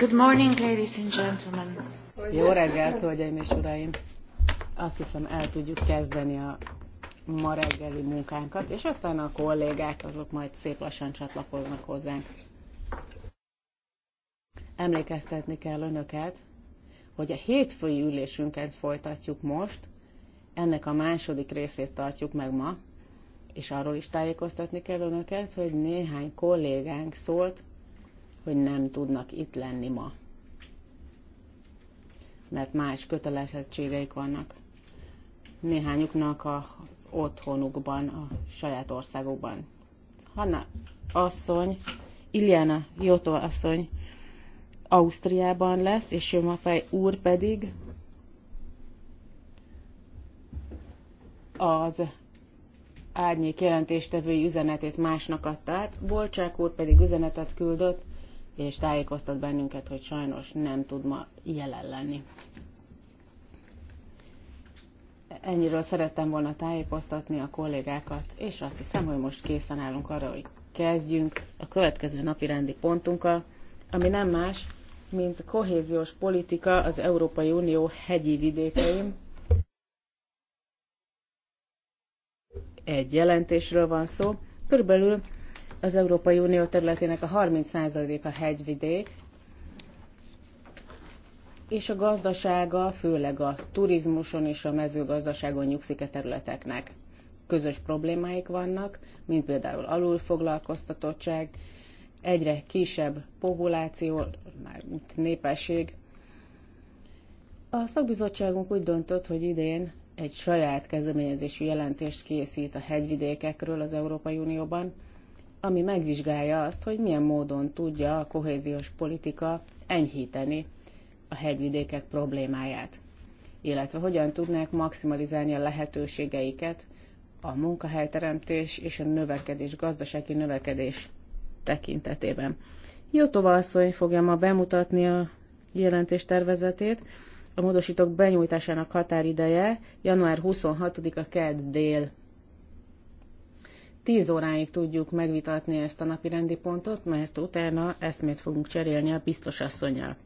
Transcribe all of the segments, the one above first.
Good morning, ladies and gentlemen. Jó reggelt, hölgyeim és uraim! Azt hiszem, el tudjuk kezdeni a ma reggeli munkánkat, és aztán a kollégák azok majd szép lassan csatlakoznak hozzánk. Emlékeztetni kell önöket, hogy a hétfői ülésünket folytatjuk most, ennek a második részét tartjuk meg ma, és arról is tájékoztatni kell önöket, hogy néhány kollégánk szólt, hogy nem tudnak itt lenni ma, mert más kötelezettségeik vannak. Néhányuknak az otthonukban, a saját országukban. Hanna asszony, Iliana Jotó asszony Ausztriában lesz, és Jömafej úr pedig az árnyék jelentéstevői üzenetét másnak adta át, Bolcsák úr pedig üzenetet küldött és tájékoztat bennünket, hogy sajnos nem tud ma jelen lenni. Ennyiről szerettem volna tájékoztatni a kollégákat, és azt hiszem, hogy most készen állunk arra, hogy kezdjünk a következő napi rendi pontunkkal, ami nem más, mint kohéziós politika az Európai Unió hegyi vidékeim. Egy jelentésről van szó. Körülbelül az Európai Unió területének a 30%-a hegyvidék, és a gazdasága főleg a turizmuson és a mezőgazdaságon nyugszik a e területeknek. Közös problémáik vannak, mint például alulfoglalkoztatottság, egyre kisebb populáció, már népesség. A szakbizottságunk úgy döntött, hogy idén egy saját kezdeményezésű jelentést készít a hegyvidékekről az Európai Unióban, ami megvizsgálja azt, hogy milyen módon tudja a kohéziós politika enyhíteni a hegyvidékek problémáját, illetve hogyan tudnák maximalizálni a lehetőségeiket a munkahelyteremtés és a növekedés, gazdasági növekedés tekintetében. Jótova asszony fogja ma bemutatni a jelentés tervezetét. A módosítók benyújtásának határideje január 26-a kedd dél 10 óráig tudjuk megvitatni ezt a napi rendi pontot, mert utána eszmét fogunk cserélni a biztos asszonyjal.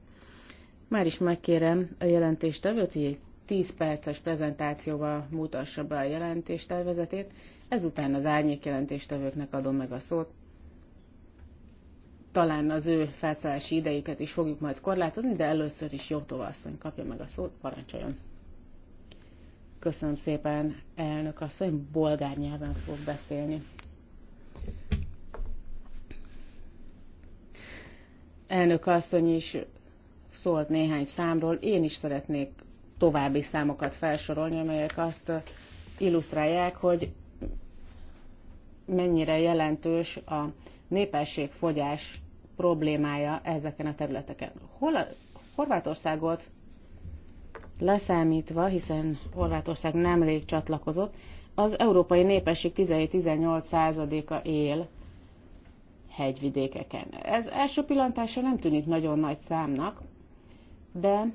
Már is megkérem a jelentéstevőt, hogy egy 10 perces prezentációval mutassa be a jelentéstervezetét, ezután az árnyék jelentéstevőknek adom meg a szót. Talán az ő felszállási idejüket is fogjuk majd korlátozni, de először is jó asszony kapja meg a szót, parancsoljon. Köszönöm szépen, elnök asszony, bolgár nyelven fog beszélni. Elnök asszony is szólt néhány számról, én is szeretnék további számokat felsorolni, amelyek azt illusztrálják, hogy mennyire jelentős a népességfogyás problémája ezeken a területeken. Hol a Horvátországot leszámítva, hiszen Horvátország nemrég csatlakozott, az európai népesség 17-18%-a él hegyvidékeken. Ez első pillantásra nem tűnik nagyon nagy számnak, de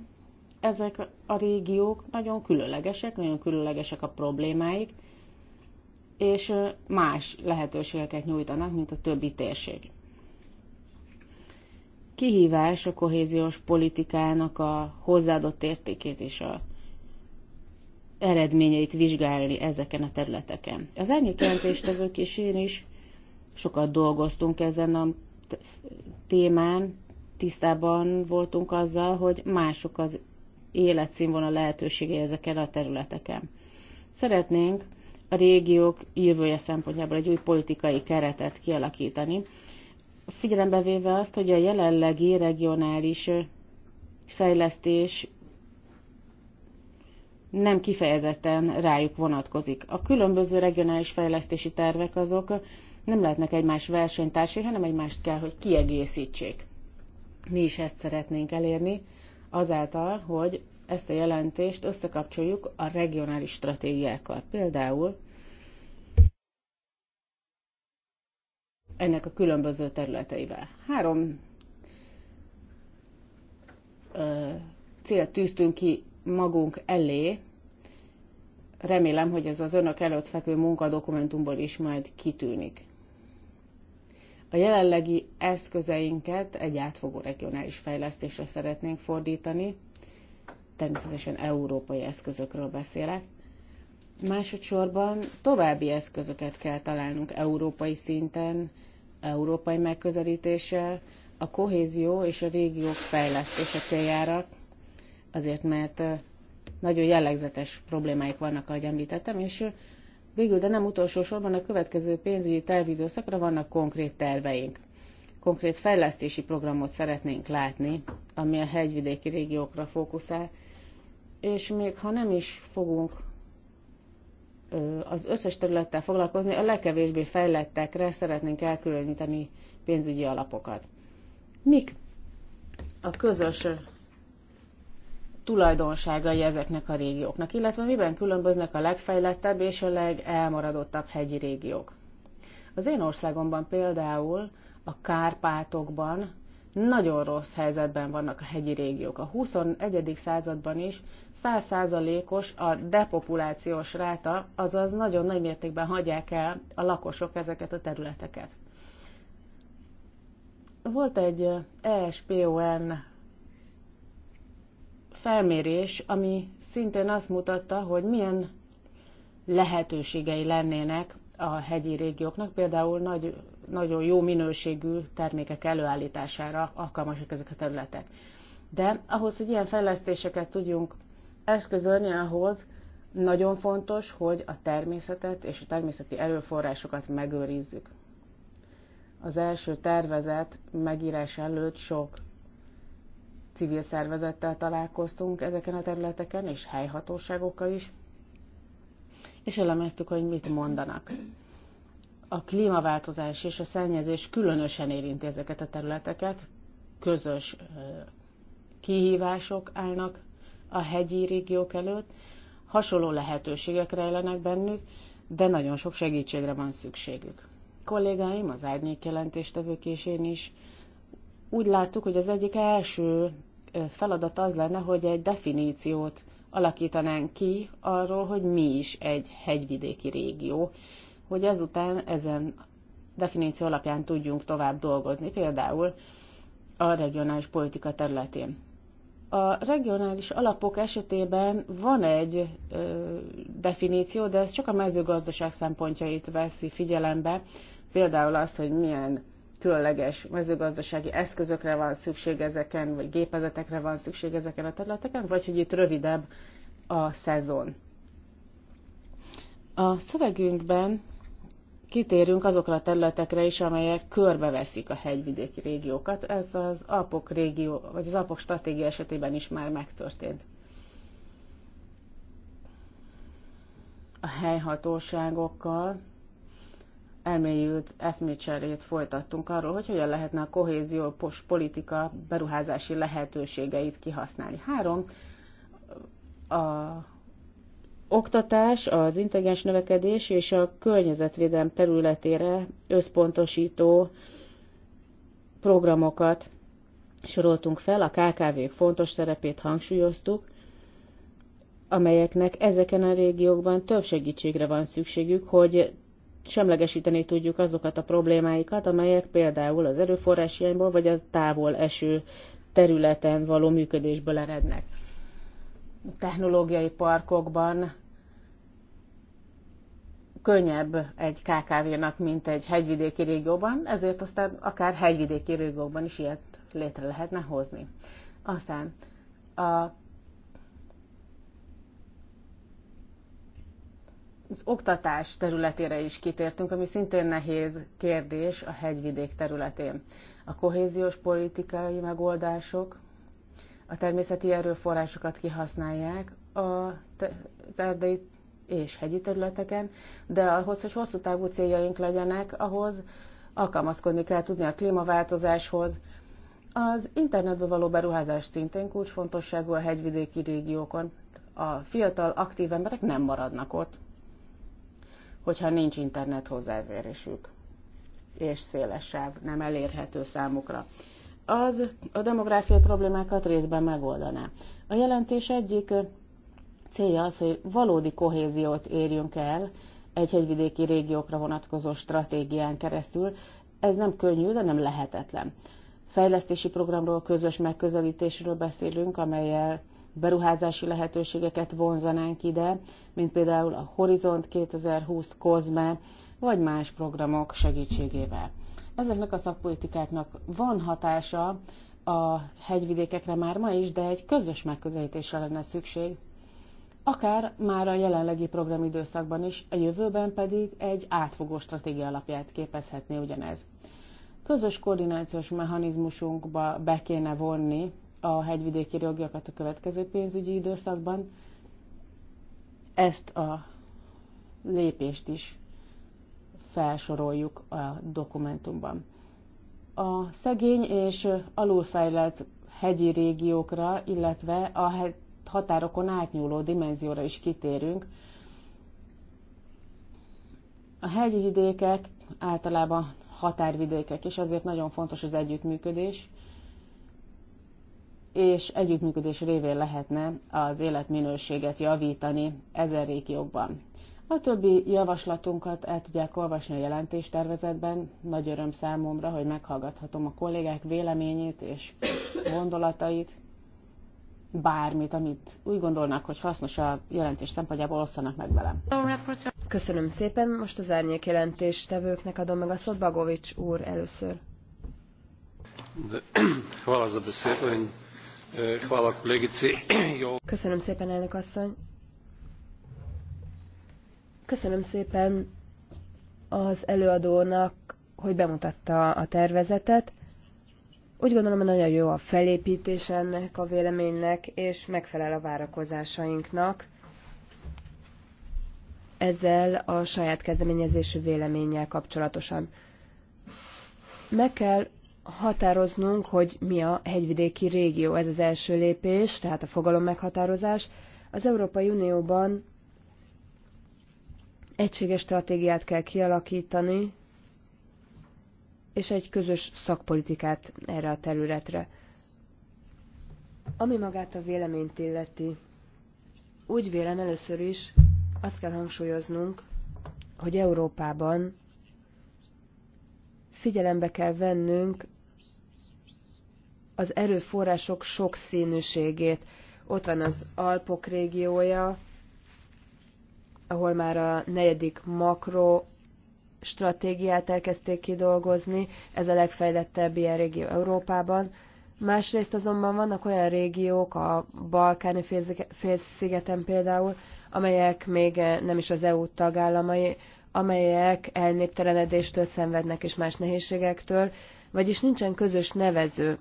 ezek a régiók nagyon különlegesek, nagyon különlegesek a problémáik, és más lehetőségeket nyújtanak, mint a többi térség kihívás a kohéziós politikának a hozzáadott értékét és a eredményeit vizsgálni ezeken a területeken. Az árnyékjelentéstevők és én is sokat dolgoztunk ezen a témán, tisztában voltunk azzal, hogy mások az életszínvonal lehetősége ezeken a területeken. Szeretnénk a régiók jövője szempontjából egy új politikai keretet kialakítani, figyelembe véve azt, hogy a jelenlegi regionális fejlesztés nem kifejezetten rájuk vonatkozik. A különböző regionális fejlesztési tervek azok nem lehetnek egymás versenytársai, hanem egymást kell, hogy kiegészítsék. Mi is ezt szeretnénk elérni, azáltal, hogy ezt a jelentést összekapcsoljuk a regionális stratégiákkal. Például ennek a különböző területeivel. Három ö, célt tűztünk ki magunk elé. Remélem, hogy ez az önök előtt fekvő munkadokumentumból is majd kitűnik. A jelenlegi eszközeinket egy átfogó regionális fejlesztésre szeretnénk fordítani, természetesen európai eszközökről beszélek. Másodszorban további eszközöket kell találnunk európai szinten, európai megközelítéssel, a kohézió és a régiók fejlesztése céljára, azért mert nagyon jellegzetes problémáik vannak, ahogy említettem, és végül, de nem utolsó sorban a következő pénzügyi tervidőszakra vannak konkrét terveink. Konkrét fejlesztési programot szeretnénk látni, ami a hegyvidéki régiókra fókuszál, és még ha nem is fogunk az összes területtel foglalkozni, a legkevésbé fejlettekre szeretnénk elkülöníteni pénzügyi alapokat. Mik a közös tulajdonságai ezeknek a régióknak, illetve miben különböznek a legfejlettebb és a legelmaradottabb hegyi régiók? Az én országomban például a Kárpátokban nagyon rossz helyzetben vannak a hegyi régiók. A 21. században is 100%-os a depopulációs ráta, azaz nagyon nagy mértékben hagyják el a lakosok ezeket a területeket. Volt egy ESPON felmérés, ami szintén azt mutatta, hogy milyen lehetőségei lennének a hegyi régióknak, például nagy nagyon jó minőségű termékek előállítására alkalmasak ezek a területek. De ahhoz, hogy ilyen fejlesztéseket tudjunk eszközölni, ahhoz nagyon fontos, hogy a természetet és a természeti erőforrásokat megőrizzük. Az első tervezet megírás előtt sok civil szervezettel találkoztunk ezeken a területeken, és helyhatóságokkal is, és elemeztük, hogy mit mondanak a klímaváltozás és a szennyezés különösen érinti ezeket a területeket, közös kihívások állnak a hegyi régiók előtt, hasonló lehetőségek rejlenek bennük, de nagyon sok segítségre van szükségük. Kollégáim, az árnyék jelentéstevők és én is úgy láttuk, hogy az egyik első feladat az lenne, hogy egy definíciót alakítanánk ki arról, hogy mi is egy hegyvidéki régió, hogy ezután ezen definíció alapján tudjunk tovább dolgozni, például a regionális politika területén. A regionális alapok esetében van egy ö, definíció, de ez csak a mezőgazdaság szempontjait veszi figyelembe, például azt, hogy milyen különleges mezőgazdasági eszközökre van szükség ezeken, vagy gépezetekre van szükség ezeken a területeken, vagy hogy itt rövidebb a szezon. A szövegünkben kitérünk azokra a területekre is, amelyek körbeveszik a hegyvidéki régiókat. Ez az Alpok régió, vagy az Alpok stratégia esetében is már megtörtént. A helyhatóságokkal elmélyült eszmécserét folytattunk arról, hogy hogyan lehetne a kohéziós politika beruházási lehetőségeit kihasználni. Három a oktatás, az intelligens növekedés és a környezetvédelem területére összpontosító programokat soroltunk fel, a KKV-k fontos szerepét hangsúlyoztuk, amelyeknek ezeken a régiókban több segítségre van szükségük, hogy semlegesíteni tudjuk azokat a problémáikat, amelyek például az erőforrás hiányból vagy a távol eső területen való működésből erednek technológiai parkokban könnyebb egy KKV-nak, mint egy hegyvidéki régióban, ezért aztán akár hegyvidéki régióban is ilyet létre lehetne hozni. Aztán a az oktatás területére is kitértünk, ami szintén nehéz kérdés a hegyvidék területén. A kohéziós politikai megoldások, a természeti erőforrásokat kihasználják az erdei és hegyi területeken, de ahhoz, hogy hosszú távú céljaink legyenek, ahhoz alkalmazkodni kell tudni a klímaváltozáshoz. Az internetbe való beruházás szintén kulcsfontosságú a hegyvidéki régiókon. A fiatal, aktív emberek nem maradnak ott, hogyha nincs internet hozzáférésük, és széles sáv nem elérhető számukra az a demográfiai problémákat részben megoldaná. A jelentés egyik célja az, hogy valódi kohéziót érjünk el egy hegyvidéki régiókra vonatkozó stratégián keresztül. Ez nem könnyű, de nem lehetetlen. Fejlesztési programról, közös megközelítésről beszélünk, amelyel beruházási lehetőségeket vonzanánk ide, mint például a Horizont 2020 COSME, vagy más programok segítségével ezeknek a szakpolitikáknak van hatása a hegyvidékekre már ma is, de egy közös megközelítésre lenne szükség, akár már a jelenlegi programidőszakban is, a jövőben pedig egy átfogó stratégia alapját képezhetné ugyanez. Közös koordinációs mechanizmusunkba be kéne vonni a hegyvidéki jogiakat a következő pénzügyi időszakban. Ezt a lépést is felsoroljuk a dokumentumban. A szegény és alulfejlett hegyi régiókra, illetve a határokon átnyúló dimenzióra is kitérünk. A hegyi vidékek általában határvidékek, és azért nagyon fontos az együttműködés, és együttműködés révén lehetne az életminőséget javítani ezen régiókban. A többi javaslatunkat el tudják olvasni a jelentéstervezetben. Nagy öröm számomra, hogy meghallgathatom a kollégák véleményét és gondolatait. Bármit, amit úgy gondolnak, hogy hasznos a jelentés szempontjából, osszanak meg velem. Köszönöm szépen. Most az árnyék jelentéstevőknek adom meg a szót. Bagovics úr először. Eh, Köszönöm szépen, elnök asszony. Köszönöm szépen az előadónak, hogy bemutatta a tervezetet. Úgy gondolom, hogy nagyon jó a felépítés ennek a véleménynek, és megfelel a várakozásainknak. Ezzel a saját kezdeményezésű véleménnyel kapcsolatosan. Meg kell határoznunk, hogy mi a hegyvidéki régió. Ez az első lépés, tehát a fogalom meghatározás. Az Európai Unióban Egységes stratégiát kell kialakítani, és egy közös szakpolitikát erre a területre. Ami magát a véleményt illeti, úgy vélem először is, azt kell hangsúlyoznunk, hogy Európában figyelembe kell vennünk az erőforrások sokszínűségét. Ott van az Alpok régiója, ahol már a negyedik makro stratégiát elkezdték kidolgozni, ez a legfejlettebb ilyen régió Európában. Másrészt azonban vannak olyan régiók, a balkáni félszigeten például, amelyek még eh, nem is az EU tagállamai, amelyek elnéptelenedéstől szenvednek és más nehézségektől, vagyis nincsen közös nevező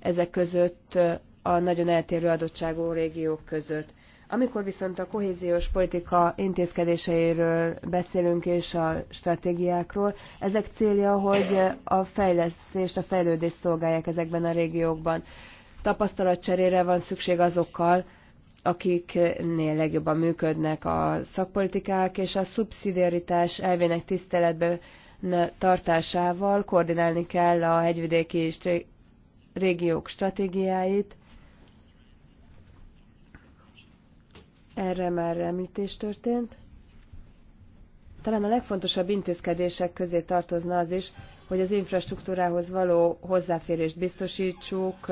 ezek között eh, a nagyon eltérő adottságú régiók között. Amikor viszont a kohéziós politika intézkedéseiről beszélünk és a stratégiákról, ezek célja, hogy a fejlesztést, a fejlődést szolgálják ezekben a régiókban. Tapasztalatcserére van szükség azokkal, akiknél legjobban működnek a szakpolitikák, és a szubszidiaritás elvének tiszteletbe tartásával koordinálni kell a hegyvidéki régiók stratégiáit, Erre már említés történt. Talán a legfontosabb intézkedések közé tartozna az is, hogy az infrastruktúrához való hozzáférést biztosítsuk,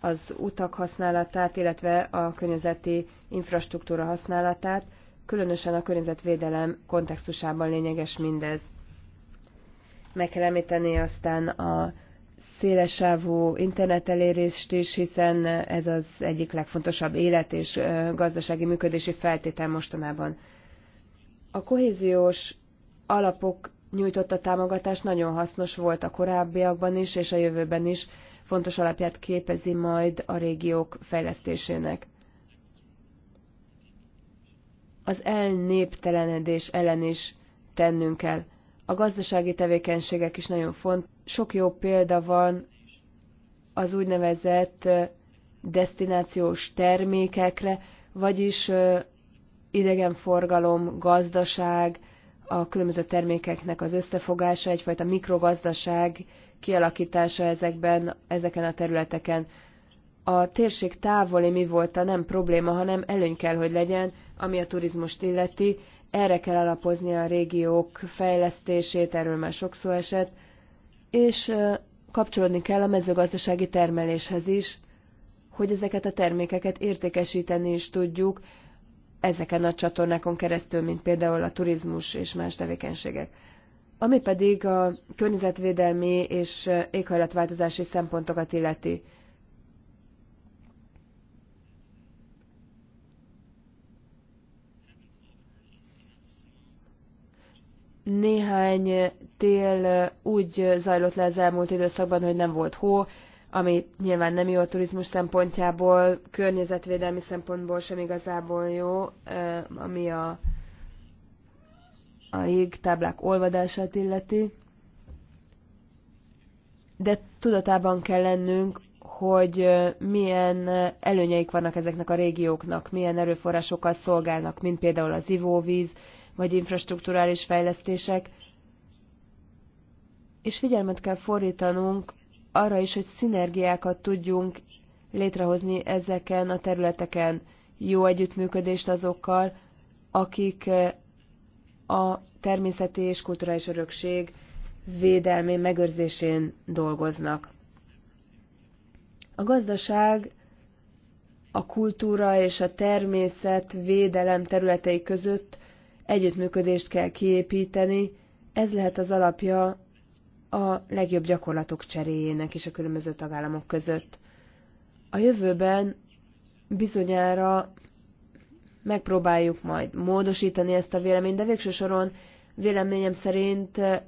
az utak használatát, illetve a környezeti infrastruktúra használatát, különösen a környezetvédelem kontextusában lényeges mindez. Meg kell említeni aztán a szélesávú internet is, hiszen ez az egyik legfontosabb élet és gazdasági működési feltétel mostanában. A kohéziós alapok nyújtotta támogatás nagyon hasznos volt a korábbiakban is, és a jövőben is fontos alapját képezi majd a régiók fejlesztésének. Az elnéptelenedés ellen is tennünk kell. A gazdasági tevékenységek is nagyon fontos sok jó példa van az úgynevezett destinációs termékekre, vagyis idegenforgalom, gazdaság, a különböző termékeknek az összefogása, egyfajta mikrogazdaság kialakítása ezekben, ezeken a területeken. A térség távoli mi volt a nem probléma, hanem előny kell, hogy legyen, ami a turizmust illeti. Erre kell alapozni a régiók fejlesztését, erről már sokszor esett és kapcsolódni kell a mezőgazdasági termeléshez is, hogy ezeket a termékeket értékesíteni is tudjuk ezeken a csatornákon keresztül, mint például a turizmus és más tevékenységek. Ami pedig a környezetvédelmi és éghajlatváltozási szempontokat illeti. Néhány tél úgy zajlott le az elmúlt időszakban, hogy nem volt hó, ami nyilván nem jó a turizmus szempontjából, környezetvédelmi szempontból sem igazából jó, ami a, a jégtáblák olvadását illeti. De tudatában kell lennünk, hogy milyen előnyeik vannak ezeknek a régióknak, milyen erőforrásokkal szolgálnak, mint például az ivóvíz, vagy infrastruktúrális fejlesztések, és figyelmet kell fordítanunk arra is, hogy szinergiákat tudjunk létrehozni ezeken a területeken, jó együttműködést azokkal, akik eh, a természeti és kulturális örökség védelmén, megőrzésén dolgoznak. A gazdaság a kultúra és a természet védelem területei között együttműködést kell kiépíteni, ez lehet az alapja a legjobb gyakorlatok cseréjének is a különböző tagállamok között. A jövőben bizonyára megpróbáljuk majd módosítani ezt a véleményt, de végső soron véleményem szerint eh,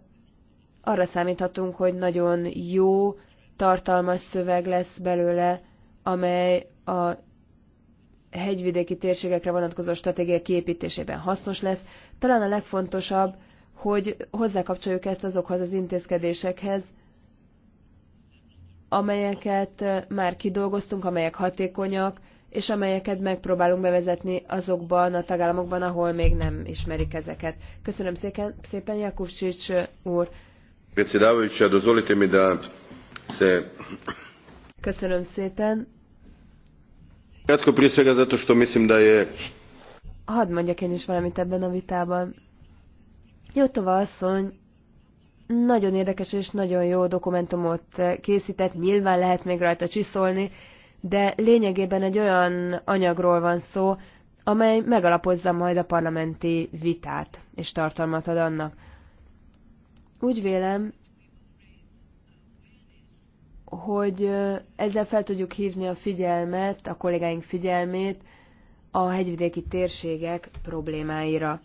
arra számíthatunk, hogy nagyon jó, tartalmas szöveg lesz belőle, amely a hegyvidéki térségekre vonatkozó stratégia kiépítésében hasznos lesz. Talán a legfontosabb, hogy hozzákapcsoljuk ezt azokhoz az intézkedésekhez, amelyeket eh, már kidolgoztunk, amelyek hatékonyak, és amelyeket megpróbálunk bevezetni azokban a tagállamokban, ahol még nem ismerik ezeket. Köszönöm szépen, szépen Sics eh, úr. Köszönöm szépen. Hadd mondjak én is valamit ebben a vitában Jótova asszony nagyon érdekes és nagyon jó dokumentumot készített, nyilván lehet még rajta csiszolni, de lényegében egy olyan anyagról van szó, amely megalapozza majd a parlamenti vitát, és tartalmat ad annak. Úgy vélem, hogy ezzel fel tudjuk hívni a figyelmet, a kollégáink figyelmét a hegyvidéki térségek problémáira.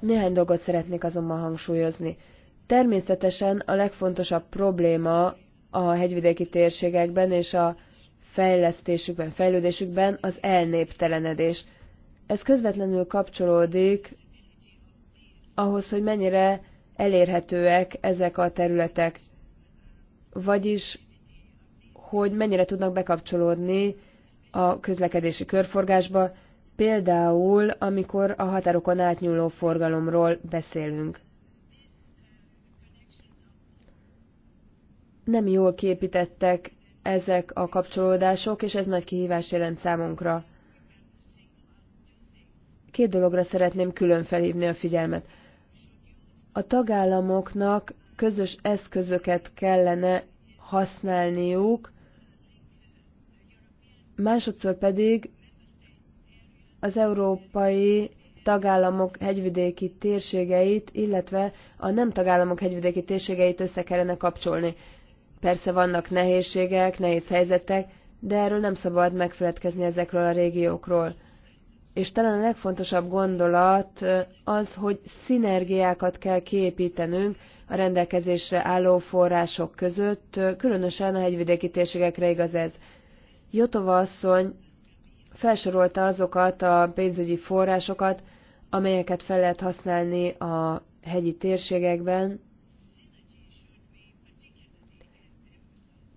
Néhány dolgot szeretnék azonban hangsúlyozni. Természetesen a legfontosabb probléma a hegyvidéki térségekben és a fejlesztésükben, fejlődésükben az elnéptelenedés. Ez közvetlenül kapcsolódik ahhoz, hogy mennyire elérhetőek ezek a területek, vagyis hogy mennyire tudnak bekapcsolódni a közlekedési körforgásba, Például, amikor a határokon átnyúló forgalomról beszélünk. Nem jól képítettek ezek a kapcsolódások, és ez nagy kihívás jelent számunkra. Két dologra szeretném külön felhívni a figyelmet. A tagállamoknak közös eszközöket kellene használniuk, másodszor pedig az európai tagállamok hegyvidéki térségeit, illetve a nem tagállamok hegyvidéki térségeit össze kellene kapcsolni. Persze vannak nehézségek, nehéz helyzetek, de erről nem szabad megfeledkezni ezekről a régiókról. És talán a legfontosabb gondolat az, hogy szinergiákat kell kiépítenünk a rendelkezésre álló források között, különösen a hegyvidéki térségekre igaz ez. Jotova asszony felsorolta azokat a pénzügyi forrásokat, amelyeket fel lehet használni a hegyi térségekben.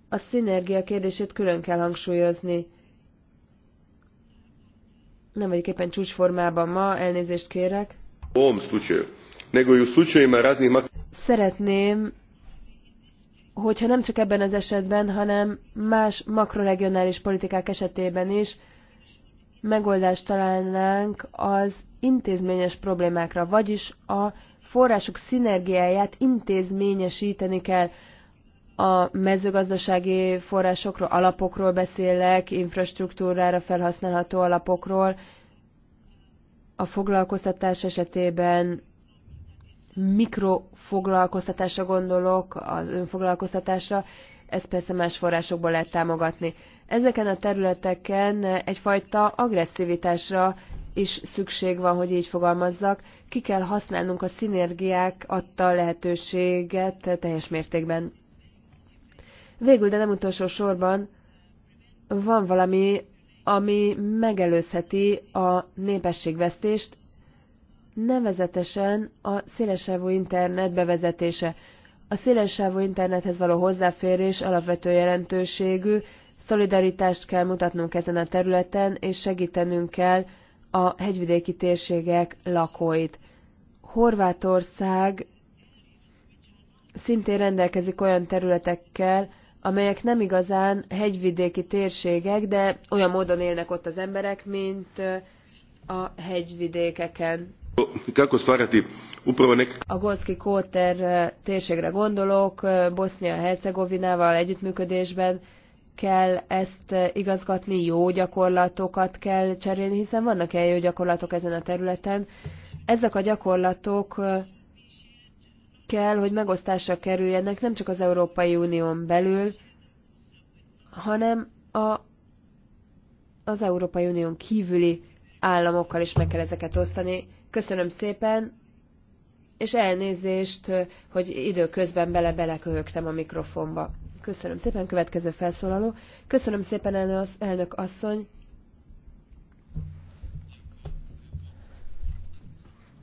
A szinergia kérdését külön kell hangsúlyozni. Nem vagyok éppen csúcsformában ma, elnézést kérek. Szeretném, hogyha nem csak ebben az esetben, hanem más makroregionális politikák esetében is, megoldást találnánk az intézményes problémákra, vagyis a források szinergiáját intézményesíteni kell. A mezőgazdasági forrásokról, alapokról beszélek, infrastruktúrára felhasználható alapokról, a foglalkoztatás esetében mikrofoglalkoztatásra gondolok, az önfoglalkoztatásra, ezt persze más forrásokból lehet támogatni ezeken a területeken egyfajta agresszivitásra is szükség van, hogy így fogalmazzak. Ki kell használnunk a szinergiák adta lehetőséget teljes mértékben. Végül, de nem utolsó sorban, van valami, ami megelőzheti a népességvesztést, nevezetesen a szélesávú internet bevezetése. A szélesávú internethez való hozzáférés alapvető jelentőségű, Szolidaritást kell mutatnunk ezen a területen, és segítenünk kell a hegyvidéki térségek lakóit. Horvátország szintén rendelkezik olyan területekkel, amelyek nem igazán hegyvidéki térségek, de olyan módon élnek ott az emberek, mint a hegyvidékeken. A Golszki Kóter térségre gondolok, Bosznia-Hercegovinával együttműködésben kell ezt eh, igazgatni, jó gyakorlatokat kell cserélni, hiszen vannak e jó gyakorlatok ezen a területen. Ezek a gyakorlatok eh, kell, hogy megosztásra kerüljenek nem csak az Európai Unión belül, hanem a, az Európai Unión kívüli államokkal is meg kell ezeket osztani. Köszönöm szépen, és elnézést, eh, hogy időközben bele bele a mikrofonba. Köszönöm szépen, következő felszólaló. Köszönöm szépen, elnök asszony.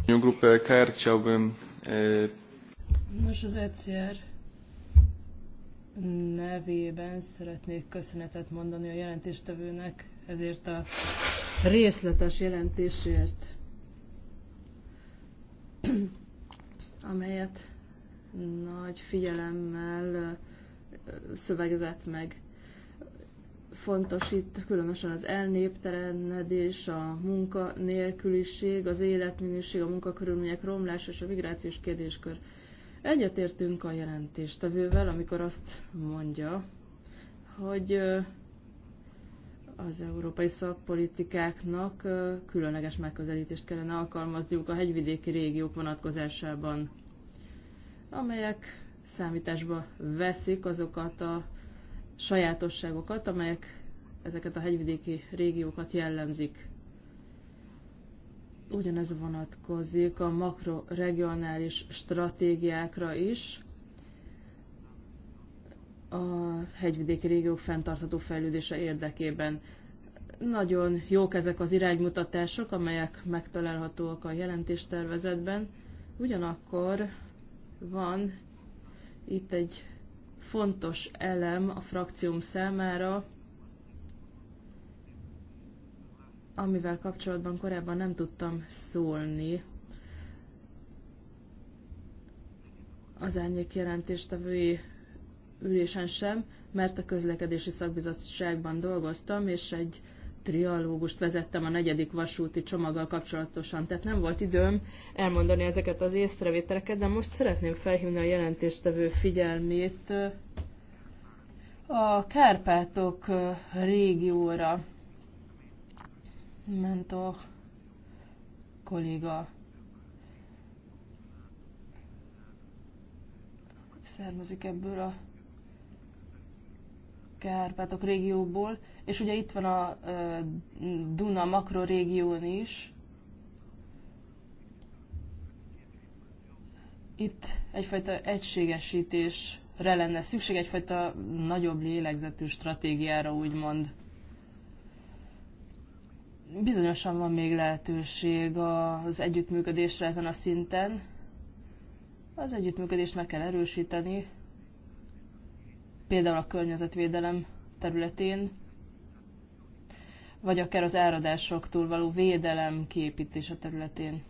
Eh, Most eh, az ECR nevében szeretnék köszönetet mondani a jelentéstevőnek ezért a részletes jelentésért, amelyet nagy figyelemmel szövegzett meg. Fontos itt különösen az elnéptelenedés, a munkanélküliség, az életminőség, a munkakörülmények romlása és a migrációs kérdéskör. Egyetértünk a jelentéstevővel, amikor azt mondja, hogy az európai szakpolitikáknak különleges megközelítést kellene alkalmazniuk a hegyvidéki régiók vonatkozásában, amelyek számításba veszik azokat a sajátosságokat, amelyek ezeket a hegyvidéki régiókat jellemzik. Ugyanez vonatkozik a makroregionális stratégiákra is, a hegyvidéki régiók fenntartható fejlődése érdekében. Nagyon jók ezek az iránymutatások, amelyek megtalálhatóak a jelentéstervezetben, ugyanakkor van itt egy fontos elem a frakcióm számára, amivel kapcsolatban korábban nem tudtam szólni. Az árnyék jelentéstevői ülésen sem, mert a közlekedési szakbizottságban dolgoztam, és egy trialógust vezettem a negyedik vasúti csomaggal kapcsolatosan, tehát nem volt időm elmondani ezeket az észrevételeket, de most szeretném felhívni a jelentéstevő figyelmét a Kárpátok régióra. a kolléga származik ebből a Kárpátok régióból, és ugye itt van a Duna makrorégión is. Itt egyfajta egységesítésre lenne szükség, egyfajta nagyobb lélegzetű stratégiára, úgymond. Bizonyosan van még lehetőség az együttműködésre ezen a szinten. Az együttműködést meg kell erősíteni, például a környezetvédelem területén, vagy akár az áradásoktól való védelem kiépítése területén.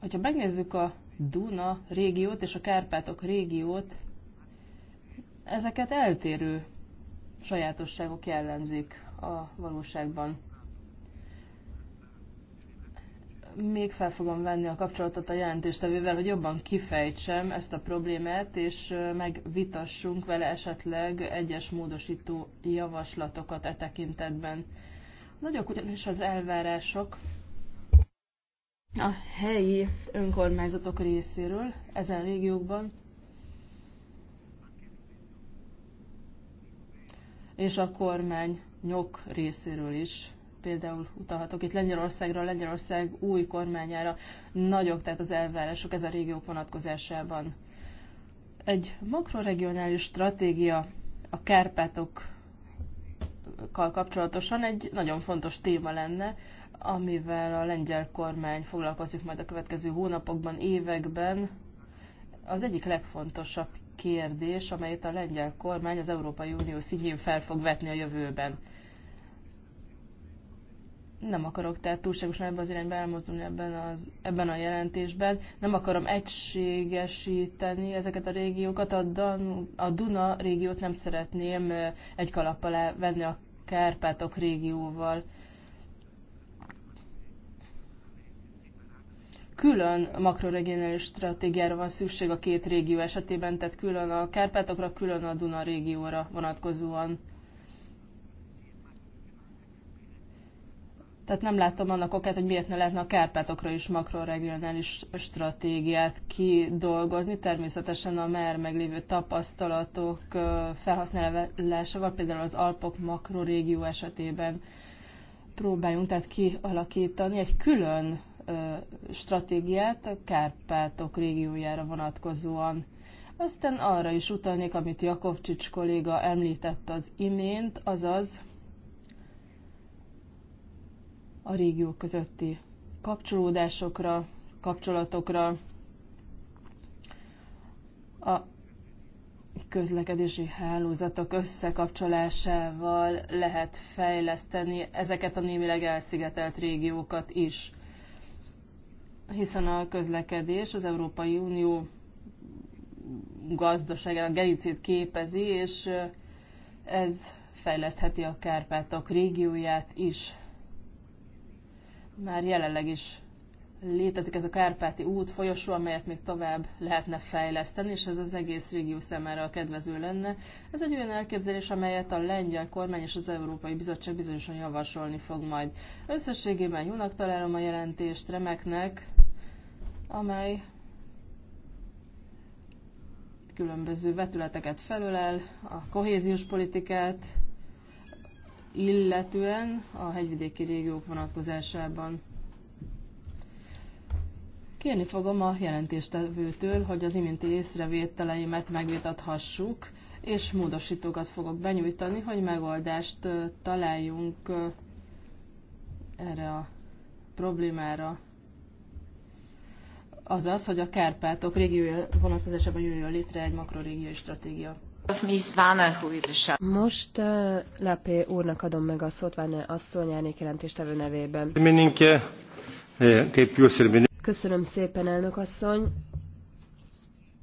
Ha megnézzük a Duna régiót és a Kárpátok régiót, ezeket eltérő sajátosságok jellemzik a valóságban. még fel fogom venni a kapcsolatot a jelentéstevővel, hogy jobban kifejtsem ezt a problémát, és megvitassunk vele esetleg egyes módosító javaslatokat e tekintetben. Nagyok ugyanis az elvárások a helyi önkormányzatok részéről ezen régiókban, és a kormány nyok részéről is például utalhatok itt Lengyelországra, Lengyelország új kormányára nagyok, tehát az elvárások ez a régiók vonatkozásában. Egy makroregionális stratégia a Kárpátokkal kapcsolatosan egy nagyon fontos téma lenne, amivel a lengyel kormány foglalkozik majd a következő hónapokban, években. Az egyik legfontosabb kérdés, amelyet a lengyel kormány az Európai Unió szintjén fel fog vetni a jövőben nem akarok tehát túlságosan ebben az irányban elmozdulni ebben, az, ebben a jelentésben. Nem akarom egységesíteni ezeket a régiókat, a, Dan, a Duna régiót nem szeretném egy kalap alá venni a Kárpátok régióval. Külön makroregionális stratégiára van szükség a két régió esetében, tehát külön a Kárpátokra, külön a Duna régióra vonatkozóan. Tehát nem látom annak okát, hogy miért ne lehetne a Kárpátokra is makroregionális stratégiát kidolgozni. Természetesen a már meglévő tapasztalatok felhasználásával, például az Alpok makrorégió esetében próbáljunk tehát kialakítani egy külön stratégiát a Kárpátok régiójára vonatkozóan. Aztán arra is utalnék, amit Jakovcsics kolléga említett az imént, azaz a régiók közötti kapcsolódásokra, kapcsolatokra, a közlekedési hálózatok összekapcsolásával lehet fejleszteni ezeket a némileg elszigetelt régiókat is. Hiszen a közlekedés az Európai Unió a gerincét képezi, és ez fejlesztheti a Kárpátok régióját is már jelenleg is létezik ez a Kárpáti út, folyosó, amelyet még tovább lehetne fejleszteni, és ez az egész régió számára kedvező lenne. Ez egy olyan elképzelés, amelyet a lengyel kormány és az Európai Bizottság bizonyosan javasolni fog majd. Összességében jónak találom a jelentést remeknek, amely különböző vetületeket felölel, a kohéziós politikát, illetően a hegyvidéki régiók vonatkozásában. Kérni fogom a jelentéstevőtől, hogy az iminti észrevételeimet megvitathassuk, és módosítókat fogok benyújtani, hogy megoldást találjunk erre a problémára. Azaz, hogy a Kárpátok régiója vonatkozásában jöjjön létre egy makrorégiai stratégia. Most uh, Lepé úrnak adom meg a szót, Váne asszony árnyék jelentéstevő nevében. Eh, Köszönöm szépen, elnök asszony.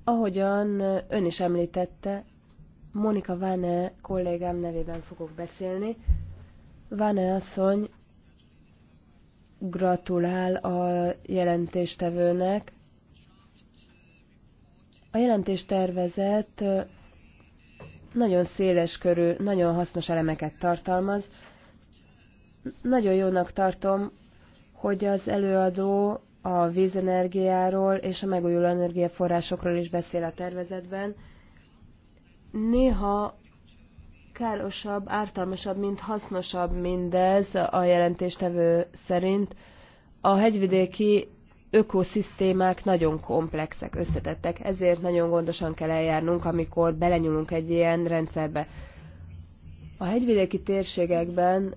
Ahogyan eh, ön is említette, Monika Váne kollégám nevében fogok beszélni. Váne asszony gratulál a jelentéstevőnek. A jelentéstervezet eh, nagyon széles körű, nagyon hasznos elemeket tartalmaz. Nagyon jónak tartom, hogy az előadó a vízenergiáról és a megújuló energiaforrásokról is beszél a tervezetben. Néha károsabb, ártalmasabb, mint hasznosabb mindez a jelentéstevő szerint. A hegyvidéki ökoszisztémák nagyon komplexek, összetettek, ezért nagyon gondosan kell eljárnunk, amikor belenyúlunk egy ilyen rendszerbe. A hegyvidéki térségekben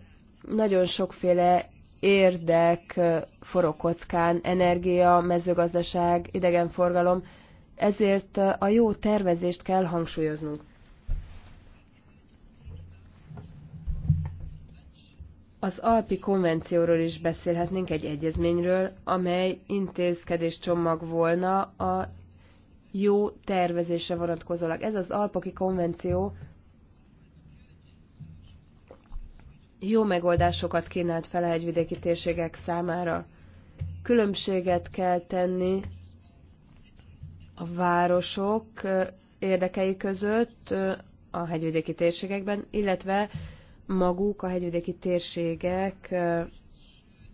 nagyon sokféle érdek forog kockán, energia, mezőgazdaság, idegenforgalom, ezért a jó tervezést kell hangsúlyoznunk. Az Alpi konvencióról is beszélhetnénk egy egyezményről, amely intézkedés csomag volna a jó tervezésre vonatkozólag. Ez az Alpoki konvenció jó megoldásokat kínált fel a hegyvidéki térségek számára. Különbséget kell tenni a városok érdekei között a hegyvidéki térségekben, illetve maguk a hegyvidéki térségek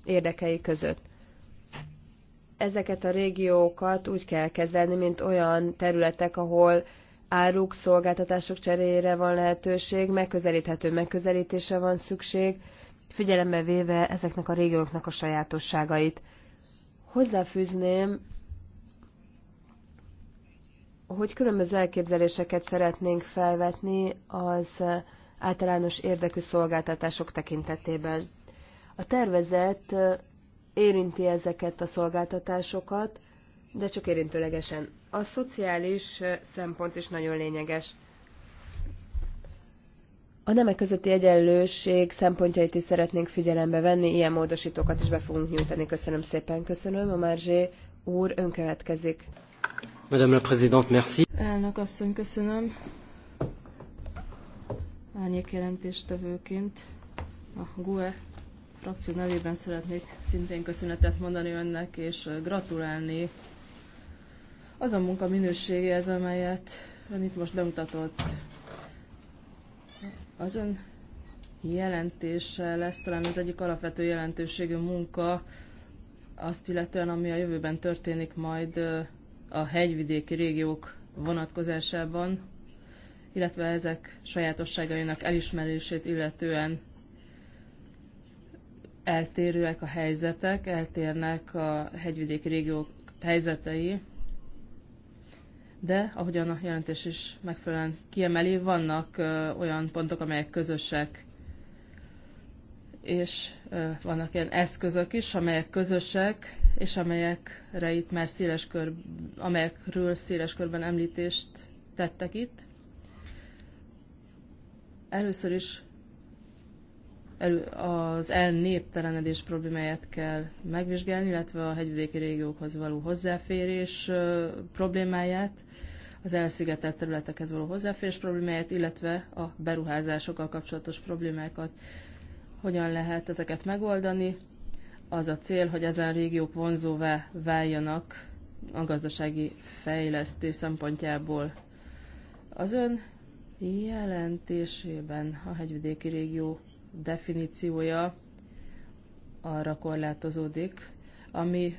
érdekei között. Ezeket a régiókat úgy kell kezelni, mint olyan területek, ahol áruk, szolgáltatások cseréjére van lehetőség, megközelíthető megközelítése van szükség, figyelembe véve ezeknek a régióknak a sajátosságait. Hozzáfűzném, hogy különböző elképzeléseket szeretnénk felvetni az általános érdekű szolgáltatások tekintetében. A tervezet érinti ezeket a szolgáltatásokat, de csak érintőlegesen. A szociális szempont is nagyon lényeges. A nemek közötti egyenlőség szempontjait is szeretnénk figyelembe venni, ilyen módosítókat is be fogunk nyújtani. Köszönöm szépen, köszönöm. A Márzsé úr önkövetkezik. Madame la Présidente, merci. Elnök asszony, köszönöm árnyékjelentéstevőként a GUE frakció nevében szeretnék szintén köszönetet mondani önnek, és gratulálni az a munka minőségéhez, amelyet ön itt most bemutatott. Az ön jelentése lesz talán az egyik alapvető jelentőségű munka, azt illetően, ami a jövőben történik majd a hegyvidéki régiók vonatkozásában, illetve ezek sajátosságainak elismerését illetően eltérőek a helyzetek, eltérnek a hegyvidéki régiók helyzetei, de ahogyan a jelentés is megfelelően kiemeli, vannak ö, olyan pontok, amelyek közösek, és ö, vannak ilyen eszközök is, amelyek közösek, és amelyekre itt már széles kör, amelyekről széles körben említést tettek itt. Először is az elnéptelenedés problémáját kell megvizsgálni, illetve a hegyvidéki régiókhoz való hozzáférés problémáját, az elszigetelt területekhez való hozzáférés problémáját, illetve a beruházásokkal kapcsolatos problémákat. Hogyan lehet ezeket megoldani? Az a cél, hogy ezen régiók vonzóvá váljanak a gazdasági fejlesztés szempontjából. Az ön Jelentésében a hegyvidéki régió definíciója arra korlátozódik, ami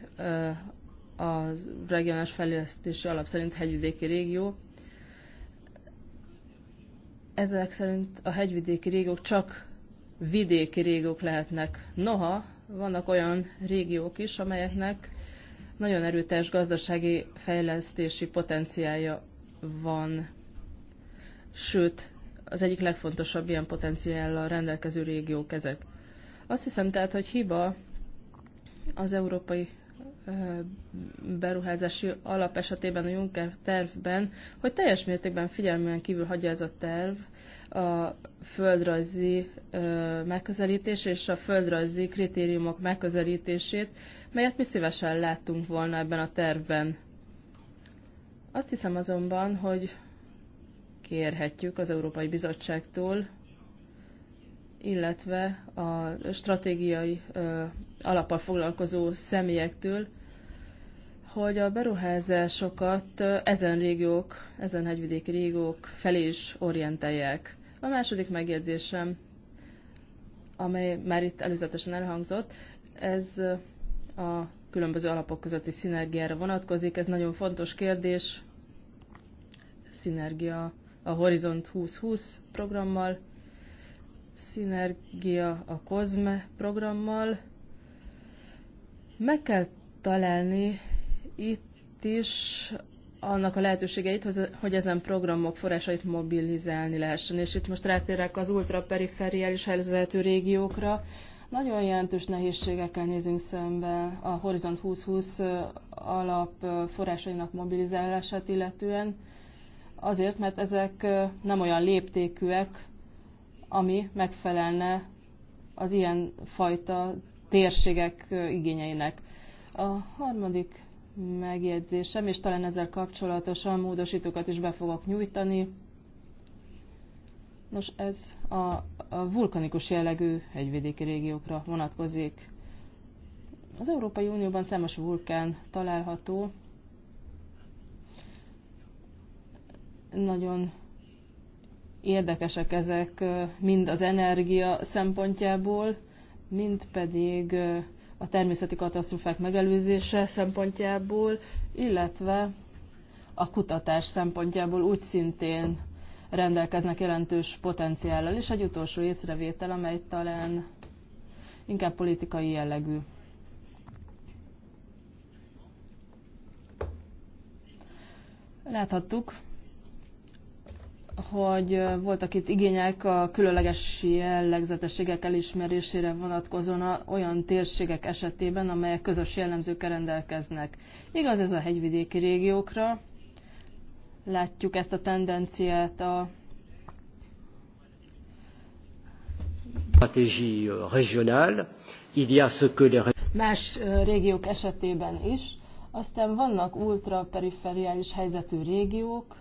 a regionális fejlesztési alap szerint hegyvidéki régió. Ezek szerint a hegyvidéki régiók csak vidéki régiók lehetnek. Noha vannak olyan régiók is, amelyeknek nagyon erőteljes gazdasági fejlesztési potenciálja van sőt, az egyik legfontosabb ilyen potenciállal rendelkező régiók ezek. Azt hiszem tehát, hogy hiba az európai beruházási alap esetében a Juncker tervben, hogy teljes mértékben figyelmen kívül hagyja ez a terv a földrajzi megközelítés és a földrajzi kritériumok megközelítését, melyet mi szívesen láttunk volna ebben a tervben. Azt hiszem azonban, hogy kérhetjük az Európai Bizottságtól, illetve a stratégiai alappal foglalkozó személyektől, hogy a beruházásokat ezen régiók, ezen hegyvidéki régiók felé is orientálják. A második megjegyzésem, amely már itt előzetesen elhangzott, ez a különböző alapok közötti szinergiára vonatkozik. Ez nagyon fontos kérdés, szinergia a Horizont 2020 programmal, szinergia a COSME programmal. Meg kell találni itt is annak a lehetőségeit, hogy ezen programok forrásait mobilizálni lehessen. És itt most rátérek az ultraperiferiális helyzetű régiókra. Nagyon jelentős nehézségekkel nézünk szembe a Horizont 2020 alap forrásainak mobilizálását illetően azért, mert ezek nem olyan léptékűek, ami megfelelne az ilyen fajta térségek igényeinek. A harmadik megjegyzésem, és talán ezzel kapcsolatosan módosítókat is be fogok nyújtani. Nos, ez a, a vulkanikus jellegű hegyvidéki régiókra vonatkozik. Az Európai Unióban számos vulkán található, Nagyon érdekesek ezek mind az energia szempontjából, mind pedig a természeti katasztrófák megelőzése szempontjából, illetve a kutatás szempontjából úgy szintén rendelkeznek jelentős potenciállal. És egy utolsó észrevétel, amely talán inkább politikai jellegű. Láthattuk, hogy voltak itt igények a különleges jellegzetességek elismerésére vonatkozóan olyan térségek esetében, amelyek közös jellemzőkkel rendelkeznek. Igaz ez a hegyvidéki régiókra. Látjuk ezt a tendenciát a más régiók esetében is. Aztán vannak ultraperiferiális helyzetű régiók,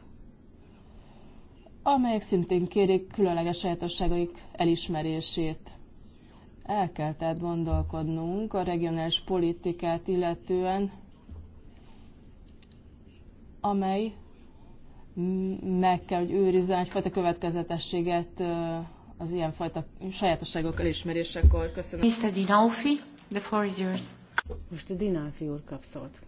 amelyek szintén kérik különleges sajátosságaik elismerését. El kell tehát gondolkodnunk a regionális politikát illetően, amely meg kell, hogy őrizzen egyfajta következetességet az ilyenfajta sajátosságok elismerésekor. Köszönöm. Mr. Dinalfi, the floor is yours. Most a Dinalfi úr kap szót.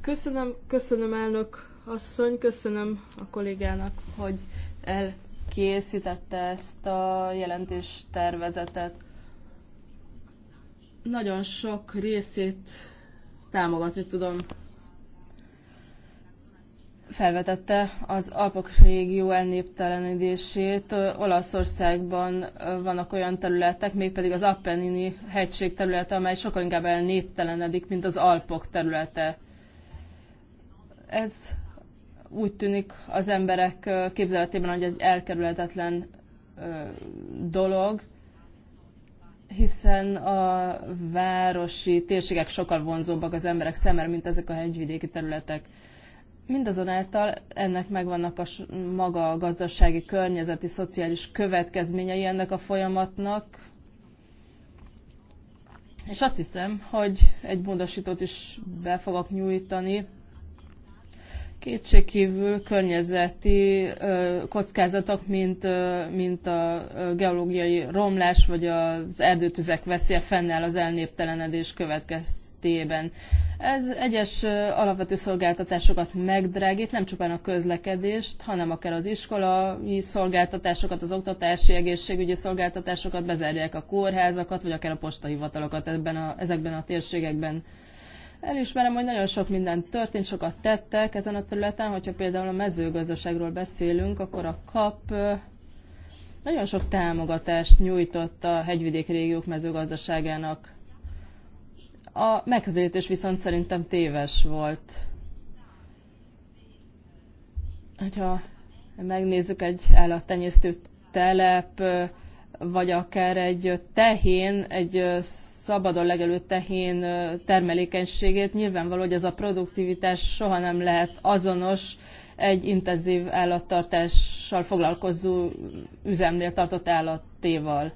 Köszönöm, köszönöm elnök asszony, köszönöm a kollégának, hogy elkészítette ezt a jelentés tervezetet. Nagyon sok részét támogatni tudom. Felvetette az Alpok régió elnéptelenedését. Olaszországban vannak olyan területek, mégpedig az Appennini hegység területe, amely sokkal inkább elnéptelenedik, mint az Alpok területe ez úgy tűnik az emberek képzeletében, hogy ez egy elkerülhetetlen dolog, hiszen a városi térségek sokkal vonzóbbak az emberek szemére, mint ezek a hegyvidéki területek. Mindazonáltal ennek megvannak a maga a gazdasági, környezeti, szociális következményei ennek a folyamatnak, és azt hiszem, hogy egy módosítót is be fogok nyújtani, Kétségkívül környezeti kockázatok, mint, mint a geológiai romlás vagy az erdőtüzek veszélye fennáll az elnéptelenedés következtében. Ez egyes alapvető szolgáltatásokat megdrágít, nem csupán a közlekedést, hanem akár az iskolai szolgáltatásokat, az oktatási, egészségügyi szolgáltatásokat, bezárják a kórházakat, vagy akár a postahivatalokat ebben a, ezekben a térségekben. Elismerem, hogy nagyon sok minden történt, sokat tettek ezen a területen, hogyha például a mezőgazdaságról beszélünk, akkor a KAP nagyon sok támogatást nyújtott a hegyvidék régiók mezőgazdaságának. A megközelítés viszont szerintem téves volt. Hogyha megnézzük egy állattenyésztő telep, vagy akár egy tehén, egy szabadon legelő tehén termelékenységét. Nyilvánvaló, hogy ez a produktivitás soha nem lehet azonos egy intenzív állattartással foglalkozó üzemnél tartott állattéval.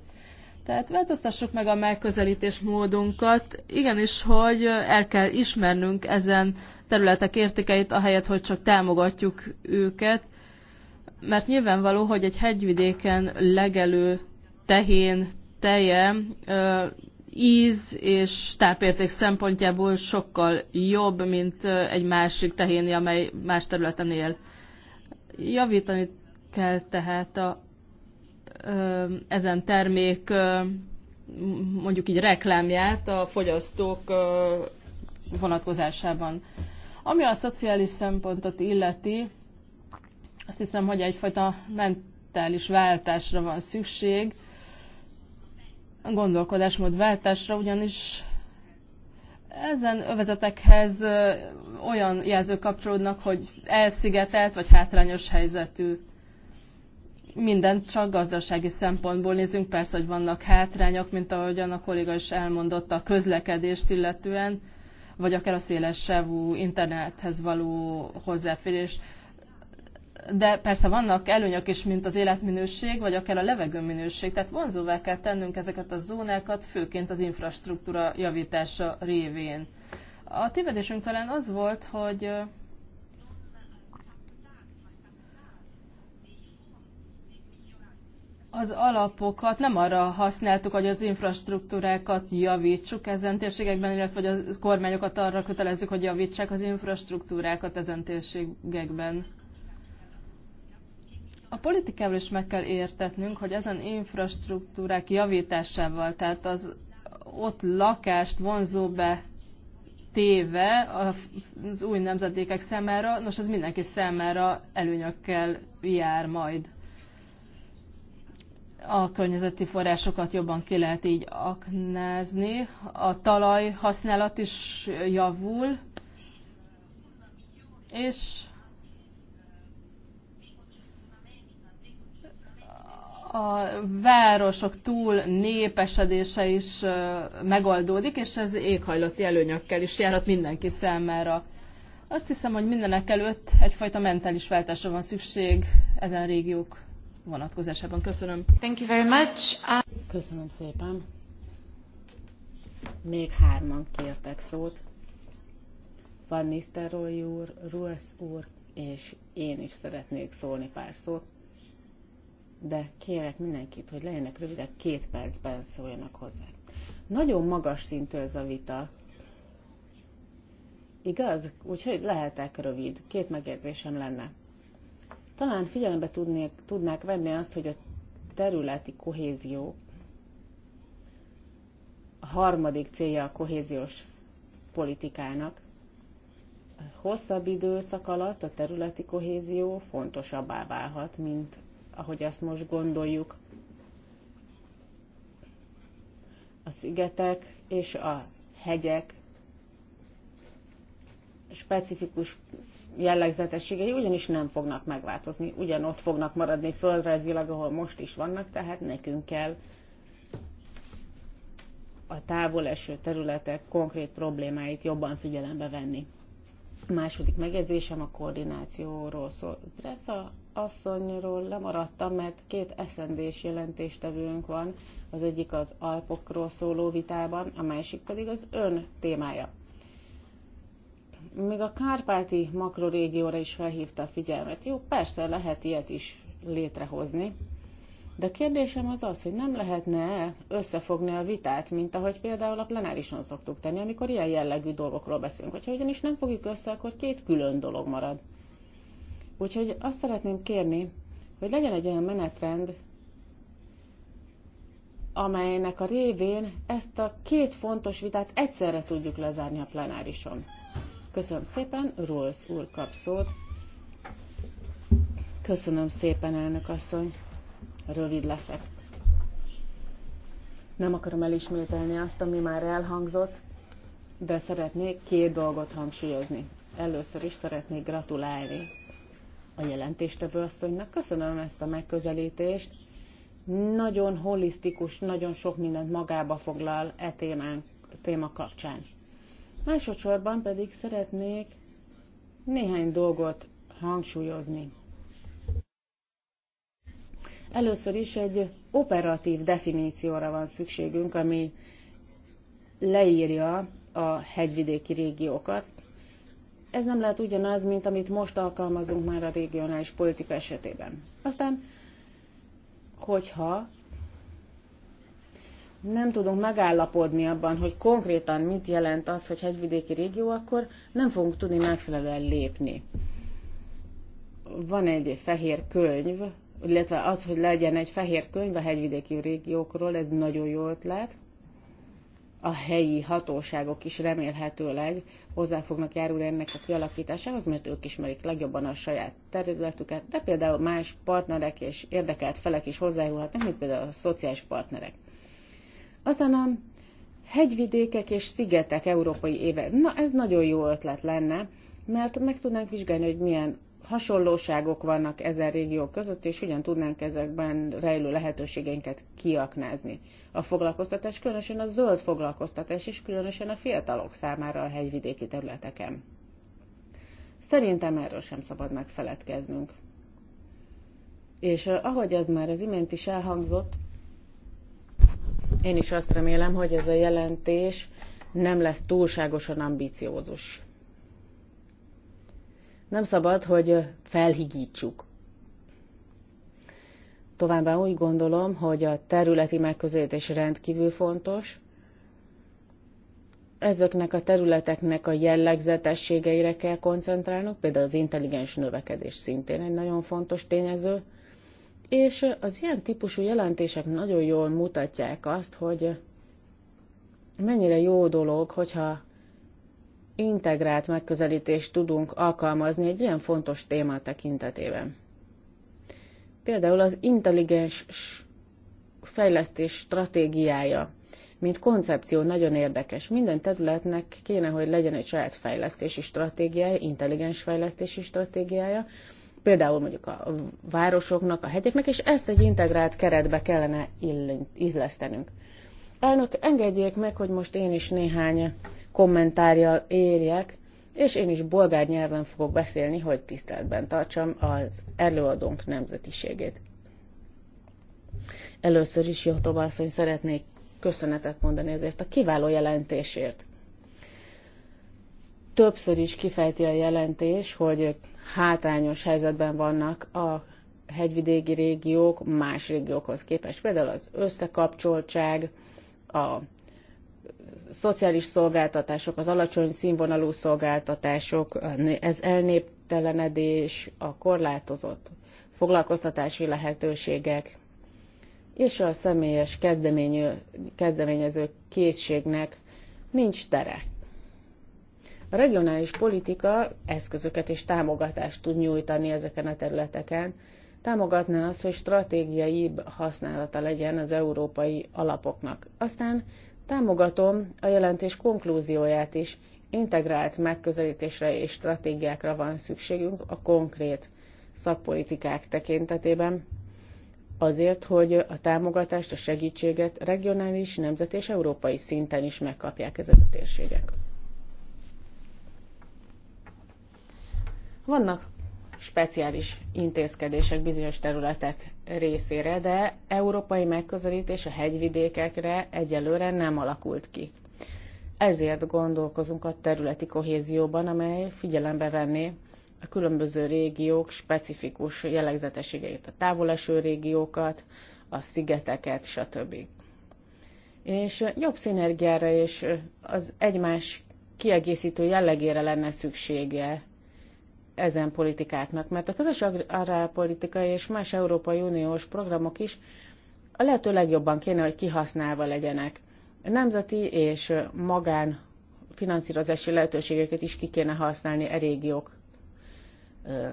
Tehát változtassuk meg a megközelítés módunkat. Igenis, hogy el kell ismernünk ezen területek értékeit, ahelyett, hogy csak támogatjuk őket, mert nyilvánvaló, hogy egy hegyvidéken legelő tehén, teje íz és tápérték szempontjából sokkal jobb, mint egy másik tehéni, amely más területen él. Javítani kell tehát a, ezen termék mondjuk így reklámját a fogyasztók vonatkozásában. Ami a szociális szempontot illeti, azt hiszem, hogy egyfajta mentális váltásra van szükség, Gondolkodásmódváltásra, ugyanis ezen övezetekhez olyan jelzők kapcsolódnak, hogy elszigetelt vagy hátrányos helyzetű. Mindent csak gazdasági szempontból nézünk, persze, hogy vannak hátrányok, mint ahogyan a kolléga is elmondotta a közlekedést illetően, vagy akár a széles sávú internethez való hozzáférés de persze vannak előnyök is, mint az életminőség, vagy akár a levegőminőség, tehát vonzóvá kell tennünk ezeket a zónákat, főként az infrastruktúra javítása révén. A tévedésünk talán az volt, hogy az alapokat nem arra használtuk, hogy az infrastruktúrákat javítsuk ezen térségekben, illetve hogy a kormányokat arra kötelezzük, hogy javítsák az infrastruktúrákat ezen térségekben. A politikával is meg kell értetnünk, hogy ezen infrastruktúrák javításával, tehát az ott lakást vonzóbbá téve az új nemzedékek számára, nos ez mindenki számára előnyökkel jár majd. A környezeti forrásokat jobban ki lehet így aknázni, a talaj használat is javul, és a városok túl népesedése is megoldódik, és ez éghajlati előnyökkel is járhat mindenki számára. Azt hiszem, hogy mindenek előtt egyfajta mentális váltásra van szükség ezen régiók vonatkozásában. Köszönöm. Thank you very much. Uh, Köszönöm szépen. Még hárman kértek szót. Van Nisztelrooy úr, Ruesz úr, és én is szeretnék szólni pár szót de kérek mindenkit, hogy legyenek rövidek, két percben szóljanak hozzá. Nagyon magas szintű ez a vita, igaz? Úgyhogy lehetek rövid, két megérzésem lenne. Talán figyelembe tudnék, tudnák venni azt, hogy a területi kohézió a harmadik célja a kohéziós politikának. hosszabb időszak alatt a területi kohézió fontosabbá válhat, mint ahogy azt most gondoljuk. A szigetek és a hegyek specifikus jellegzetességei ugyanis nem fognak megváltozni, ugyanott fognak maradni földrajzilag, ahol most is vannak, tehát nekünk kell a távol eső területek konkrét problémáit jobban figyelembe venni. Második megjegyzésem a koordinációról szól. Bressa asszonyról lemaradtam, mert két eszendés jelentéstevőnk van, az egyik az Alpokról szóló vitában, a másik pedig az ön témája. Még a kárpáti makrorégióra is felhívta a figyelmet. Jó, persze lehet ilyet is létrehozni, de a kérdésem az az, hogy nem lehetne összefogni a vitát, mint ahogy például a plenárison szoktuk tenni, amikor ilyen jellegű dolgokról beszélünk. Hogyha ugyanis nem fogjuk össze, akkor két külön dolog marad. Úgyhogy azt szeretném kérni, hogy legyen egy olyan menetrend, amelynek a révén ezt a két fontos vitát egyszerre tudjuk lezárni a plenárison. Köszönöm szépen, Rolls úr kap szót. Köszönöm szépen, elnök asszony rövid leszek. Nem akarom elismételni azt, ami már elhangzott, de szeretnék két dolgot hangsúlyozni. Először is szeretnék gratulálni a jelentéstevő asszonynak. Köszönöm ezt a megközelítést. Nagyon holisztikus, nagyon sok mindent magába foglal e témán, téma kapcsán. Másodszorban pedig szeretnék néhány dolgot hangsúlyozni. Először is egy operatív definícióra van szükségünk, ami leírja a hegyvidéki régiókat. Ez nem lehet ugyanaz, mint amit most alkalmazunk már a regionális politika esetében. Aztán, hogyha nem tudunk megállapodni abban, hogy konkrétan mit jelent az, hogy hegyvidéki régió, akkor nem fogunk tudni megfelelően lépni. Van egy fehér könyv illetve az, hogy legyen egy fehér könyv a hegyvidéki régiókról, ez nagyon jó ötlet. A helyi hatóságok is remélhetőleg hozzá fognak járulni ennek a kialakításához, mert ők ismerik legjobban a saját területüket, de például más partnerek és érdekelt felek is hozzájárulhatnak, mint például a szociális partnerek. Aztán a hegyvidékek és szigetek európai éve. Na, ez nagyon jó ötlet lenne, mert meg tudnánk vizsgálni, hogy milyen hasonlóságok vannak ezen régiók között, és hogyan tudnánk ezekben rejlő lehetőségeinket kiaknázni. A foglalkoztatás, különösen a zöld foglalkoztatás, és különösen a fiatalok számára a hegyvidéki területeken. Szerintem erről sem szabad megfeledkeznünk. És eh, ahogy ez már az imént is elhangzott, én is azt remélem, hogy ez a jelentés nem lesz túlságosan ambiciózus nem szabad, hogy felhigítsuk. Továbbá úgy gondolom, hogy a területi megközelítés rendkívül fontos. Ezeknek a területeknek a jellegzetességeire kell koncentrálnunk, például az intelligens növekedés szintén egy nagyon fontos tényező, és az ilyen típusú jelentések nagyon jól mutatják azt, hogy mennyire jó dolog, hogyha integrált megközelítést tudunk alkalmazni egy ilyen fontos téma tekintetében. Például az intelligens fejlesztés stratégiája, mint koncepció nagyon érdekes. Minden területnek kéne, hogy legyen egy saját fejlesztési stratégiája, intelligens fejlesztési stratégiája, például mondjuk a városoknak, a hegyeknek, és ezt egy integrált keretbe kellene illesztenünk. Elnök, engedjék meg, hogy most én is néhány kommentárjal érjek, és én is bolgár nyelven fogok beszélni, hogy tiszteletben tartsam az előadónk nemzetiségét. Először is jó továbbszony szeretnék köszönetet mondani ezért a kiváló jelentésért. Többször is kifejti a jelentés, hogy hátrányos helyzetben vannak a hegyvidéki régiók más régiókhoz képest. Például az összekapcsoltság, a szociális szolgáltatások, az alacsony színvonalú szolgáltatások, ez elnéptelenedés, a korlátozott foglalkoztatási lehetőségek, és a személyes kezdeményező kétségnek nincs tere. A regionális politika eszközöket és támogatást tud nyújtani ezeken a területeken, támogatná azt, hogy stratégiai használata legyen az európai alapoknak. Aztán Támogatom a jelentés konklúzióját is. Integrált megközelítésre és stratégiákra van szükségünk a konkrét szakpolitikák tekintetében, azért, hogy a támogatást, a segítséget regionális, nemzeti és európai szinten is megkapják ezek a térségek. Vannak speciális intézkedések bizonyos területek részére, de európai megközelítés a hegyvidékekre egyelőre nem alakult ki. Ezért gondolkozunk a területi kohézióban, amely figyelembe venné a különböző régiók specifikus jellegzetességeit, a távoleső régiókat, a szigeteket, stb. És jobb szinergiára és az egymás kiegészítő jellegére lenne szüksége ezen politikáknak, mert a közös agrárpolitikai és más Európai Uniós programok is a lehető legjobban kéne, hogy kihasználva legyenek. nemzeti és magán finanszírozási lehetőségeket is ki kéne használni e régiók ö,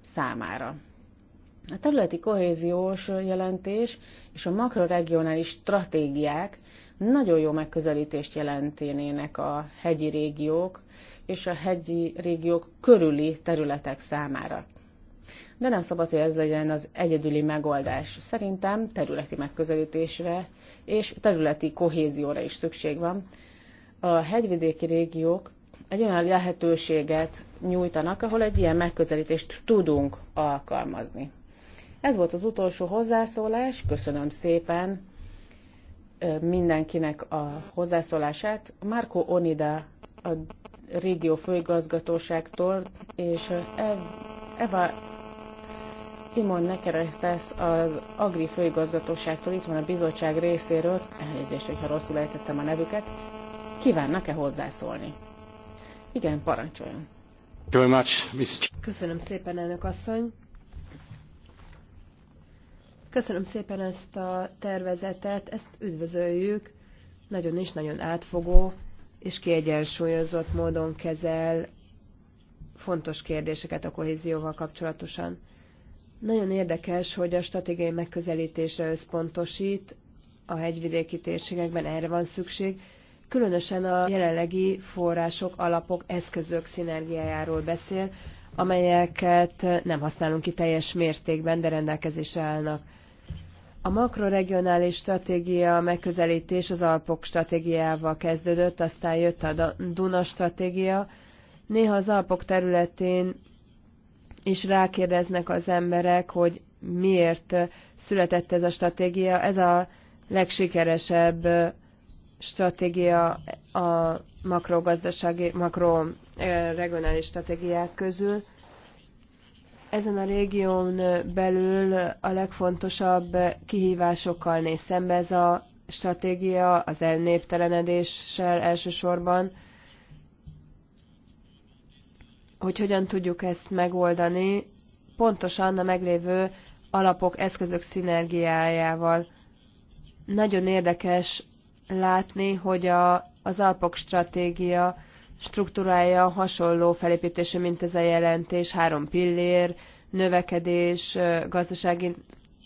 számára. A területi kohéziós jelentés és a makroregionális stratégiák nagyon jó megközelítést jelentenének a hegyi régiók és a hegyi régiók körüli területek számára. De nem szabad, hogy ez legyen az egyedüli megoldás. Szerintem területi megközelítésre és területi kohézióra is szükség van. A hegyvidéki régiók egy olyan lehetőséget nyújtanak, ahol egy ilyen megközelítést tudunk alkalmazni. Ez volt az utolsó hozzászólás. Köszönöm szépen mindenkinek a hozzászólását. Marco Onida, a régió főigazgatóságtól, és Eva Imon Nekeresztesz az Agri főigazgatóságtól, itt van a bizottság részéről, elnézést, hogyha rosszul ejtettem a nevüket, kívánnak-e hozzászólni? Igen, parancsoljon. Köszönöm szépen, elnök asszony. Köszönöm szépen ezt a tervezetet, ezt üdvözöljük. Nagyon is, nagyon átfogó, és kiegyensúlyozott módon kezel fontos kérdéseket a kohézióval kapcsolatosan. Nagyon érdekes, hogy a stratégiai megközelítésre összpontosít, a hegyvidéki térségekben erre van szükség, különösen a jelenlegi források, alapok, eszközök szinergiájáról beszél, amelyeket nem használunk ki teljes mértékben, de rendelkezésre állnak. A makroregionális stratégia megközelítés az Alpok stratégiával kezdődött, aztán jött a Duna stratégia. Néha az Alpok területén is rákérdeznek az emberek, hogy miért született ez a stratégia. Ez a legsikeresebb stratégia a makrogazdasági, makroregionális stratégiák közül ezen a régión belül a legfontosabb kihívásokkal néz szembe ez a stratégia, az elnéptelenedéssel elsősorban, hogy hogyan tudjuk ezt megoldani, pontosan a meglévő alapok, eszközök szinergiájával. Nagyon érdekes látni, hogy a, az alapok stratégia struktúrája hasonló felépítése, mint ez a jelentés, három pillér, növekedés, gazdasági,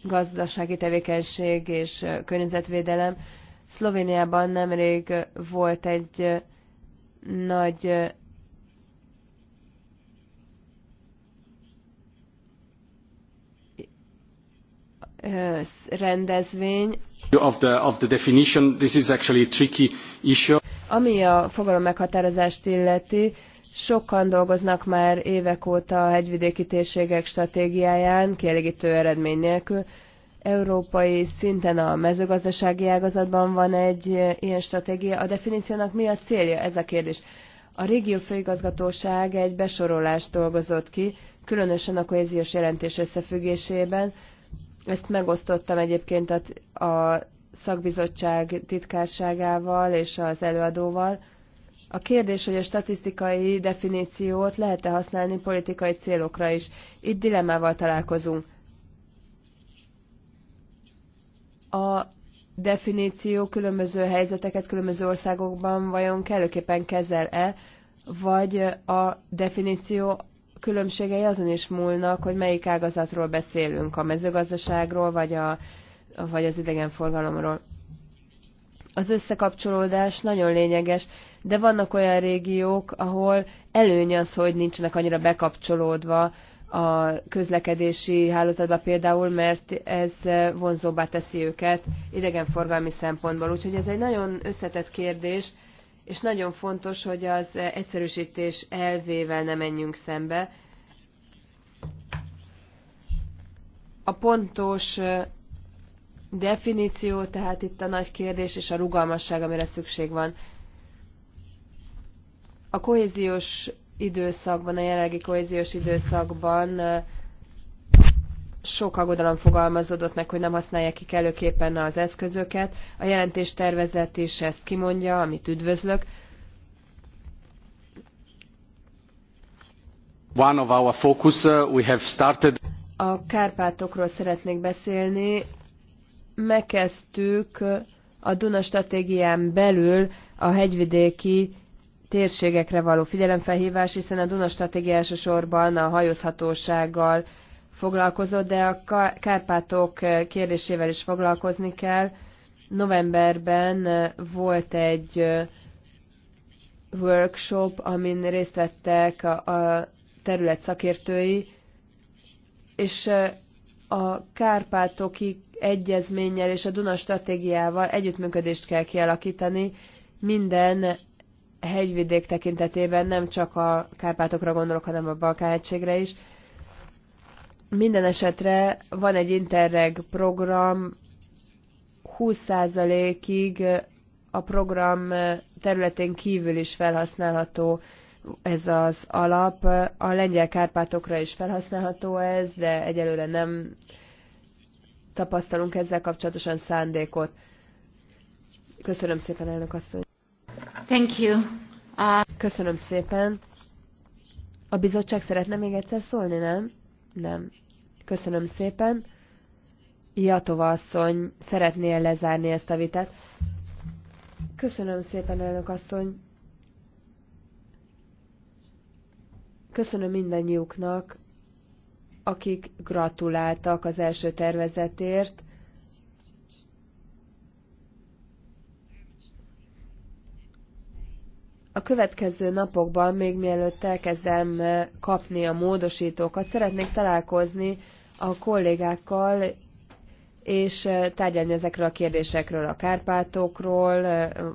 gazdasági tevékenység és környezetvédelem. Szlovéniában nemrég volt egy nagy rendezvény. Of the, of the definition, this is actually a tricky issue. Ami a fogalom meghatározást illeti, sokan dolgoznak már évek óta a hegyvidéki térségek stratégiáján, kielégítő eredmény nélkül. Európai szinten a mezőgazdasági ágazatban van egy ilyen stratégia. A definíciónak mi a célja? Ez a kérdés. A régió főigazgatóság egy besorolást dolgozott ki, különösen a kohéziós jelentés összefüggésében. Ezt megosztottam egyébként a szakbizottság titkárságával és az előadóval. A kérdés, hogy a statisztikai definíciót lehet-e használni politikai célokra is. Itt dilemmával találkozunk. A definíció különböző helyzeteket különböző országokban vajon kellőképpen kezel-e, vagy a definíció különbségei azon is múlnak, hogy melyik ágazatról beszélünk, a mezőgazdaságról, vagy a vagy az idegenforgalomról. Az összekapcsolódás nagyon lényeges, de vannak olyan régiók, ahol előny az, hogy nincsenek annyira bekapcsolódva a közlekedési hálózatba például, mert ez vonzóbbá teszi őket idegenforgalmi szempontból. Úgyhogy ez egy nagyon összetett kérdés, és nagyon fontos, hogy az egyszerűsítés elvével ne menjünk szembe. A pontos definíció, tehát itt a nagy kérdés és a rugalmasság, amire szükség van. A kohéziós időszakban, a jelenlegi kohéziós időszakban sok aggodalom fogalmazódott meg, hogy nem használják ki előképpen az eszközöket. A jelentés tervezet is ezt kimondja, amit üdvözlök. One of our focus, uh, we have started... A Kárpátokról szeretnék beszélni megkezdtük a Duna stratégián belül a hegyvidéki térségekre való figyelemfelhívás, hiszen a Duna stratégia elsősorban a hajózhatósággal foglalkozott, de a Kárpátok kérdésével is foglalkozni kell. Novemberben volt egy workshop, amin részt vettek a terület szakértői, és a Kárpátoki egyezménnyel és a Duna stratégiával együttműködést kell kialakítani minden hegyvidék tekintetében, nem csak a Kárpátokra gondolok, hanem a Balkánhegységre is. Minden esetre van egy Interreg program, 20%-ig a program területén kívül is felhasználható ez az alap. A lengyel Kárpátokra is felhasználható ez, de egyelőre nem tapasztalunk ezzel kapcsolatosan szándékot. Köszönöm szépen, elnök asszony. Thank you. Uh... Köszönöm szépen. A bizottság szeretne még egyszer szólni, nem? Nem. Köszönöm szépen. Jatova asszony, szeretnél lezárni ezt a vitát? Köszönöm szépen, elnök asszony. Köszönöm mindannyiuknak, akik gratuláltak az első tervezetért. A következő napokban, még mielőtt elkezdem kapni a módosítókat, szeretnék találkozni a kollégákkal, és tárgyalni ezekről a kérdésekről, a Kárpátokról,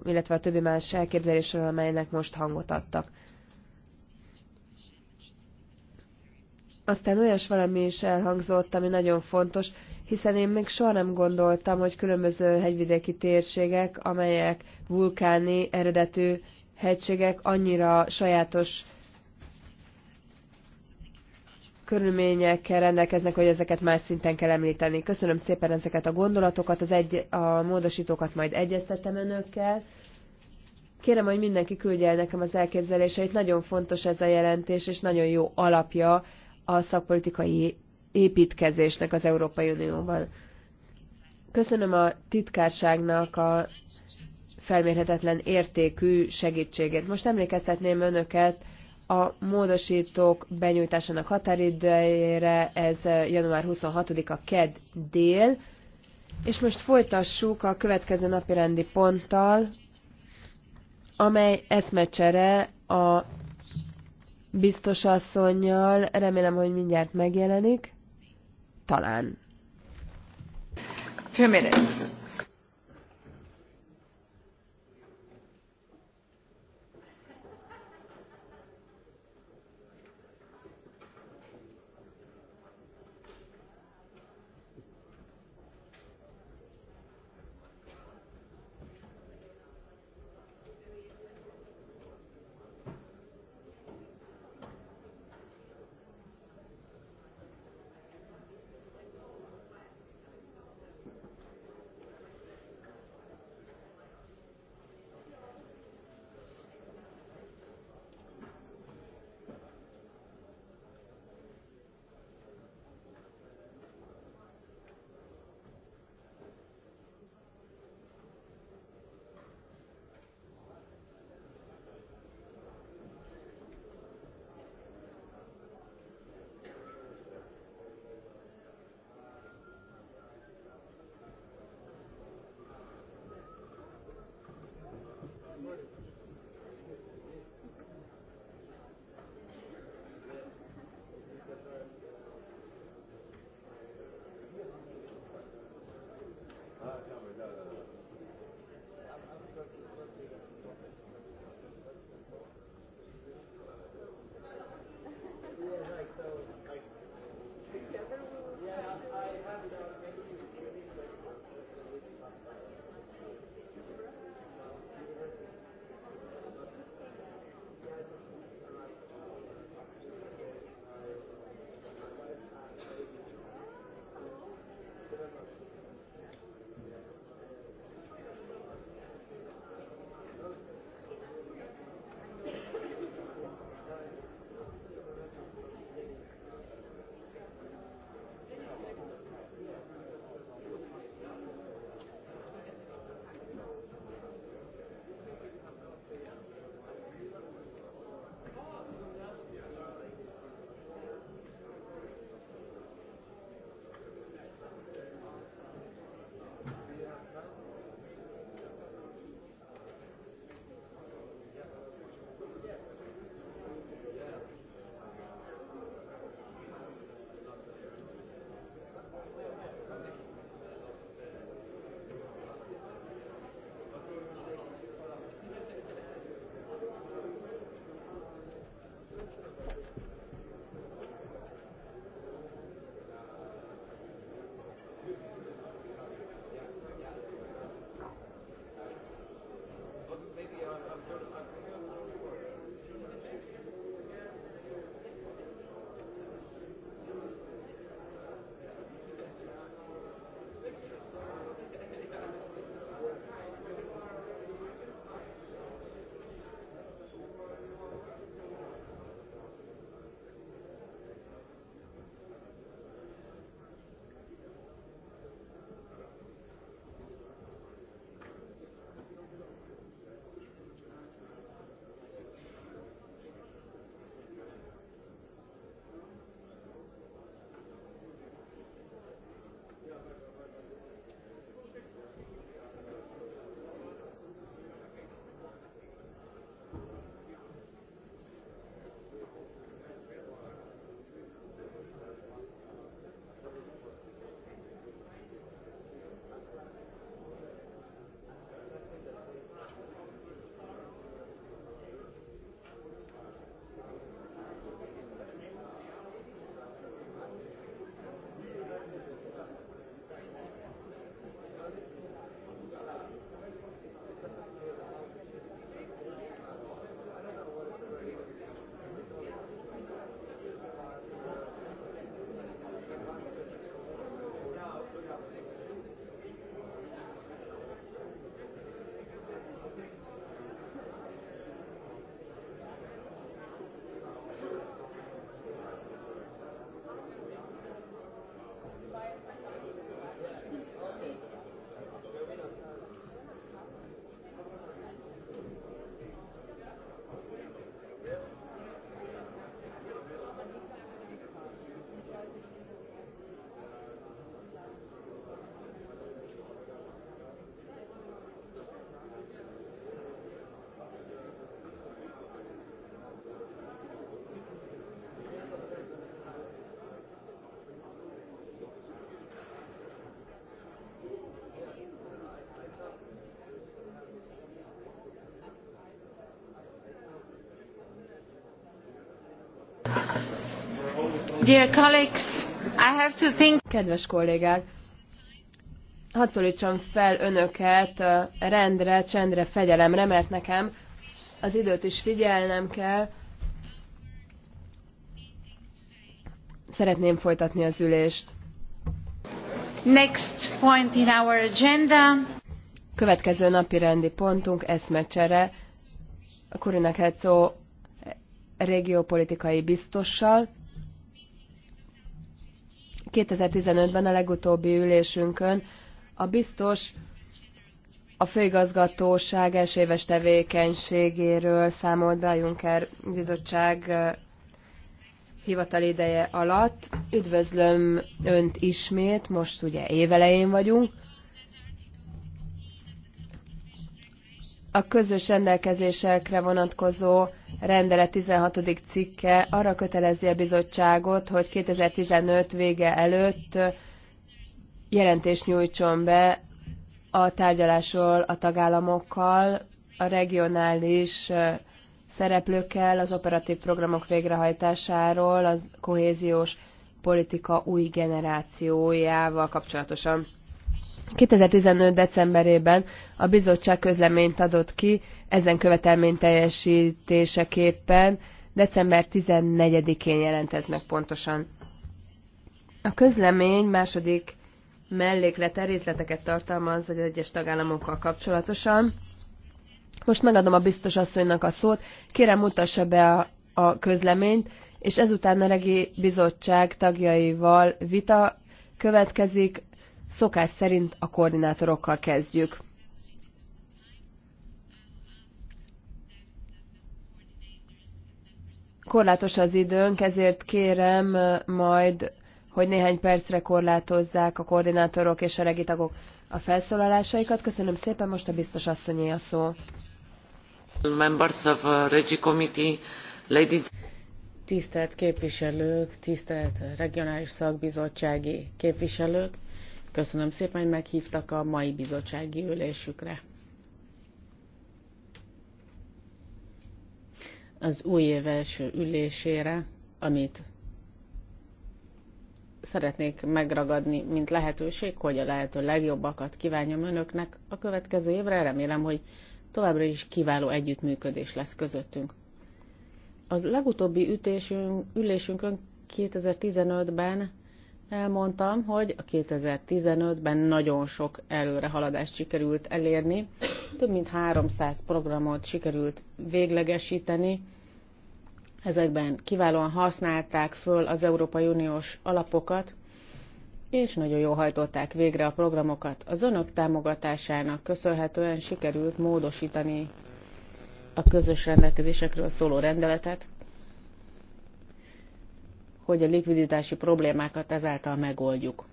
illetve a többi más elképzelésről, amelynek most hangot adtak. Aztán olyas valami is elhangzott, ami nagyon fontos, hiszen én még soha nem gondoltam, hogy különböző hegyvidéki térségek, amelyek vulkáni eredetű hegységek annyira sajátos körülményekkel rendelkeznek, hogy ezeket más szinten kell említeni. Köszönöm szépen ezeket a gondolatokat, az egy, a módosítókat majd egyeztetem önökkel. Kérem, hogy mindenki küldje el nekem az elképzeléseit. Nagyon fontos ez a jelentés, és nagyon jó alapja a szakpolitikai építkezésnek az Európai Unióban. Köszönöm a titkárságnak a felmérhetetlen értékű segítségét. Most emlékeztetném önöket a módosítók benyújtásának határidőjére, ez január 26-a KED dél, és most folytassuk a következő napi rendi ponttal, amely eszmecsere a biztos asszonynal, remélem, hogy mindjárt megjelenik. Talán. Two minutes. Dear colleagues, I have to think... Kedves kollégák, hadd szólítsam fel önöket rendre, csendre, fegyelemre, mert nekem az időt is figyelnem kell. Szeretném folytatni az ülést. Next point in our agenda. Következő napi rendi pontunk eszmecsere. Kurinek Hetzó eh, régiópolitikai biztossal, 2015-ben a legutóbbi ülésünkön a biztos a főigazgatóság első éves tevékenységéről számolt be a Juncker bizottság hivatali ideje alatt. Üdvözlöm Önt ismét, most ugye évelején vagyunk. A közös rendelkezésekre vonatkozó rendelet 16. cikke arra kötelezi a bizottságot, hogy 2015 vége előtt jelentést nyújtson be a tárgyalásról a tagállamokkal, a regionális szereplőkkel, az operatív programok végrehajtásáról, az kohéziós politika új generációjával kapcsolatosan. 2015. decemberében a bizottság közleményt adott ki ezen követelmény teljesítéseképpen, december 14-én jelenteznek pontosan. A közlemény második melléklete részleteket tartalmaz az egyes tagállamokkal kapcsolatosan. Most megadom a biztos asszonynak a szót, kérem mutassa be a, a közleményt, és ezután a regi bizottság tagjaival vita következik, Szokás szerint a koordinátorokkal kezdjük. Korlátos az időnk, ezért kérem majd, hogy néhány percre korlátozzák a koordinátorok és a regitagok a felszólalásaikat. Köszönöm szépen, most a biztos asszonyé a szó. Members of uh, Regi Committee, ladies. Tisztelt képviselők, tisztelt regionális szakbizottsági képviselők, Köszönöm szépen, hogy meghívtak a mai bizottsági ülésükre. Az új év első ülésére, amit szeretnék megragadni, mint lehetőség, hogy a lehető legjobbakat kívánjam önöknek a következő évre. Remélem, hogy továbbra is kiváló együttműködés lesz közöttünk. Az legutóbbi ütésünk, ülésünkön 2015-ben elmondtam, hogy 2015-ben nagyon sok előrehaladást sikerült elérni, több mint 300 programot sikerült véglegesíteni, ezekben kiválóan használták föl az Európai Uniós alapokat, és nagyon jól hajtották végre a programokat. Az önök támogatásának köszönhetően sikerült módosítani a közös rendelkezésekről szóló rendeletet, hogy a likviditási problémákat ezáltal megoldjuk.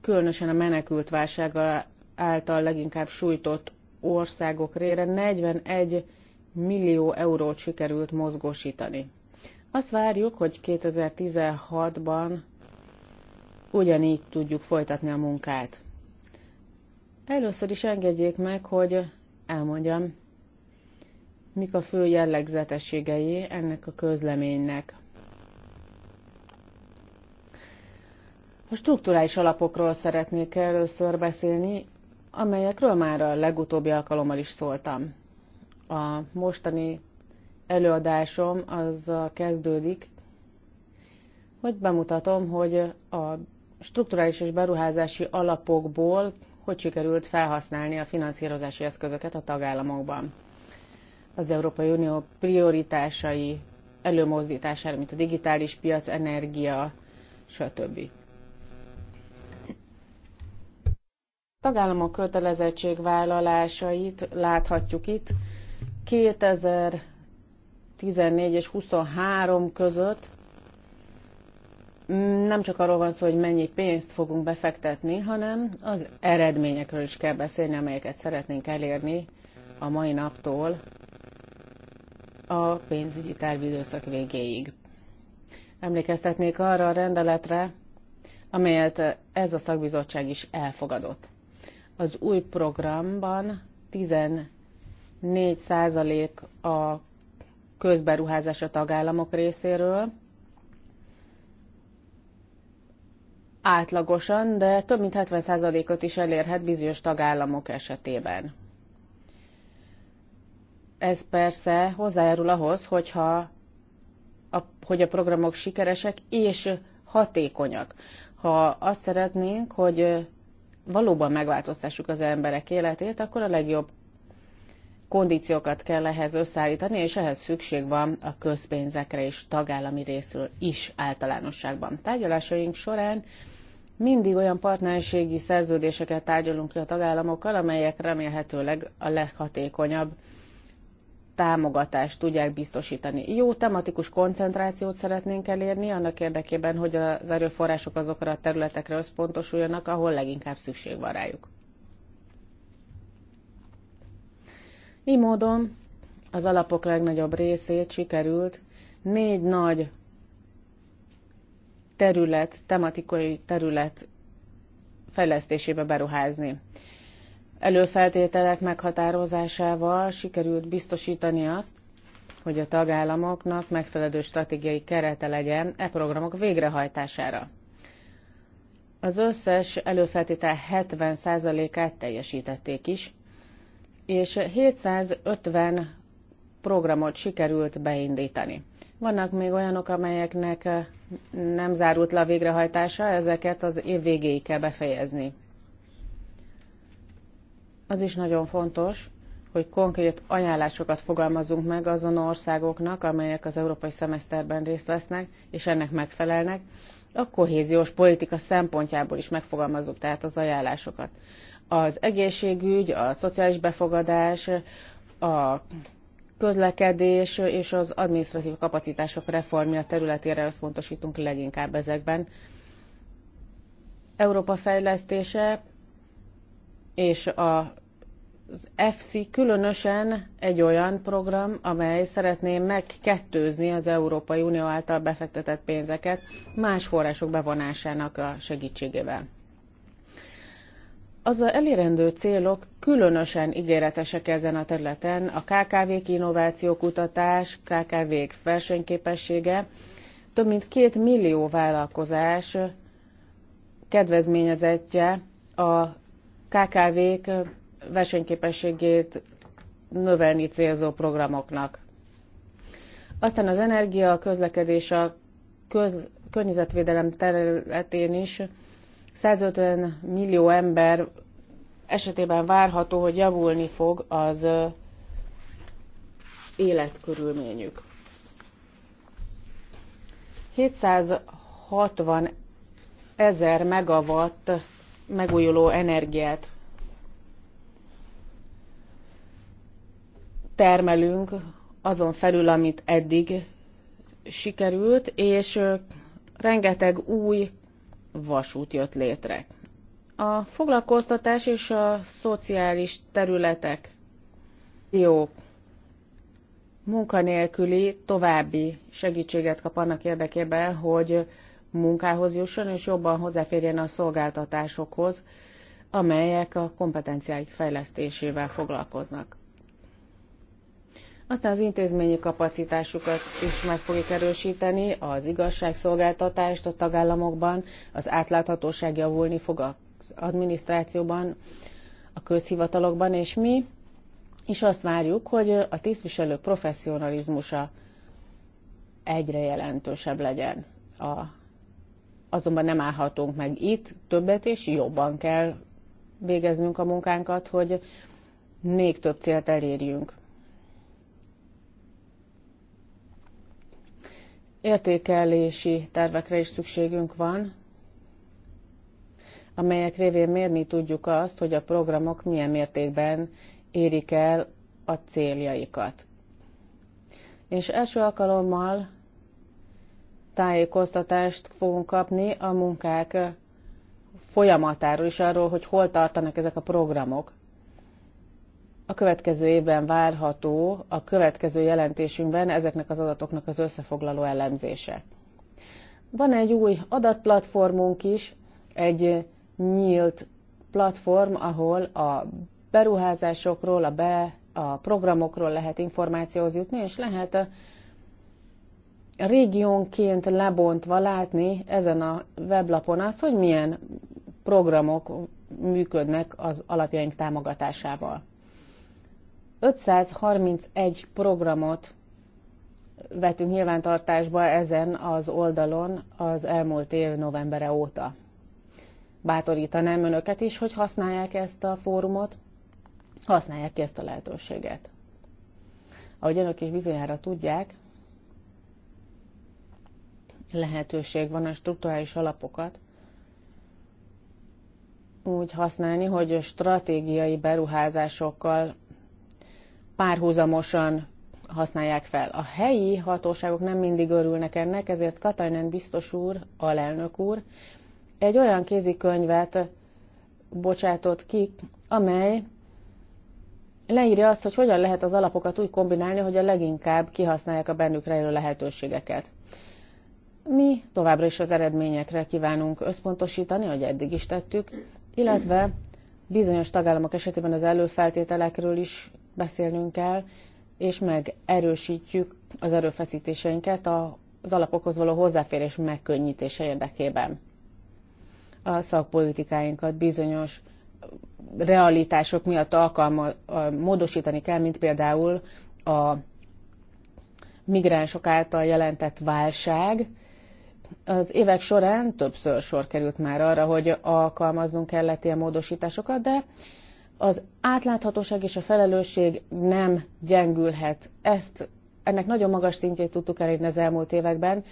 Különösen a menekült válsága által leginkább sújtott országok rére 41 millió eurót sikerült mozgósítani. Azt várjuk, hogy 2016-ban ugyanígy tudjuk folytatni a munkát. Először is engedjék meg, hogy elmondjam, mik a fő jellegzetességei ennek a közleménynek. A strukturális alapokról szeretnék először beszélni, amelyekről már a legutóbbi alkalommal is szóltam. A mostani előadásom az kezdődik, hogy bemutatom, hogy a strukturális és beruházási alapokból hogy sikerült felhasználni a finanszírozási eszközöket a tagállamokban. Az Európai Unió prioritásai előmozdítására, mint a digitális piac, energia, stb. tagállamok kötelezettségvállalásait láthatjuk itt. 2014 és 23 között nem csak arról van szó, hogy mennyi pénzt fogunk befektetni, hanem az eredményekről is kell beszélni, amelyeket szeretnénk elérni a mai naptól a pénzügyi tervidőszak végéig. Emlékeztetnék arra a rendeletre, amelyet ez a szakbizottság is elfogadott. Az új programban 14% százalék a közberuházás a tagállamok részéről, átlagosan, de több mint 70 százalékot is elérhet bizonyos tagállamok esetében. Ez persze hozzájárul ahhoz, hogyha a, hogy a programok sikeresek és hatékonyak. Ha azt szeretnénk, hogy valóban megváltoztassuk az emberek életét, akkor a legjobb kondíciókat kell ehhez összeállítani, és ehhez szükség van a közpénzekre és tagállami részről is általánosságban. Tárgyalásaink során mindig olyan partnerségi szerződéseket tárgyalunk ki a tagállamokkal, amelyek remélhetőleg a leghatékonyabb támogatást tudják biztosítani. Jó tematikus koncentrációt szeretnénk elérni annak érdekében, hogy az erőforrások azokra a területekre összpontosuljanak, ahol leginkább szükség van rájuk. Így módon az alapok legnagyobb részét sikerült négy nagy terület, tematikai terület fejlesztésébe beruházni előfeltételek meghatározásával sikerült biztosítani azt, hogy a tagállamoknak megfelelő stratégiai kerete legyen e programok végrehajtására. Az összes előfeltétel 70%-át teljesítették is, és 750 programot sikerült beindítani. Vannak még olyanok, amelyeknek nem zárult le a végrehajtása, ezeket az év végéig kell befejezni. Az is nagyon fontos, hogy konkrét ajánlásokat fogalmazunk meg azon országoknak, amelyek az európai szemeszterben részt vesznek, és ennek megfelelnek, a kohéziós politika szempontjából is megfogalmazunk, tehát az ajánlásokat. Az egészségügy, a szociális befogadás, a közlekedés és az adminisztratív kapacitások reformja területére összpontosítunk leginkább ezekben. Európa fejlesztése és a az FC különösen egy olyan program, amely szeretné megkettőzni az Európai Unió által befektetett pénzeket más források bevonásának a segítségével. Az elérendő célok különösen ígéretesek ezen a területen, a KKV-k innovációkutatás, KKV-k versenyképessége, több mint két millió vállalkozás kedvezményezetje a KKV-k versenyképességét növelni célzó programoknak. Aztán az energia, a közlekedés, a köz, környezetvédelem területén is 150 millió ember esetében várható, hogy javulni fog az életkörülményük. 760 ezer megawatt megújuló energiát termelünk azon felül, amit eddig sikerült, és rengeteg új vasút jött létre. A foglalkoztatás és a szociális területek jó munkanélküli további segítséget kap annak érdekében, hogy munkához jusson, és jobban hozzáférjen a szolgáltatásokhoz, amelyek a kompetenciáik fejlesztésével foglalkoznak. Aztán az intézményi kapacitásukat is meg fogjuk erősíteni, az igazságszolgáltatást a tagállamokban, az átláthatóság javulni fog az adminisztrációban, a közhivatalokban, és mi is azt várjuk, hogy a tisztviselők professzionalizmusa egyre jelentősebb legyen a azonban nem állhatunk meg itt, többet és jobban kell végeznünk a munkánkat, hogy még több célt elérjünk. Értékelési tervekre is szükségünk van, amelyek révén mérni tudjuk azt, hogy a programok milyen mértékben érik el a céljaikat. És első alkalommal tájékoztatást fogunk kapni a munkák folyamatáról is, arról, hogy hol tartanak ezek a programok. A következő évben várható a következő jelentésünkben ezeknek az adatoknak az összefoglaló elemzése. Van egy új adatplatformunk is, egy nyílt platform, ahol a beruházásokról, a, be, a programokról lehet információhoz jutni, és lehet régiónként lebontva látni ezen a weblapon azt, hogy milyen programok működnek az alapjaink támogatásával. 531 programot vetünk nyilvántartásba ezen az oldalon az elmúlt év novembere óta. Bátorítanám önöket is, hogy használják ezt a fórumot, használják ki ezt a lehetőséget. Ahogy önök is bizonyára tudják, lehetőség van a strukturális alapokat úgy használni, hogy stratégiai beruházásokkal párhuzamosan használják fel. A helyi hatóságok nem mindig örülnek ennek, ezért Katajnen biztos úr, alelnök úr, egy olyan kézikönyvet bocsátott ki, amely leírja azt, hogy hogyan lehet az alapokat úgy kombinálni, hogy a leginkább kihasználják a bennük rejlő lehetőségeket. Mi továbbra is az eredményekre kívánunk összpontosítani, ahogy eddig is tettük, illetve bizonyos tagállamok esetében az előfeltételekről is beszélnünk kell, és megerősítjük az erőfeszítéseinket az alapokhoz való hozzáférés megkönnyítése érdekében. A szakpolitikáinkat bizonyos realitások miatt alkalma, módosítani kell, mint például a migránsok által jelentett válság, az évek során többször sor került már arra, hogy alkalmaznunk kellett ilyen módosításokat, de az átláthatóság és a felelősség nem gyengülhet. Ezt, ennek nagyon magas szintjét tudtuk elérni az elmúlt években.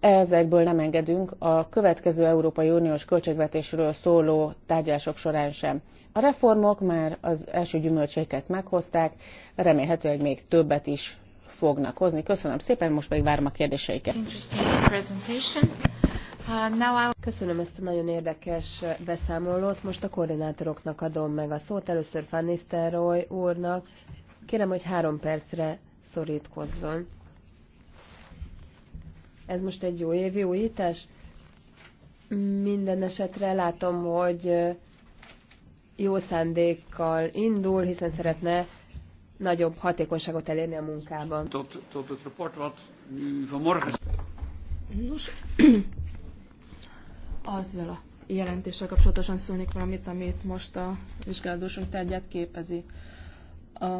Ezekből nem engedünk a következő Európai Uniós költségvetésről szóló tárgyalások során sem. A reformok már az első gyümölcséket meghozták, remélhetőleg még többet is fognak hozni. Köszönöm szépen, most pedig várom a kérdéseiket. Uh, Köszönöm ezt a nagyon érdekes beszámolót. Most a koordinátoroknak adom meg a szót. Először Fanny Nistelrooy úrnak. Kérem, hogy három percre szorítkozzon. Ez most egy jó évi újítás? Minden esetre látom, hogy jó szándékkal indul, hiszen szeretne nagyobb hatékonyságot elérni a munkában. Tot, tot het rapport wat nu vanmorgen... Nos, azzal a jelentéssel kapcsolatosan szólnék valamit, amit most a vizsgálatósunk tárgyát képezi. A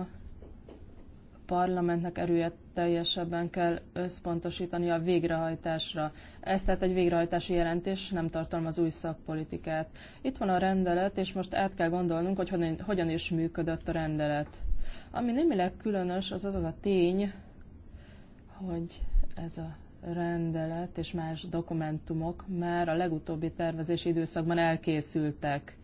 parlamentnek erőjét teljesebben kell összpontosítani a végrehajtásra. Ez tehát egy végrehajtási jelentés, nem tartalmaz új szakpolitikát. Itt van a rendelet, és most át kell gondolnunk, hogy hogyan, hogyan is működött a rendelet. Ami némileg különös, az az, az a tény, hogy ez a rendelet és más dokumentumok már a legutóbbi tervezési időszakban elkészültek.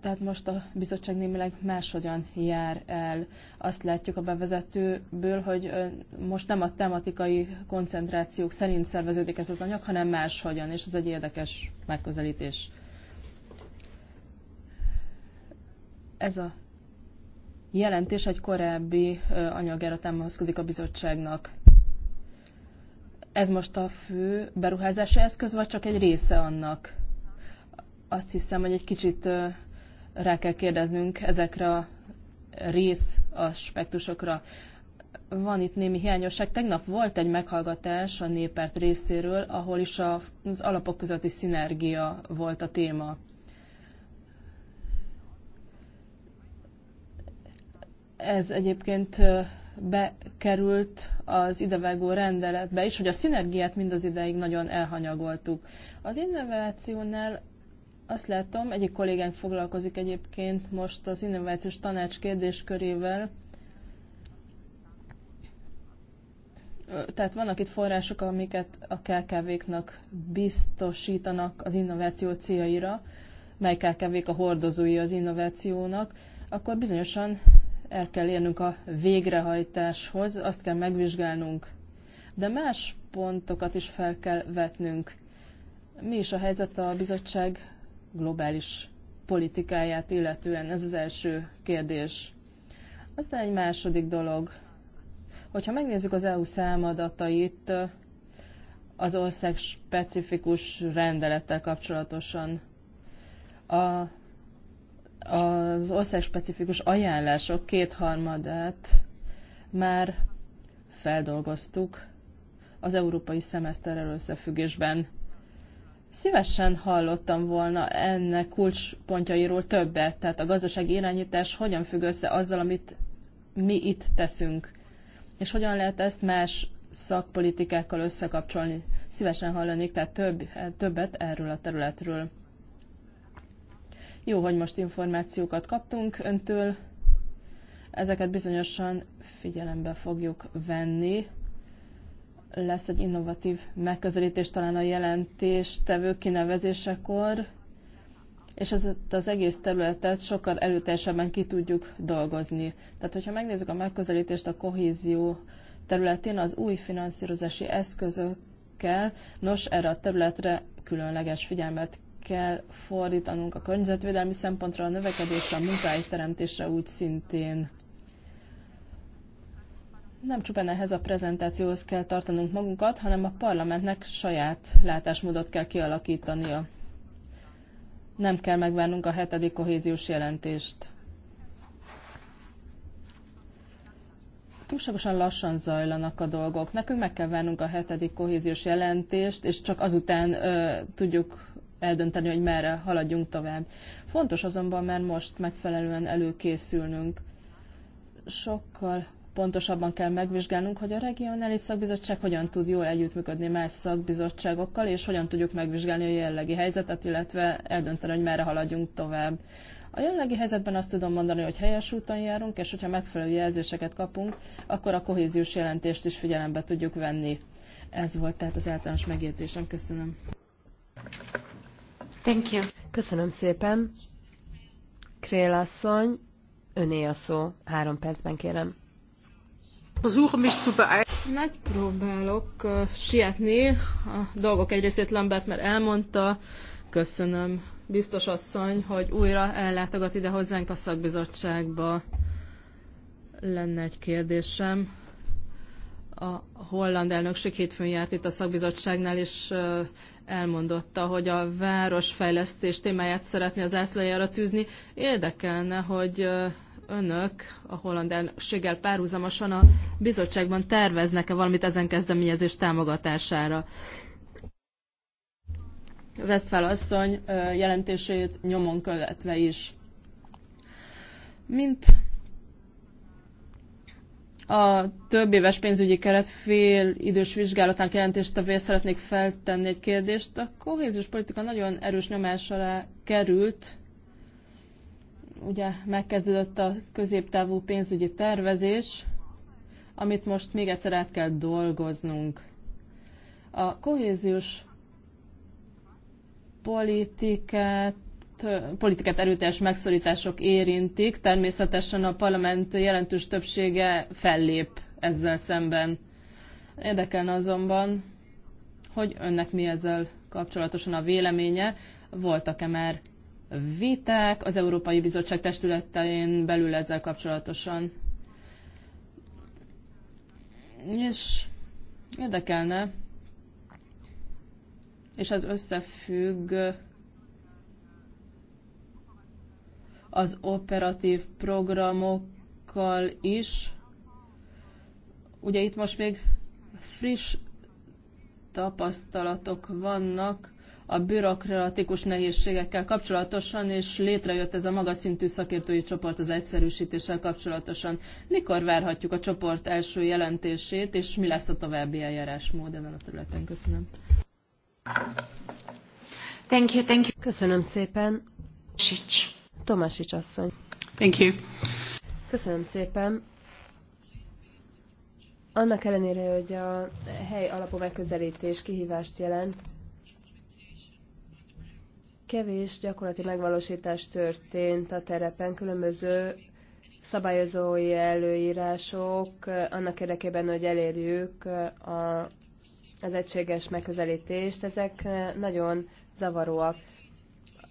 Tehát most a bizottság némileg máshogyan jár el. Azt látjuk a bevezetőből, hogy most nem a tematikai koncentrációk szerint szerveződik ez az anyag, hanem máshogyan, és ez egy érdekes megközelítés. Ez a jelentés egy korábbi anyagára támaszkodik a bizottságnak. Ez most a fő beruházási eszköz, vagy csak egy része annak? Azt hiszem, hogy egy kicsit rá kell kérdeznünk ezekre a rész aspektusokra. Van itt némi hiányosság. Tegnap volt egy meghallgatás a népert részéről, ahol is az alapok közötti szinergia volt a téma. Ez egyébként bekerült az idevágó rendeletbe is, hogy a szinergiát az ideig nagyon elhanyagoltuk. Az innovációnál azt látom, egyik kollégánk foglalkozik egyébként most az innovációs tanács kérdéskörével. Tehát vannak itt források, amiket a KKV-knak biztosítanak az innováció céljaira, mely KKV-k a hordozói az innovációnak, akkor bizonyosan el kell érnünk a végrehajtáshoz, azt kell megvizsgálnunk. De más pontokat is fel kell vetnünk. Mi is a helyzet a bizottság globális politikáját illetően. Ez az első kérdés. Aztán egy második dolog. Hogyha megnézzük az EU számadatait eh, az ország specifikus rendelettel kapcsolatosan, a, az ország specifikus ajánlások kétharmadát már feldolgoztuk az európai szemeszterrel összefüggésben. Szívesen hallottam volna ennek kulcspontjairól többet, tehát a gazdasági irányítás hogyan függ össze azzal, amit mi itt teszünk, és hogyan lehet ezt más szakpolitikákkal összekapcsolni. Szívesen hallanék, tehát több, többet erről a területről. Jó, hogy most információkat kaptunk öntől, ezeket bizonyosan figyelembe fogjuk venni lesz egy innovatív megközelítés talán a tevő kinevezésekor, és az az egész területet sokkal előteljesebben ki tudjuk dolgozni. Tehát, hogyha megnézzük a megközelítést a kohézió területén, az új finanszírozási eszközökkel, nos, erre a területre különleges figyelmet kell fordítanunk a környezetvédelmi szempontra, a növekedésre, a teremtésre úgy szintén nem csupán ehhez a prezentációhoz kell tartanunk magunkat, hanem a parlamentnek saját látásmódot kell kialakítania. Nem kell megvárnunk a hetedik kohéziós jelentést. túlságosan lassan zajlanak a dolgok. Nekünk meg kell várnunk a hetedik kohéziós jelentést, és csak azután ö, tudjuk eldönteni, hogy merre haladjunk tovább. Fontos azonban mert most megfelelően előkészülnünk. Sokkal pontosabban kell megvizsgálnunk, hogy a regionális szakbizottság hogyan tud jól együttműködni más szakbizottságokkal, és hogyan tudjuk megvizsgálni a jellegi helyzetet, illetve eldönteni, hogy merre haladjunk tovább. A jelenlegi helyzetben azt tudom mondani, hogy helyes úton járunk, és hogyha megfelelő jelzéseket kapunk, akkor a kohéziós jelentést is figyelembe tudjuk venni. Ez volt tehát az általános megjegyzésem. Köszönöm. Thank you. Köszönöm szépen. Krélasszony, öné a szó. Három percben kérem. Megpróbálok uh, sietni. A dolgok egy részét Lambert mert elmondta. Köszönöm, biztos asszony, hogy újra ellátogat ide hozzánk a szakbizottságba. Lenne egy kérdésem. A holland elnökség hétfőn járt itt a szakbizottságnál, és uh, elmondotta, hogy a városfejlesztés témáját szeretné az ászlajára tűzni. Érdekelne, hogy uh, önök a holland elnökséggel párhuzamosan a bizottságban terveznek-e valamit ezen kezdeményezés támogatására? Westphal asszony jelentését nyomon követve is. Mint a több éves pénzügyi keret fél idős vizsgálatán jelentéstevéért szeretnék feltenni egy kérdést. A kohéziós politika nagyon erős nyomás alá került ugye megkezdődött a középtávú pénzügyi tervezés, amit most még egyszer át kell dolgoznunk. A kohéziós politikát politikát erőteljes megszorítások érintik, természetesen a parlament jelentős többsége fellép ezzel szemben. Érdekelne azonban, hogy önnek mi ezzel kapcsolatosan a véleménye, voltak-e már viták az Európai Bizottság testületein belül ezzel kapcsolatosan. És érdekelne, és ez összefügg az operatív programokkal is. Ugye itt most még friss tapasztalatok vannak, a bürokratikus nehézségekkel kapcsolatosan, és létrejött ez a magas szintű szakértői csoport az egyszerűsítéssel kapcsolatosan. Mikor várhatjuk a csoport első jelentését, és mi lesz a további eljárásmód ezen a területen? Köszönöm. Thank you, thank you. Köszönöm szépen. Sics. Tomásics asszony. Thank you. Köszönöm szépen. Annak ellenére, hogy a hely alapú megközelítés kihívást jelent, Kevés gyakorlati megvalósítás történt a terepen, különböző szabályozói előírások annak érdekében, hogy elérjük a, az egységes megközelítést, ezek nagyon zavaróak.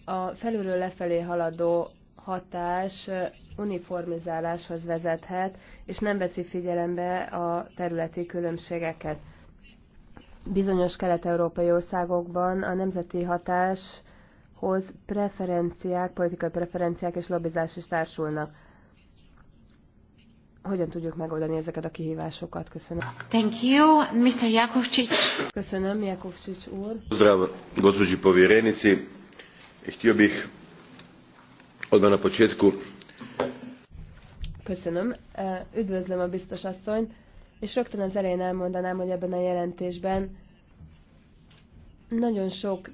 A felülről lefelé haladó hatás uniformizáláshoz vezethet, és nem veszi figyelembe a területi különbségeket. Bizonyos kelet-európai országokban a nemzeti hatás hoz preferenciák, politikai preferenciák és lobbizás is társulnak. Hogyan tudjuk megoldani ezeket a kihívásokat? Köszönöm. Thank you, Mr. Jakovcsics. Köszönöm, Jakovcsics úr. Pozdrav, gospođi povjerenici. Htio bih odmah na početku Köszönöm. Üdvözlöm a biztos asszonyt, és rögtön az elején elmondanám, hogy ebben a jelentésben nagyon sok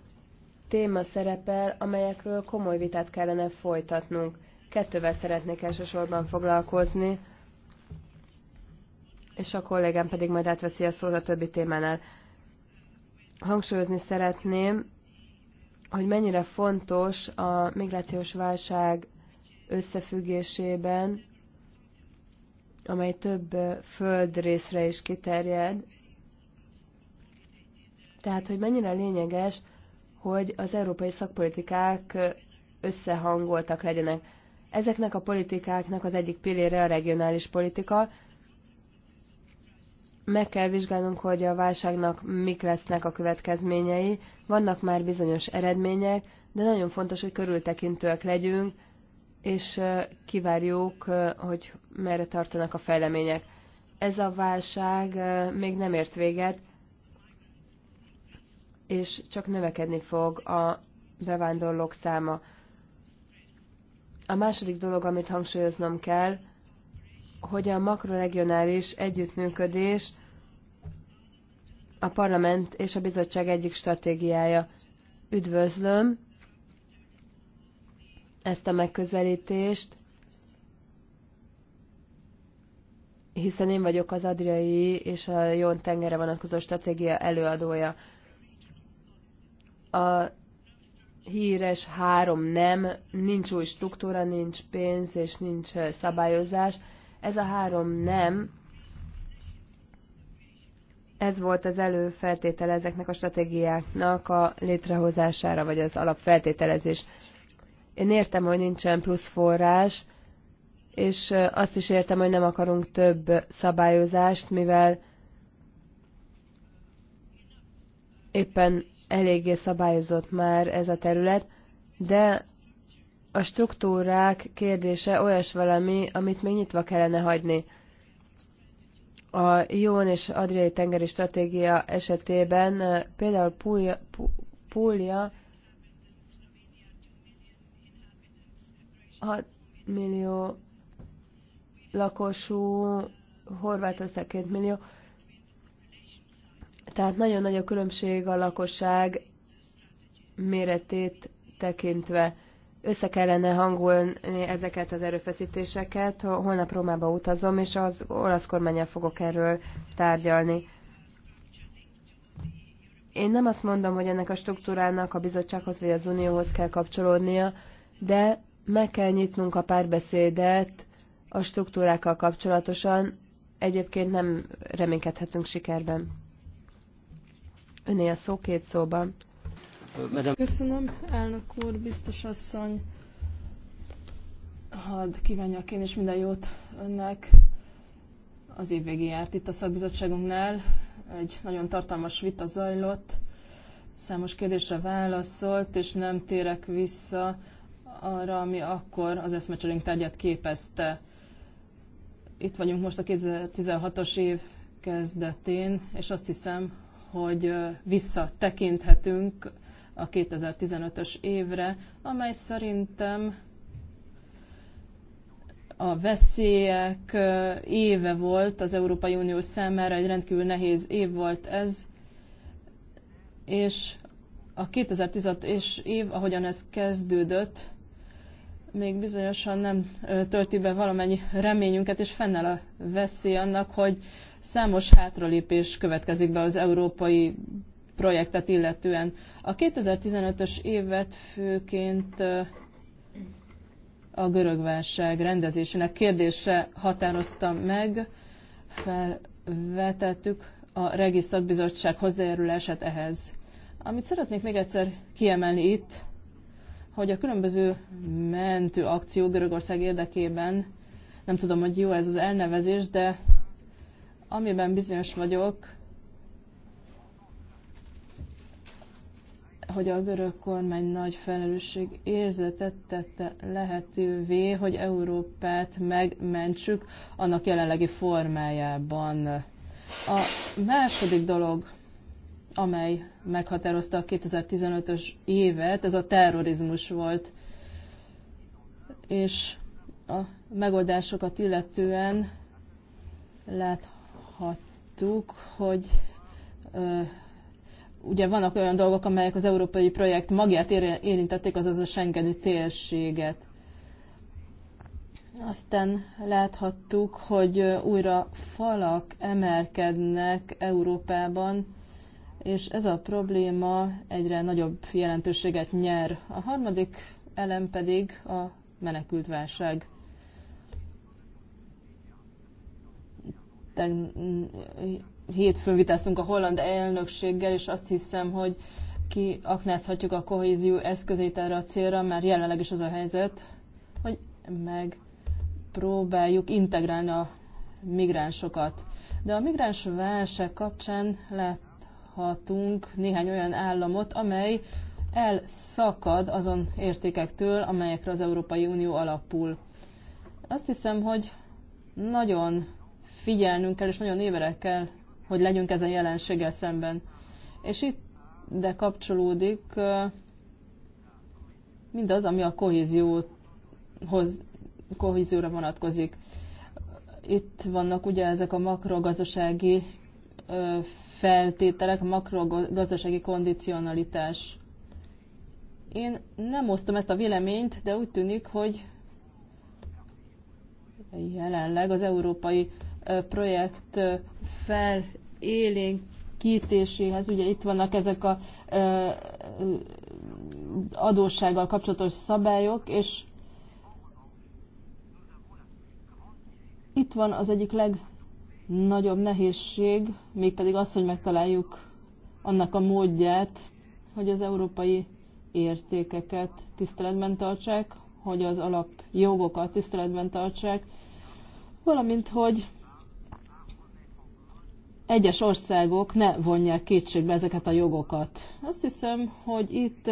téma szerepel, amelyekről komoly vitát kellene folytatnunk. Kettővel szeretnék elsősorban foglalkozni, és a kollégám pedig majd átveszi a szót a többi témánál. Hangsúlyozni szeretném, hogy mennyire fontos a migrációs válság összefüggésében, amely több földrészre is kiterjed, tehát, hogy mennyire lényeges hogy az európai szakpolitikák összehangoltak legyenek. Ezeknek a politikáknak az egyik pillére a regionális politika. Meg kell vizsgálnunk, hogy a válságnak mik lesznek a következményei. Vannak már bizonyos eredmények, de nagyon fontos, hogy körültekintőek legyünk, és kivárjuk, hogy merre tartanak a fejlemények. Ez a válság még nem ért véget, és csak növekedni fog a bevándorlók száma. A második dolog, amit hangsúlyoznom kell, hogy a makroregionális együttműködés a parlament és a bizottság egyik stratégiája. Üdvözlöm ezt a megközelítést, hiszen én vagyok az Adriai és a Jón tengerre vonatkozó stratégia előadója a híres három nem, nincs új struktúra, nincs pénz és nincs szabályozás. Ez a három nem, ez volt az előfeltétele ezeknek a stratégiáknak a létrehozására, vagy az alapfeltételezés. Én értem, hogy nincsen plusz forrás, és azt is értem, hogy nem akarunk több szabályozást, mivel éppen eléggé szabályozott már ez a terület, de a struktúrák kérdése olyas valami, amit még nyitva kellene hagyni. A Jón és Adriai tengeri stratégia esetében például Púlia 6 millió lakosú, Horvátország 2 millió, tehát nagyon nagy a különbség a lakosság méretét tekintve. Össze kellene hangolni ezeket az erőfeszítéseket. Holnap Rómába utazom, és az olasz kormányjal fogok erről tárgyalni. Én nem azt mondom, hogy ennek a struktúrának a bizottsághoz vagy az unióhoz kell kapcsolódnia, de meg kell nyitnunk a párbeszédet a struktúrákkal kapcsolatosan, egyébként nem reménykedhetünk sikerben. Öné a szó két szóban. Köszönöm, elnök úr, biztos asszony. Hadd kívánjak én is minden jót önnek. Az év végén járt itt a szakbizottságunknál. Egy nagyon tartalmas vita zajlott. Számos kérdésre válaszolt, és nem térek vissza arra, ami akkor az eszmecserénk tárgyát képezte. Itt vagyunk most a 2016-os év kezdetén, és azt hiszem, hogy visszatekinthetünk a 2015-ös évre, amely szerintem a veszélyek éve volt az Európai Unió számára, egy rendkívül nehéz év volt ez, és a 2016-es év, ahogyan ez kezdődött, még bizonyosan nem tölti be valamennyi reményünket, és fennáll a veszély annak, hogy Számos hátralépés következik be az európai projektet illetően. A 2015-ös évet főként a görögválság rendezésének kérdése határozta meg, felvetettük a Regi hozzájárulását ehhez. Amit szeretnék még egyszer kiemelni itt, hogy a különböző mentő akció Görögország érdekében, nem tudom, hogy jó ez az elnevezés, de Amiben bizonyos vagyok, hogy a görög kormány nagy felelősség érzetet tette lehetővé, hogy Európát megmentsük annak jelenlegi formájában. A második dolog, amely meghatározta a 2015-ös évet, ez a terrorizmus volt. És a megoldásokat illetően láthatjuk, hallhattuk, hogy ugye vannak olyan dolgok, amelyek az európai projekt magját érintették, azaz a Schengeni térséget. Aztán láthattuk, hogy újra falak emelkednek Európában, és ez a probléma egyre nagyobb jelentőséget nyer. A harmadik elem pedig a menekültválság. hétfőn vitáztunk a holland elnökséggel, és azt hiszem, hogy kiaknázhatjuk a kohézió eszközét erre a célra, mert jelenleg is az a helyzet, hogy megpróbáljuk integrálni a migránsokat. De a migráns válság kapcsán láthatunk néhány olyan államot, amely elszakad azon értékektől, amelyekre az Európai Unió alapul. Azt hiszem, hogy nagyon figyelnünk kell, és nagyon éverek kell, hogy legyünk ezen jelenséggel szemben. És itt de kapcsolódik mindaz, ami a kohézióhoz, kohézióra vonatkozik. Itt vannak ugye ezek a makrogazdasági feltételek, makrogazdasági kondicionalitás. Én nem osztom ezt a véleményt, de úgy tűnik, hogy jelenleg az európai projekt felélénkítéséhez. Ugye itt vannak ezek a adóssággal kapcsolatos szabályok, és itt van az egyik legnagyobb nehézség, mégpedig az, hogy megtaláljuk annak a módját, hogy az európai értékeket tiszteletben tartsák, hogy az alapjogokat tiszteletben tartsák, valamint hogy egyes országok ne vonják kétségbe ezeket a jogokat. Azt hiszem, hogy itt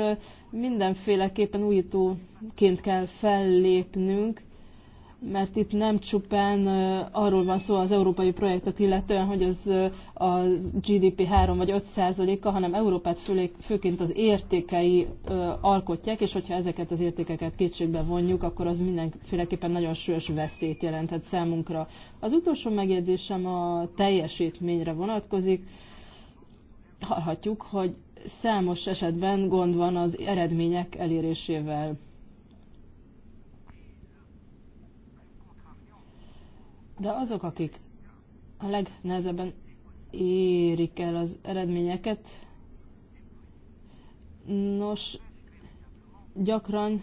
mindenféleképpen újítóként kell fellépnünk, mert itt nem csupán arról van szó az európai projektet illetően, hogy az a GDP 3 vagy 5 százaléka, hanem Európát főként az értékei alkotják, és hogyha ezeket az értékeket kétségbe vonjuk, akkor az mindenféleképpen nagyon súlyos veszélyt jelenthet számunkra. Az utolsó megjegyzésem a teljesítményre vonatkozik. Hallhatjuk, hogy számos esetben gond van az eredmények elérésével. De azok, akik a legnehezebben érik el az eredményeket, nos, gyakran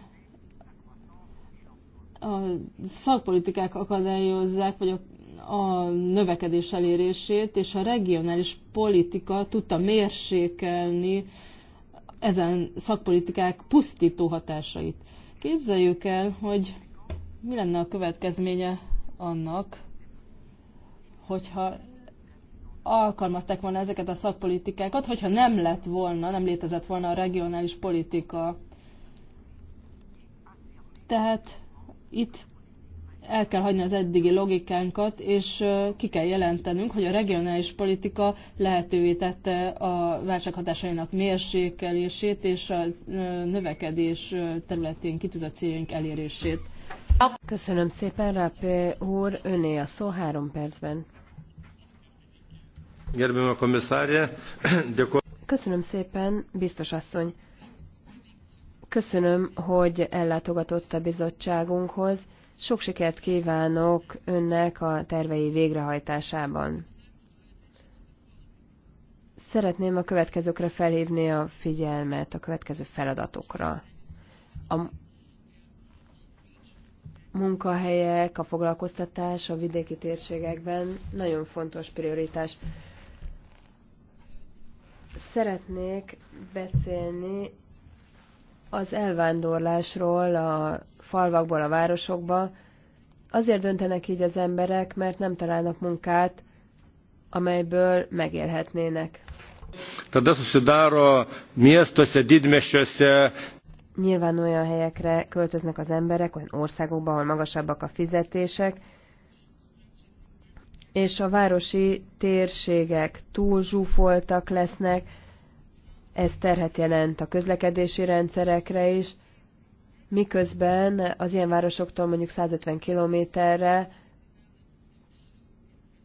a szakpolitikák akadályozzák, vagy a a növekedés elérését, és a regionális politika tudta mérsékelni ezen szakpolitikák pusztító hatásait. Képzeljük el, hogy mi lenne a következménye annak, hogyha alkalmazták volna ezeket a szakpolitikákat, hogyha nem lett volna, nem létezett volna a regionális politika. Tehát itt el kell hagyni az eddigi logikánkat, és ki kell jelentenünk, hogy a regionális politika lehetővé tette a válság hatásainak mérsékelését és a növekedés területén kitűzött céljaink elérését. Köszönöm szépen, Rápé úr, öné a szó három percben. Köszönöm szépen, biztos asszony. Köszönöm, hogy ellátogatott a bizottságunkhoz. Sok sikert kívánok önnek a tervei végrehajtásában. Szeretném a következőkre felhívni a figyelmet, a következő feladatokra. A munkahelyek, a foglalkoztatás a vidéki térségekben nagyon fontos prioritás. Szeretnék beszélni az elvándorlásról a falvakból a városokba. Azért döntenek így az emberek, mert nem találnak munkát, amelyből megélhetnének. Tada susidaro miestuose, didmešiuose. Nyilván olyan helyekre költöznek az emberek, olyan országokba, ahol magasabbak a fizetések, és a városi térségek túl zsúfoltak lesznek, ez terhet jelent a közlekedési rendszerekre is, miközben az ilyen városoktól mondjuk 150 kilométerre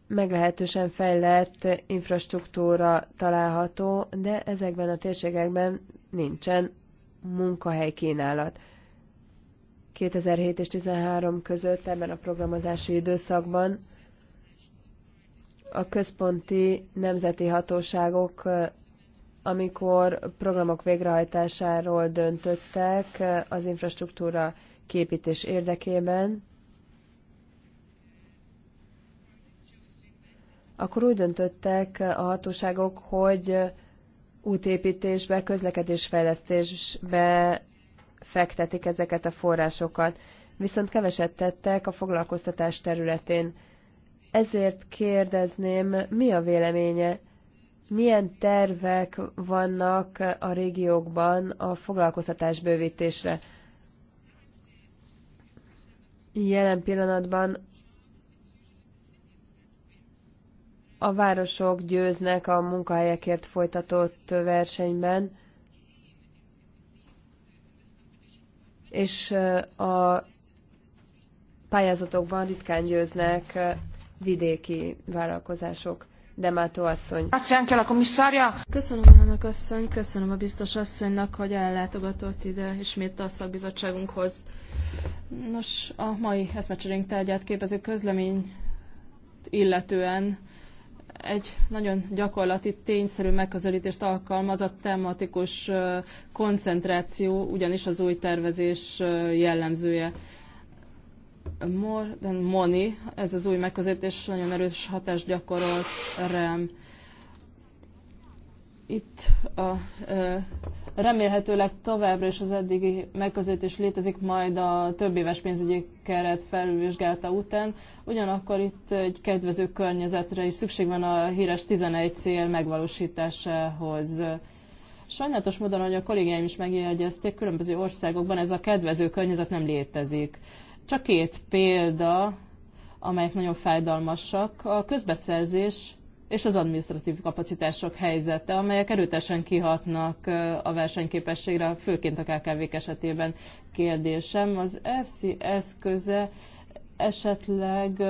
meglehetősen fejlett infrastruktúra található, de ezekben a térségekben nincsen munkahely kínálat. 2007 és 2013 között ebben a programozási időszakban a központi nemzeti hatóságok amikor programok végrehajtásáról döntöttek eh, az infrastruktúra képítés érdekében, akkor úgy döntöttek eh, a hatóságok, hogy eh, útépítésbe, közlekedésfejlesztésbe fektetik ezeket a forrásokat. Viszont keveset tettek a foglalkoztatás területén. Ezért kérdezném, mi a véleménye milyen tervek vannak a régiókban a foglalkoztatás bővítésre? Jelen pillanatban a városok győznek a munkahelyekért folytatott versenyben, és a pályázatokban ritkán győznek vidéki vállalkozások. Demato asszony. Köszönöm elnök asszony, köszönöm a biztos asszonynak, hogy ellátogatott ide ismét a szakbizottságunkhoz. Nos, a mai eszmecserénk tárgyát képező közlemény illetően egy nagyon gyakorlati, tényszerű megközelítést alkalmaz a tematikus koncentráció, ugyanis az új tervezés jellemzője more than money, ez az új megközelítés nagyon erős hatást gyakorolt rám. Itt a, remélhetőleg továbbra is az eddigi megközelítés létezik majd a több éves pénzügyi keret felülvizsgálta után, ugyanakkor itt egy kedvező környezetre is szükség van a híres 11 cél megvalósításához. Sajnálatos módon, hogy a kollégáim is megjegyezték, különböző országokban ez a kedvező környezet nem létezik. Csak két példa, amelyek nagyon fájdalmasak, a közbeszerzés és az administratív kapacitások helyzete, amelyek erőtesen kihatnak a versenyképességre, főként a kkv esetében kérdésem. Az FC eszköze esetleg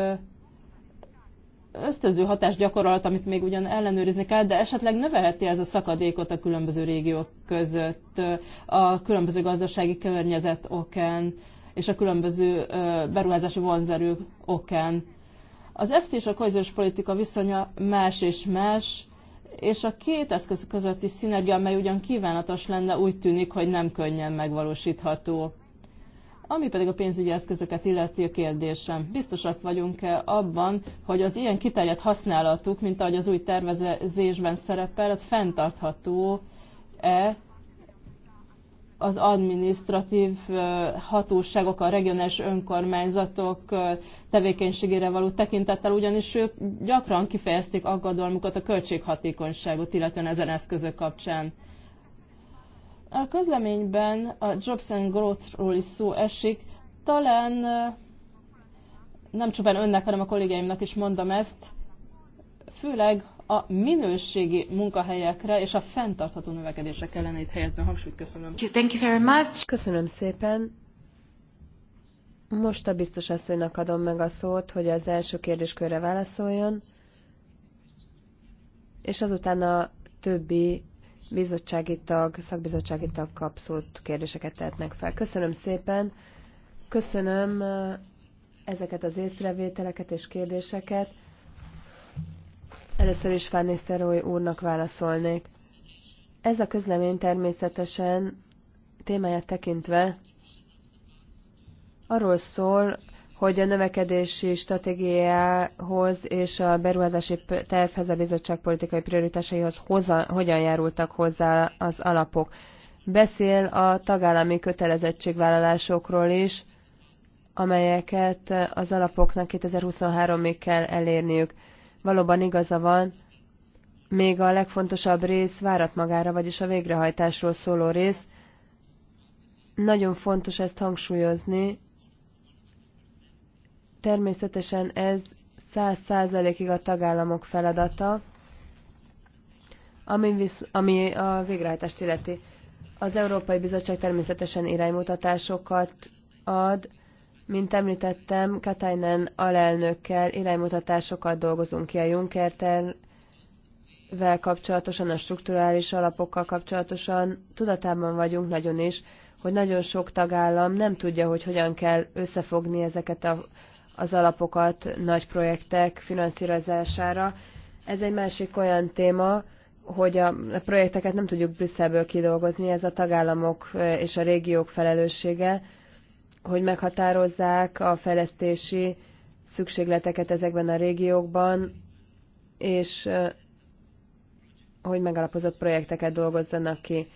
ösztöző hatást gyakorolhat, amit még ugyan ellenőrizni kell, de esetleg növelheti ez a szakadékot a különböző régiók között, a különböző gazdasági környezet okán és a különböző beruházási vonzerők okán. Az FC és a kohéziós politika viszonya más és más, és a két eszköz közötti szinergia, amely ugyan kívánatos lenne, úgy tűnik, hogy nem könnyen megvalósítható. Ami pedig a pénzügyi eszközöket illeti a kérdésem, biztosak vagyunk-e abban, hogy az ilyen kiterjedt használatuk, mint ahogy az új tervezésben szerepel, az fenntartható-e az administratív hatóságok, a regionális önkormányzatok tevékenységére való tekintettel, ugyanis ők gyakran kifejezték aggodalmukat a költséghatékonyságot, illetően ezen eszközök kapcsán. A közleményben a Jobs and Growth-ról is szó esik. Talán nem csupán önnek, hanem a kollégáimnak is mondom ezt, főleg a minőségi munkahelyekre és a fenntartható növekedésre kellene itt helyezni a hangsúlyt. Köszönöm. Thank you very much. Köszönöm szépen. Most a biztos asszonynak adom meg a szót, hogy az első kérdéskörre válaszoljon, és azután a többi bizottsági tag, szakbizottsági tag kap szót, kérdéseket tehetnek fel. Köszönöm szépen, köszönöm uh, ezeket az észrevételeket és kérdéseket. Először is Fanny úrnak válaszolnék. Ez a közlemény természetesen témáját tekintve arról szól, hogy a növekedési stratégiához és a beruházási tervhez a bizottság politikai prioritásaihoz hoza, hogyan járultak hozzá az alapok. Beszél a tagállami kötelezettségvállalásokról is, amelyeket az alapoknak 2023-ig kell elérniük valóban igaza van, még a legfontosabb rész várat magára, vagyis a végrehajtásról szóló rész. Nagyon fontos ezt hangsúlyozni. Természetesen ez száz százalékig a tagállamok feladata, ami, visz, ami a végrehajtást illeti. Az Európai Bizottság természetesen iránymutatásokat ad, mint említettem, Katainen alelnökkel iránymutatásokat dolgozunk ki a Juncker vel kapcsolatosan, a strukturális alapokkal kapcsolatosan. Tudatában vagyunk nagyon is, hogy nagyon sok tagállam nem tudja, hogy hogyan kell összefogni ezeket a, az alapokat nagy projektek finanszírozására. Ez egy másik olyan téma, hogy a projekteket nem tudjuk Brüsszelből kidolgozni, ez a tagállamok és a régiók felelőssége hogy meghatározzák a fejlesztési szükségleteket ezekben a régiókban, és hogy megalapozott projekteket dolgozzanak ki.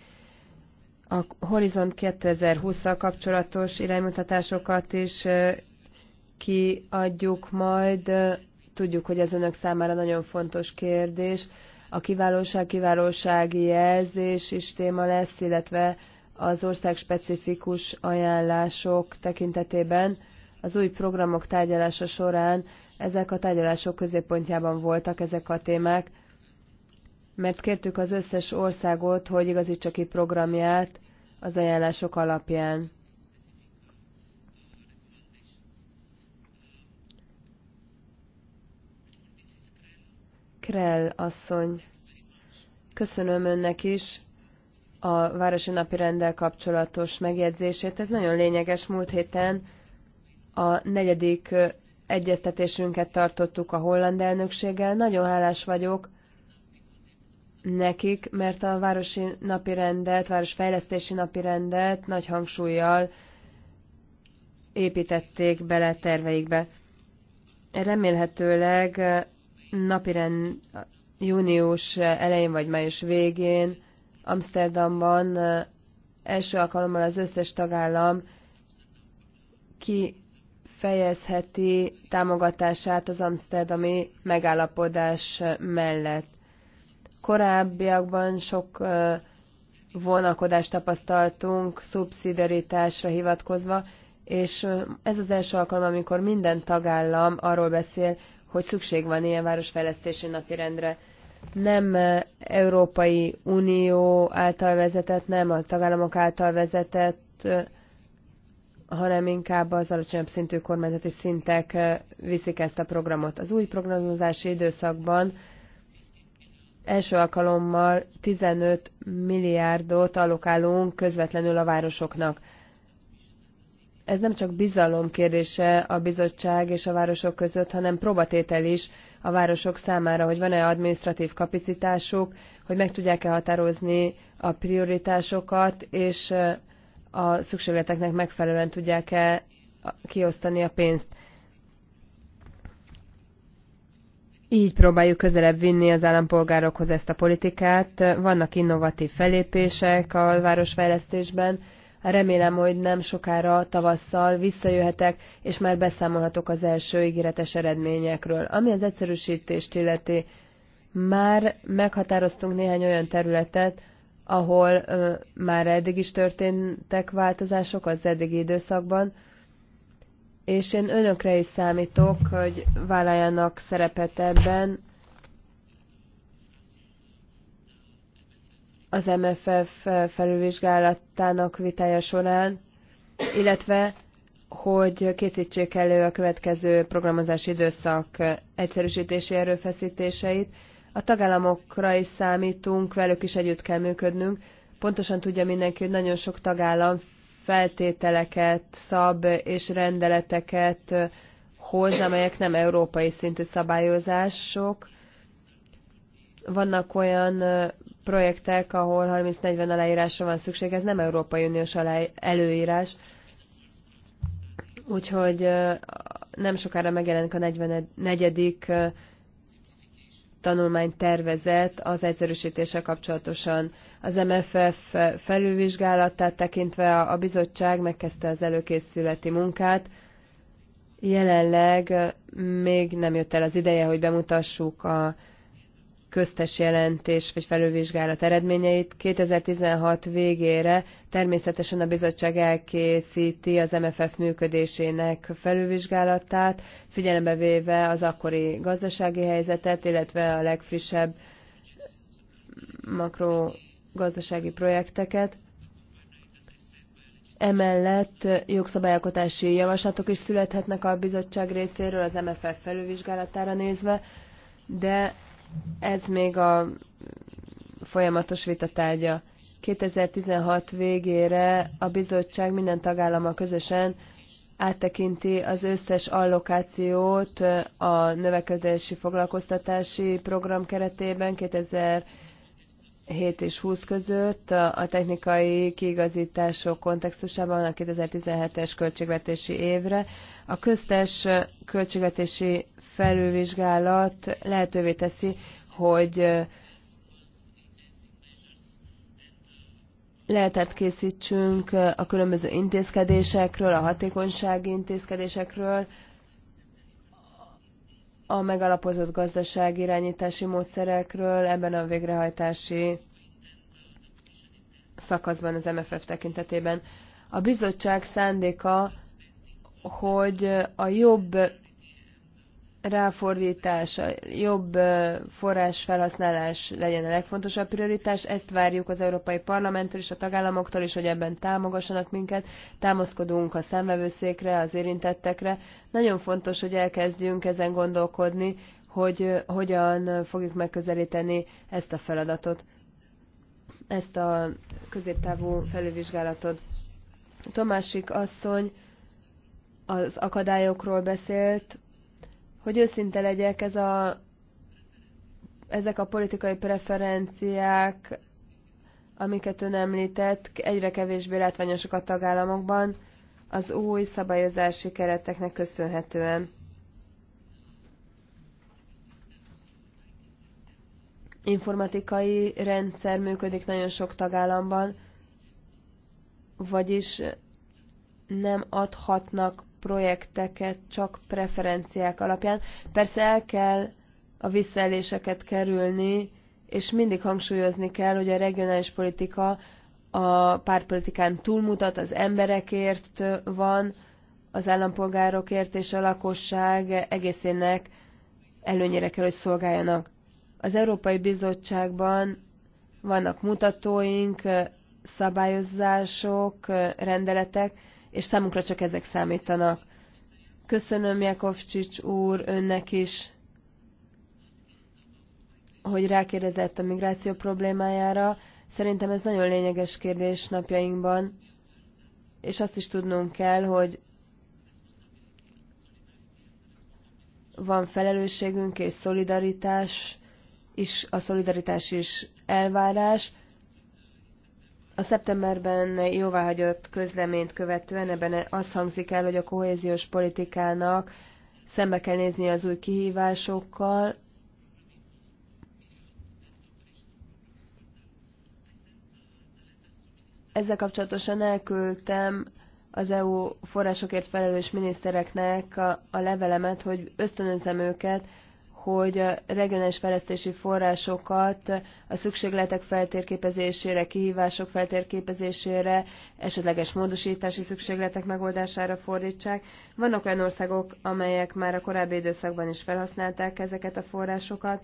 A Horizont 2020-szal kapcsolatos iránymutatásokat is kiadjuk majd. Tudjuk, hogy ez önök számára nagyon fontos kérdés. A kiválóság kiválósági jelzés is téma lesz, illetve az ország specifikus ajánlások tekintetében az új programok tárgyalása során ezek a tárgyalások középpontjában voltak ezek a témák, mert kértük az összes országot, hogy igazítsa ki programját az ajánlások alapján. Krell asszony, köszönöm önnek is a városi napi rendel kapcsolatos megjegyzését. Ez nagyon lényeges. Múlt héten a negyedik egyeztetésünket tartottuk a holland elnökséggel. Nagyon hálás vagyok nekik, mert a városi napi rendet, városfejlesztési napi rendet nagy hangsúlyjal építették bele terveikbe. Remélhetőleg napirend június elején vagy május végén Amsterdamban első alkalommal az összes tagállam kifejezheti támogatását az amsterdami megállapodás mellett. Korábbiakban sok vonakodást tapasztaltunk szubszidiaritásra hivatkozva, és ez az első alkalom, amikor minden tagállam arról beszél, hogy szükség van ilyen városfejlesztési napirendre nem eh, Európai Unió által vezetett, nem a tagállamok által vezetett, eh, hanem inkább az alacsonyabb szintű kormányzati szintek eh, viszik ezt a programot. Az új programozási időszakban első alkalommal 15 milliárdot alokálunk közvetlenül a városoknak ez nem csak bizalom kérdése a bizottság és a városok között, hanem próbatétel is a városok számára, hogy van-e administratív kapacitásuk, hogy meg tudják-e határozni a prioritásokat, és a szükségleteknek megfelelően tudják-e kiosztani a pénzt. Így próbáljuk közelebb vinni az állampolgárokhoz ezt a politikát. Vannak innovatív felépések a városfejlesztésben, Remélem, hogy nem sokára tavasszal visszajöhetek, és már beszámolhatok az első ígéretes eredményekről. Ami az egyszerűsítést illeti, már meghatároztunk néhány olyan területet, ahol ö, már eddig is történtek változások az eddigi időszakban, és én önökre is számítok, hogy vállaljanak szerepet ebben, az MFF felülvizsgálatának vitája során, illetve hogy készítsék elő a következő programozási időszak egyszerűsítési erőfeszítéseit. A tagállamokra is számítunk, velük is együtt kell működnünk. Pontosan tudja mindenki, hogy nagyon sok tagállam feltételeket szab és rendeleteket hoz, amelyek nem európai szintű szabályozások. Vannak olyan projektek, ahol 30-40 aláírásra van szükség, ez nem Európai Uniós előírás, úgyhogy nem sokára megjelenik a 44. tanulmánytervezet az egyszerűsítése kapcsolatosan. Az MFF felülvizsgálatát tekintve a bizottság megkezdte az előkészületi munkát, jelenleg még nem jött el az ideje, hogy bemutassuk a köztes jelentés vagy felülvizsgálat eredményeit. 2016 végére természetesen a bizottság elkészíti az MFF működésének felülvizsgálatát, figyelembe véve az akkori gazdasági helyzetet, illetve a legfrissebb makrogazdasági projekteket. Emellett jogszabályalkotási javaslatok is születhetnek a bizottság részéről az MFF felülvizsgálatára nézve, de ez még a folyamatos tárgya. 2016 végére a bizottság minden tagállama közösen áttekinti az összes allokációt a növekedési foglalkoztatási program keretében 2007 és 20 között a technikai kiigazítások kontextusában a 2017-es költségvetési évre. A köztes költségvetési felülvizsgálat lehetővé teszi, hogy lehetett készítsünk a különböző intézkedésekről, a hatékonysági intézkedésekről, a megalapozott gazdasági irányítási módszerekről ebben a végrehajtási szakaszban az MFF tekintetében. A bizottság szándéka, hogy a jobb ráfordítás, jobb forrás felhasználás legyen a legfontosabb prioritás. Ezt várjuk az Európai Parlamenttől és a tagállamoktól is, hogy ebben támogassanak minket. Támaszkodunk a szemvevőszékre, az érintettekre. Nagyon fontos, hogy elkezdjünk ezen gondolkodni, hogy hogyan fogjuk megközelíteni ezt a feladatot, ezt a középtávú felülvizsgálatot. Tomásik asszony az akadályokról beszélt, hogy őszinte legyek, ez a, ezek a politikai preferenciák, amiket ön említett, egyre kevésbé látványosak a tagállamokban az új szabályozási kereteknek köszönhetően. informatikai rendszer működik nagyon sok tagállamban, vagyis nem adhatnak projekteket csak preferenciák alapján. Persze el kell a visszaeléseket kerülni, és mindig hangsúlyozni kell, hogy a regionális politika a pártpolitikán túlmutat, az emberekért van, az állampolgárokért és a lakosság egészének előnyére kell, hogy szolgáljanak. Az Európai Bizottságban vannak mutatóink, szabályozások, rendeletek, és számunkra csak ezek számítanak. Köszönöm Jakovcsics úr önnek is, hogy rákérdezett a migráció problémájára. Szerintem ez nagyon lényeges kérdés napjainkban, és azt is tudnunk kell, hogy van felelősségünk és szolidaritás, is, a szolidaritás is elvárás, a szeptemberben jóváhagyott közleményt követően ebben az hangzik el, hogy a kohéziós politikának szembe kell nézni az új kihívásokkal, Ezzel kapcsolatosan elküldtem az EU forrásokért felelős minisztereknek a, a levelemet, hogy ösztönözzem őket, hogy regionális fejlesztési forrásokat a szükségletek feltérképezésére, kihívások feltérképezésére, esetleges módosítási szükségletek megoldására fordítsák. Vannak olyan országok, amelyek már a korábbi időszakban is felhasználták ezeket a forrásokat.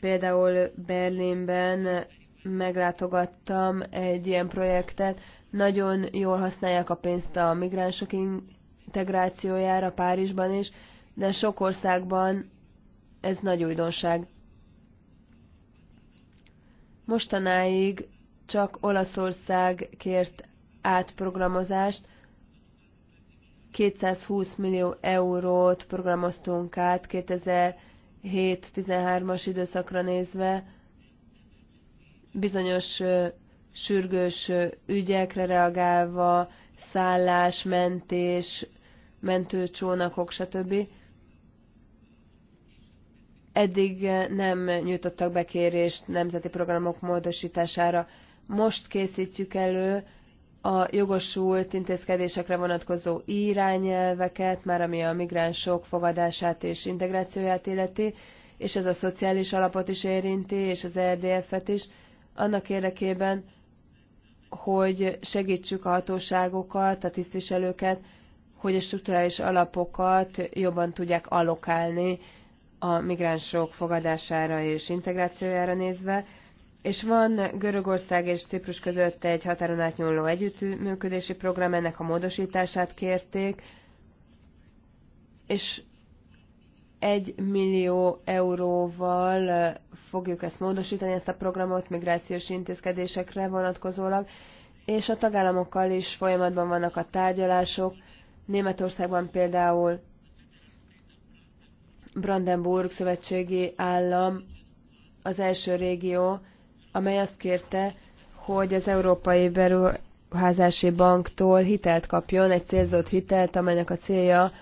Például Berlinben meglátogattam egy ilyen projektet. Nagyon jól használják a pénzt a migránsok integrációjára Párizsban is, de sok országban ez nagy újdonság. Mostanáig csak Olaszország kért átprogramozást, 220 millió eurót programoztunk át 2007-13-as időszakra nézve, bizonyos sürgős ügyekre reagálva, szállás, mentés, mentőcsónakok, stb eddig eh, nem nyújtottak be nemzeti programok módosítására. Most készítjük elő a jogosult intézkedésekre vonatkozó irányelveket, már ami a migránsok fogadását és integrációját illeti, és ez a szociális alapot is érinti, és az EDF-et is, annak érdekében, hogy segítsük a hatóságokat, a tisztviselőket, hogy a struktúrális alapokat jobban tudják alokálni a migránsok fogadására és integrációjára nézve, és van Görögország és Ciprus között egy határon átnyúló együttműködési program, ennek a módosítását kérték, és egy millió euróval fogjuk ezt módosítani, ezt a programot migrációs intézkedésekre vonatkozólag, és a tagállamokkal is folyamatban vannak a tárgyalások. Németországban például Brandenburg szövetségi állam az első régió, amely azt kérte, hogy az Európai Beruházási Banktól hitelt kapjon, egy célzott hitelt, amelynek a célja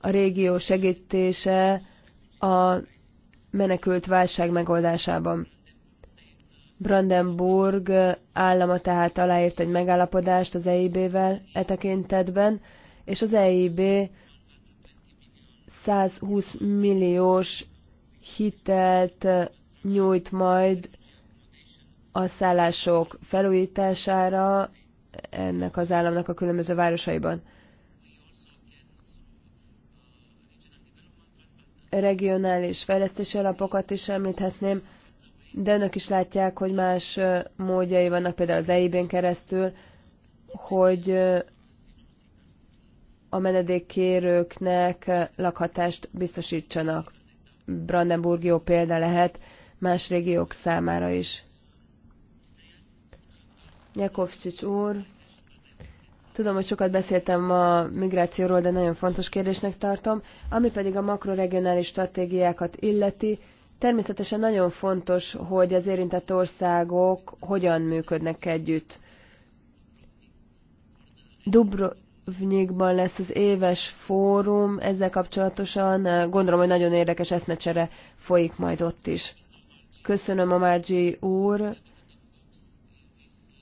a régió segítése a menekült válság megoldásában. Brandenburg állama tehát aláírt egy megállapodást az EIB-vel e tekintetben, és az EIB 120 milliós hitelt nyújt majd a szállások felújítására ennek az államnak a különböző városaiban. Regionális fejlesztési alapokat is említhetném, de önök is látják, hogy más módjai vannak, például az EIB-n keresztül, hogy a menedékkérőknek lakhatást biztosítsanak. Brandenburg jó példa lehet más régiók számára is. Nyakovcsics úr, tudom, hogy sokat beszéltem a migrációról, de nagyon fontos kérdésnek tartom. Ami pedig a makroregionális stratégiákat illeti, természetesen nagyon fontos, hogy az érintett országok hogyan működnek együtt. Dubro Nyékban lesz az éves fórum, ezzel kapcsolatosan eh, gondolom, hogy nagyon érdekes eszmecsere folyik majd ott is. Köszönöm a Márgyi úr.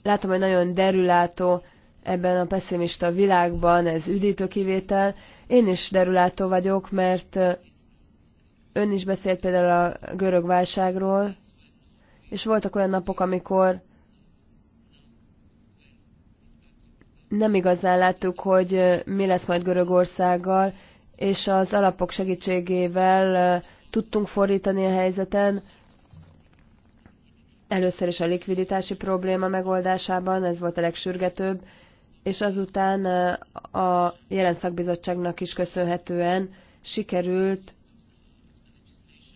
Látom, hogy nagyon derülátó ebben a pessimista világban, ez üdítő kivétel. Én is derülátó vagyok, mert eh, ön is beszélt például a görög válságról, és voltak olyan napok, amikor nem igazán láttuk, hogy mi lesz majd Görögországgal, és az alapok segítségével tudtunk fordítani a helyzeten. Először is a likviditási probléma megoldásában, ez volt a legsürgetőbb, és azután a jelen szakbizottságnak is köszönhetően sikerült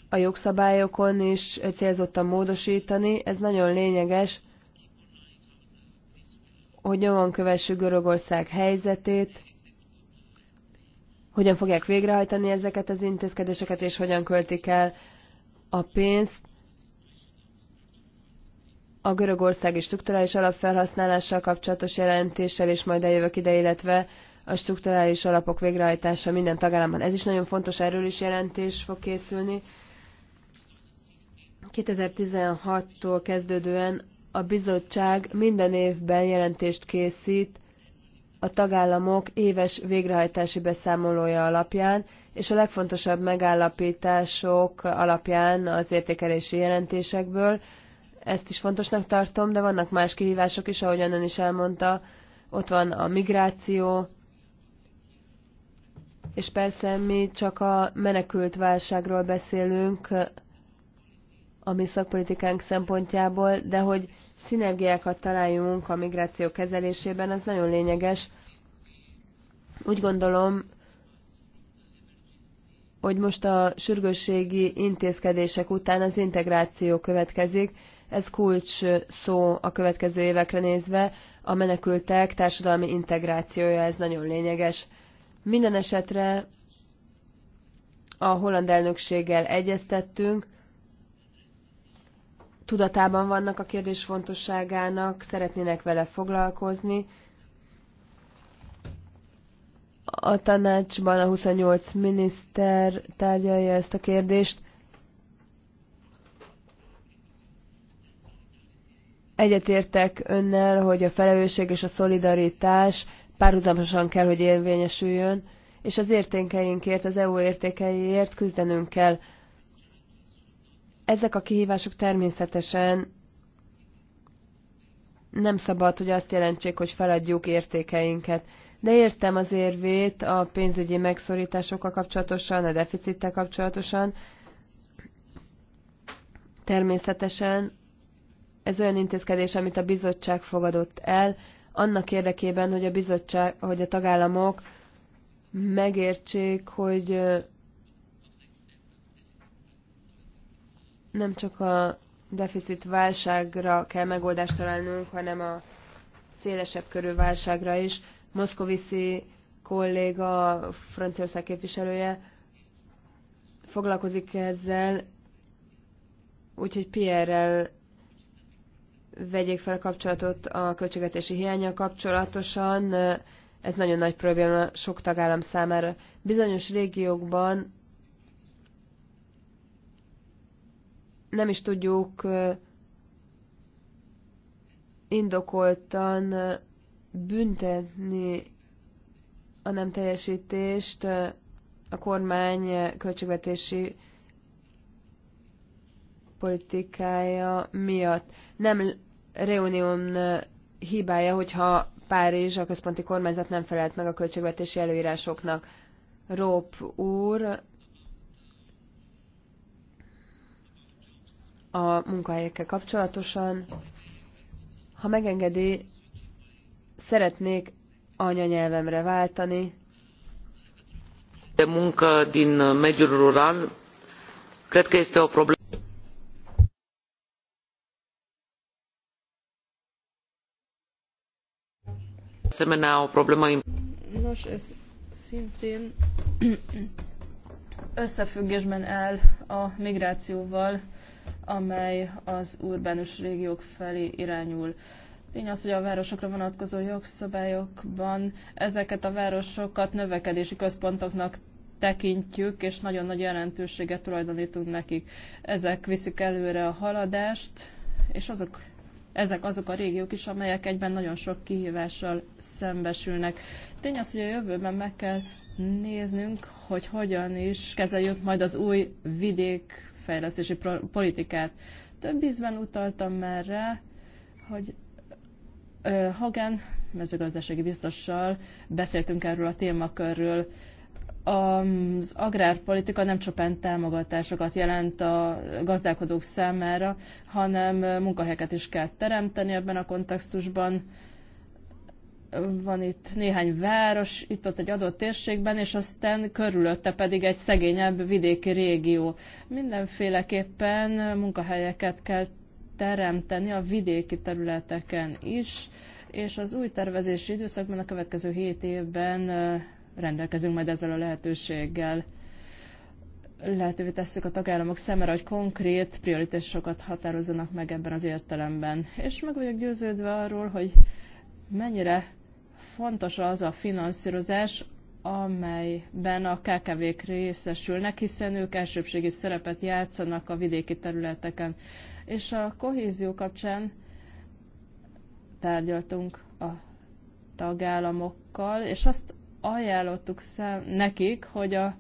a jogszabályokon is célzottan módosítani. Ez nagyon lényeges, hogy nyomon kövessük Görögország helyzetét, hogyan fogják végrehajtani ezeket az intézkedéseket, és hogyan költik el a pénzt. A görögországi strukturális alapfelhasználással kapcsolatos jelentéssel, és majd eljövök ide, illetve a strukturális alapok végrehajtása minden tagállamban. Ez is nagyon fontos, erről is jelentés fog készülni. 2016-tól kezdődően a bizottság minden évben jelentést készít a tagállamok éves végrehajtási beszámolója alapján, és a legfontosabb megállapítások alapján az értékelési jelentésekből. Ezt is fontosnak tartom, de vannak más kihívások is, Ahogy ön is elmondta. Ott van a migráció, és persze mi csak a menekült válságról beszélünk, a mi szakpolitikánk szempontjából, de hogy szinergiákat találjunk a migráció kezelésében, az nagyon lényeges. Úgy gondolom, hogy most a sürgősségi intézkedések után az integráció következik. Ez kulcs szó a következő évekre nézve. A menekültek társadalmi integrációja, ez nagyon lényeges. Minden esetre a holland elnökséggel egyeztettünk, tudatában vannak a kérdés fontosságának, szeretnének vele foglalkozni. A tanácsban a 28 miniszter tárgyalja ezt a kérdést. Egyetértek önnel, hogy a felelősség és a szolidaritás párhuzamosan kell, hogy érvényesüljön, és az értékeinkért, az EU értékeiért küzdenünk kell. Ezek a kihívások természetesen nem szabad, hogy azt jelentsék, hogy feladjuk értékeinket. De értem az érvét a pénzügyi megszorításokkal kapcsolatosan, a deficittel kapcsolatosan. Természetesen ez olyan intézkedés, amit a bizottság fogadott el, annak érdekében, hogy a bizottság, hogy a tagállamok megértsék, hogy nem csak a deficit válságra kell megoldást találnunk, hanem a szélesebb körű válságra is. Moszkoviszi kolléga, Franciaország képviselője foglalkozik ezzel, úgyhogy Pierre-rel vegyék fel a kapcsolatot a költségetési hiánya kapcsolatosan. Ez nagyon nagy probléma sok tagállam számára. Bizonyos régiókban nem is tudjuk indokoltan büntetni a nem teljesítést a kormány költségvetési politikája miatt. Nem reunión hibája, hogyha Párizs, a központi kormányzat nem felelt meg a költségvetési előírásoknak. Rop úr, a munkahelyekkel kapcsolatosan. Ha megengedi, szeretnék anyanyelvemre váltani. De munka din mediul rural, cred că este o problemă. asemenea o problemă Nos, ez szintén összefüggésben áll a migrációval, amely az urbánus régiók felé irányul. Tény az, hogy a városokra vonatkozó jogszabályokban ezeket a városokat növekedési központoknak tekintjük, és nagyon nagy jelentőséget tulajdonítunk nekik. Ezek viszik előre a haladást, és azok, ezek azok a régiók is, amelyek egyben nagyon sok kihívással szembesülnek. Tény az, hogy a jövőben meg kell néznünk, hogy hogyan is kezeljük majd az új vidékfejlesztési politikát. Több ízben utaltam már rá, hogy Hagen mezőgazdasági biztossal beszéltünk erről a témakörről. Az agrárpolitika nem csupán támogatásokat jelent a gazdálkodók számára, hanem munkahelyeket is kell teremteni ebben a kontextusban van itt néhány város, itt ott egy adott térségben, és aztán körülötte pedig egy szegényebb vidéki régió. Mindenféleképpen munkahelyeket kell teremteni a vidéki területeken is, és az új tervezési időszakban a következő 7 évben rendelkezünk majd ezzel a lehetőséggel. Lehetővé tesszük a tagállamok szemre, hogy konkrét prioritásokat határozzanak meg ebben az értelemben. És meg vagyok győződve arról, hogy mennyire fontos az a finanszírozás, amelyben a KKV-k részesülnek, hiszen ők elsőbségi szerepet játszanak a vidéki területeken. És a kohézió kapcsán tárgyaltunk a tagállamokkal, és azt ajánlottuk szem, nekik, hogy a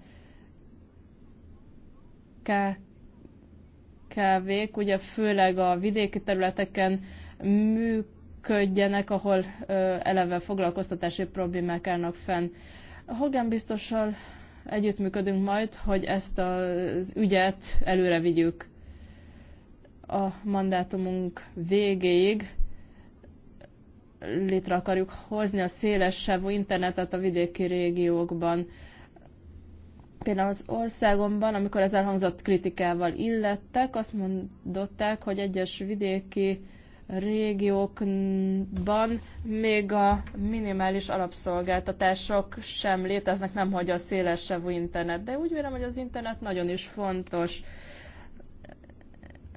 KKV-k ugye főleg a vidéki területeken működnek, működjenek, ahol eleve foglalkoztatási problémák állnak fenn. Hogan biztossal együttműködünk majd, hogy ezt az ügyet előre vigyük a mandátumunk végéig. Létre akarjuk hozni a szélesebb internetet a vidéki régiókban. Például az országomban, amikor ez elhangzott kritikával illettek, azt mondották, hogy egyes vidéki régiókban még a minimális alapszolgáltatások sem léteznek, nem hagyja a szélesebb internet. De úgy vélem, hogy az internet nagyon is fontos.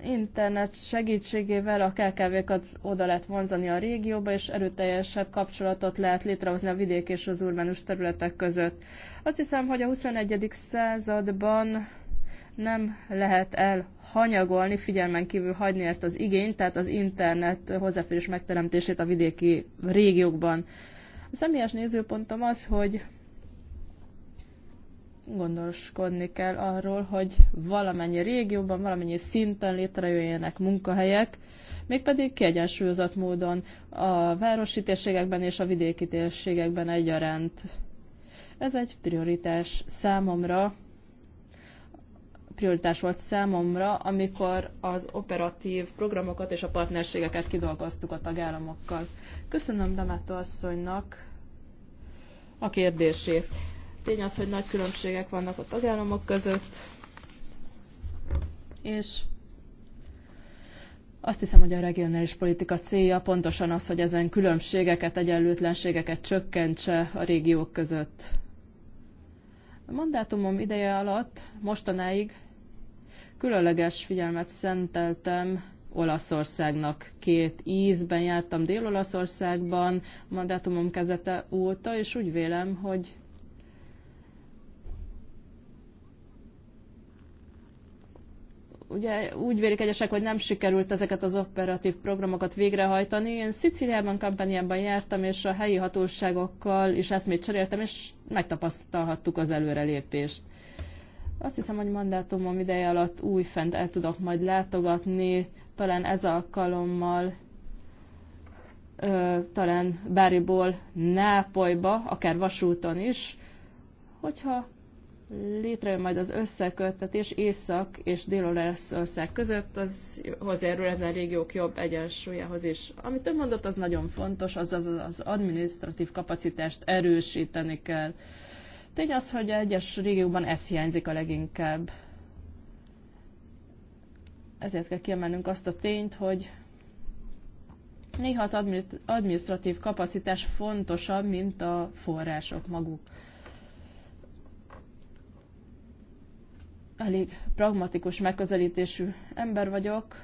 Internet segítségével a KKV-kat oda lehet vonzani a régióba, és erőteljesebb kapcsolatot lehet létrehozni a vidék és az urbanus területek között. Azt hiszem, hogy a 21. században nem lehet elhanyagolni, figyelmen kívül hagyni ezt az igényt, tehát az internet hozzáférés megteremtését a vidéki régiókban. A személyes nézőpontom az, hogy gondoskodni kell arról, hogy valamennyi régióban, valamennyi szinten létrejöjjenek munkahelyek, mégpedig kiegyensúlyozott módon a városi térségekben és a vidéki térségekben egyaránt. Ez egy prioritás számomra, prioritás volt számomra, amikor az operatív programokat és a partnerségeket kidolgoztuk a tagállamokkal. Köszönöm Damato asszonynak a kérdését. Tény az, hogy nagy különbségek vannak a tagállamok között, és azt hiszem, hogy a regionális politika célja pontosan az, hogy ezen különbségeket, egyenlőtlenségeket csökkentse a régiók között. A mandátumom ideje alatt mostanáig Különleges figyelmet szenteltem Olaszországnak. Két ízben jártam Dél-Olaszországban mandátumom kezete óta, és úgy vélem, hogy ugye úgy vélik egyesek, hogy nem sikerült ezeket az operatív programokat végrehajtani. Én Sziciliában, Kampaniában jártam, és a helyi hatóságokkal is eszmét cseréltem, és megtapasztalhattuk az előrelépést. Azt hiszem, hogy mandátumom ideje alatt újfent el tudok majd látogatni, talán ez alkalommal ö, talán Báriból Nápolyba, akár vasúton is, hogyha létrejön majd az összeköttetés Észak és Dél-Olaszország között, az hozzájárul ezen régiók jobb egyensúlyához is. Amit ön mondott, az nagyon fontos, az az, az administratív kapacitást erősíteni kell. Tény az, hogy egyes régióban ez hiányzik a leginkább. Ezért kell kiemelnünk azt a tényt, hogy néha az administratív kapacitás fontosabb, mint a források maguk. Elég pragmatikus megközelítésű ember vagyok,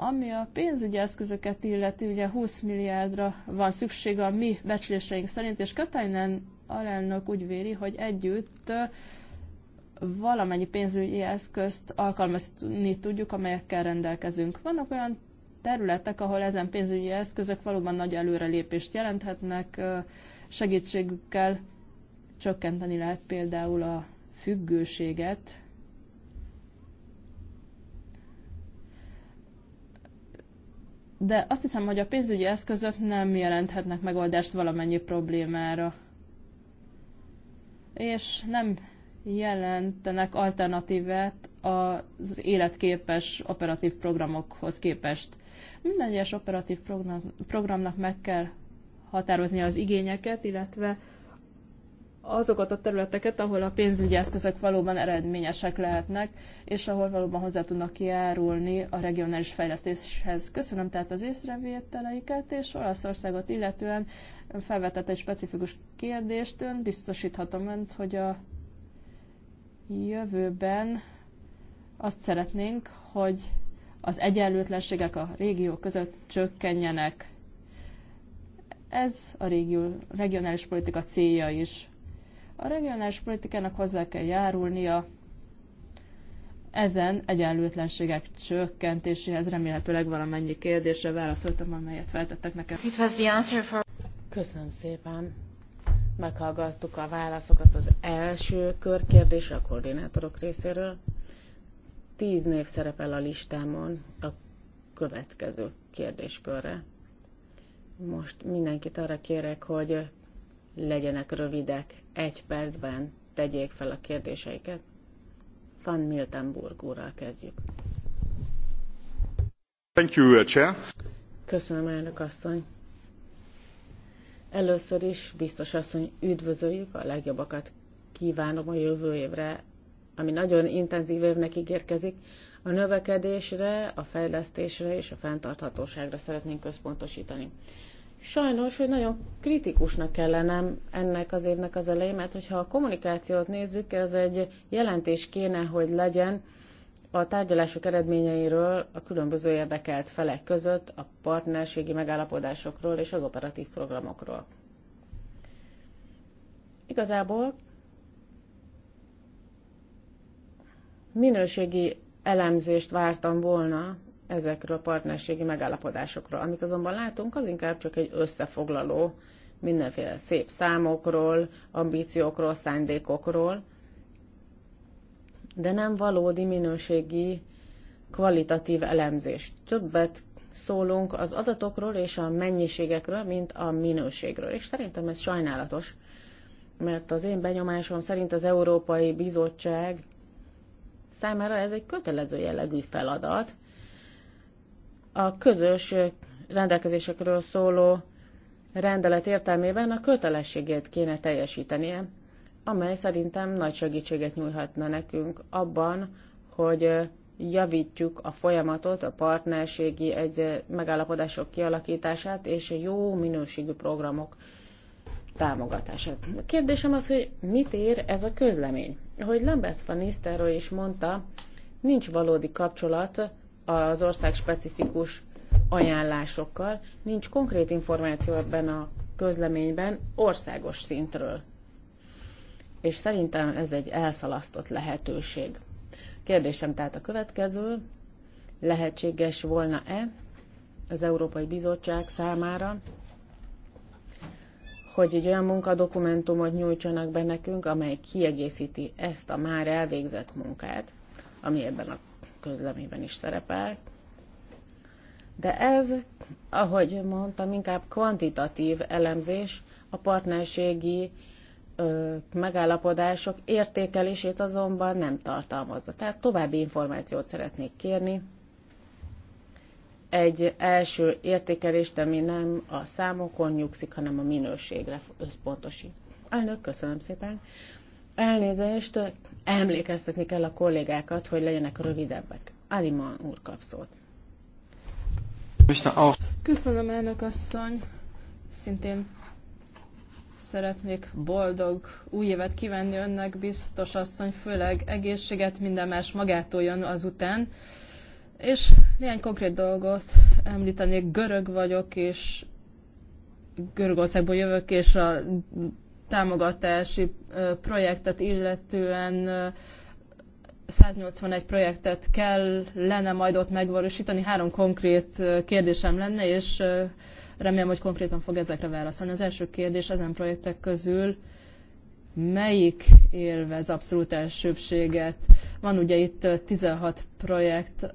Ami a pénzügyi eszközöket illeti, ugye 20 milliárdra van szüksége a mi becsléseink szerint, és Katainen alelnök úgy véli, hogy együtt valamennyi pénzügyi eszközt alkalmazni tudjuk, amelyekkel rendelkezünk. Vannak olyan területek, ahol ezen pénzügyi eszközök valóban nagy előrelépést jelenthetnek, segítségükkel csökkenteni lehet például a függőséget, de azt hiszem, hogy a pénzügyi eszközök nem jelenthetnek megoldást valamennyi problémára. És nem jelentenek alternatívet az életképes operatív programokhoz képest. Minden egyes operatív program, programnak meg kell határozni az igényeket, illetve azokat a területeket, ahol a pénzügyi eszközök valóban eredményesek lehetnek, és ahol valóban hozzá tudnak járulni a regionális fejlesztéshez. Köszönöm tehát az észrevételeiket, és Olaszországot illetően felvetett egy specifikus kérdést. Ön biztosíthatom önt, hogy a jövőben azt szeretnénk, hogy az egyenlőtlenségek a régiók között csökkenjenek. Ez a régió, regionális politika célja is. A regionális politikának hozzá kell járulnia ezen egyenlőtlenségek csökkentéséhez. Remélhetőleg valamennyi kérdésre válaszoltam, amelyet feltettek nekem. It was the answer for... Köszönöm szépen. Meghallgattuk a válaszokat az első kör a koordinátorok részéről. Tíz név szerepel a listámon a következő kérdéskörre. Most mindenkit arra kérek, hogy legyenek rövidek, egy percben tegyék fel a kérdéseiket. Van Miltenburg úrral kezdjük. Thank you, uh, Chair. Köszönöm, elnök asszony. Először is, biztos asszony, üdvözöljük a legjobbakat. Kívánom a jövő évre, ami nagyon intenzív évnek ígérkezik. A növekedésre, a fejlesztésre és a fenntarthatóságra szeretnénk központosítani. Sajnos, hogy nagyon kritikusnak kell lennem ennek az évnek az elején, mert hogyha a kommunikációt nézzük, ez egy jelentés kéne, hogy legyen a tárgyalások eredményeiről a különböző érdekelt felek között, a partnerségi megállapodásokról és az operatív programokról. Igazából minőségi elemzést vártam volna ezekről a partnerségi megállapodásokról. Amit azonban látunk, az inkább csak egy összefoglaló mindenféle szép számokról, ambíciókról, szándékokról, de nem valódi minőségi, kvalitatív elemzés. Többet szólunk az adatokról és a mennyiségekről, mint a minőségről. És szerintem ez sajnálatos, mert az én benyomásom szerint az Európai Bizottság számára ez egy kötelező jellegű feladat, a közös rendelkezésekről szóló rendelet értelmében a kötelességét kéne teljesítenie, amely szerintem nagy segítséget nyújhatna nekünk abban, hogy javítjuk a folyamatot, a partnerségi egy megállapodások kialakítását és jó minőségű programok támogatását. A kérdésem az, hogy mit ér ez a közlemény? Ahogy Lambert van Nisztelrooy is mondta, nincs valódi kapcsolat az ország specifikus ajánlásokkal. Nincs konkrét információ ebben a közleményben országos szintről. És szerintem ez egy elszalasztott lehetőség. Kérdésem tehát a következő. Lehetséges volna-e az Európai Bizottság számára, hogy egy olyan munkadokumentumot nyújtsanak be nekünk, amely kiegészíti ezt a már elvégzett munkát, ami ebben a közleményben is szerepel. De ez, ahogy mondtam, inkább kvantitatív elemzés, a partnerségi ö, megállapodások értékelését azonban nem tartalmazza. Tehát további információt szeretnék kérni. Egy első értékelést, ami nem a számokon nyugszik, hanem a minőségre összpontosít. Elnök, köszönöm szépen. Elnézést, emlékeztetni kell a kollégákat, hogy legyenek rövidebbek. Aliman úr kap szót. Köszönöm, elnök asszony. Szintén szeretnék boldog új évet kívánni önnek, biztos asszony, főleg egészséget, minden más magától jön azután. És néhány konkrét dolgot említenék, görög vagyok, és Görögországból jövök, és a támogatási projektet illetően 181 projektet kell lenne majd ott megvalósítani. Három konkrét kérdésem lenne, és remélem, hogy konkrétan fog ezekre válaszolni. Az első kérdés ezen projektek közül melyik élvez abszolút elsőbséget? Van ugye itt 16 projekt,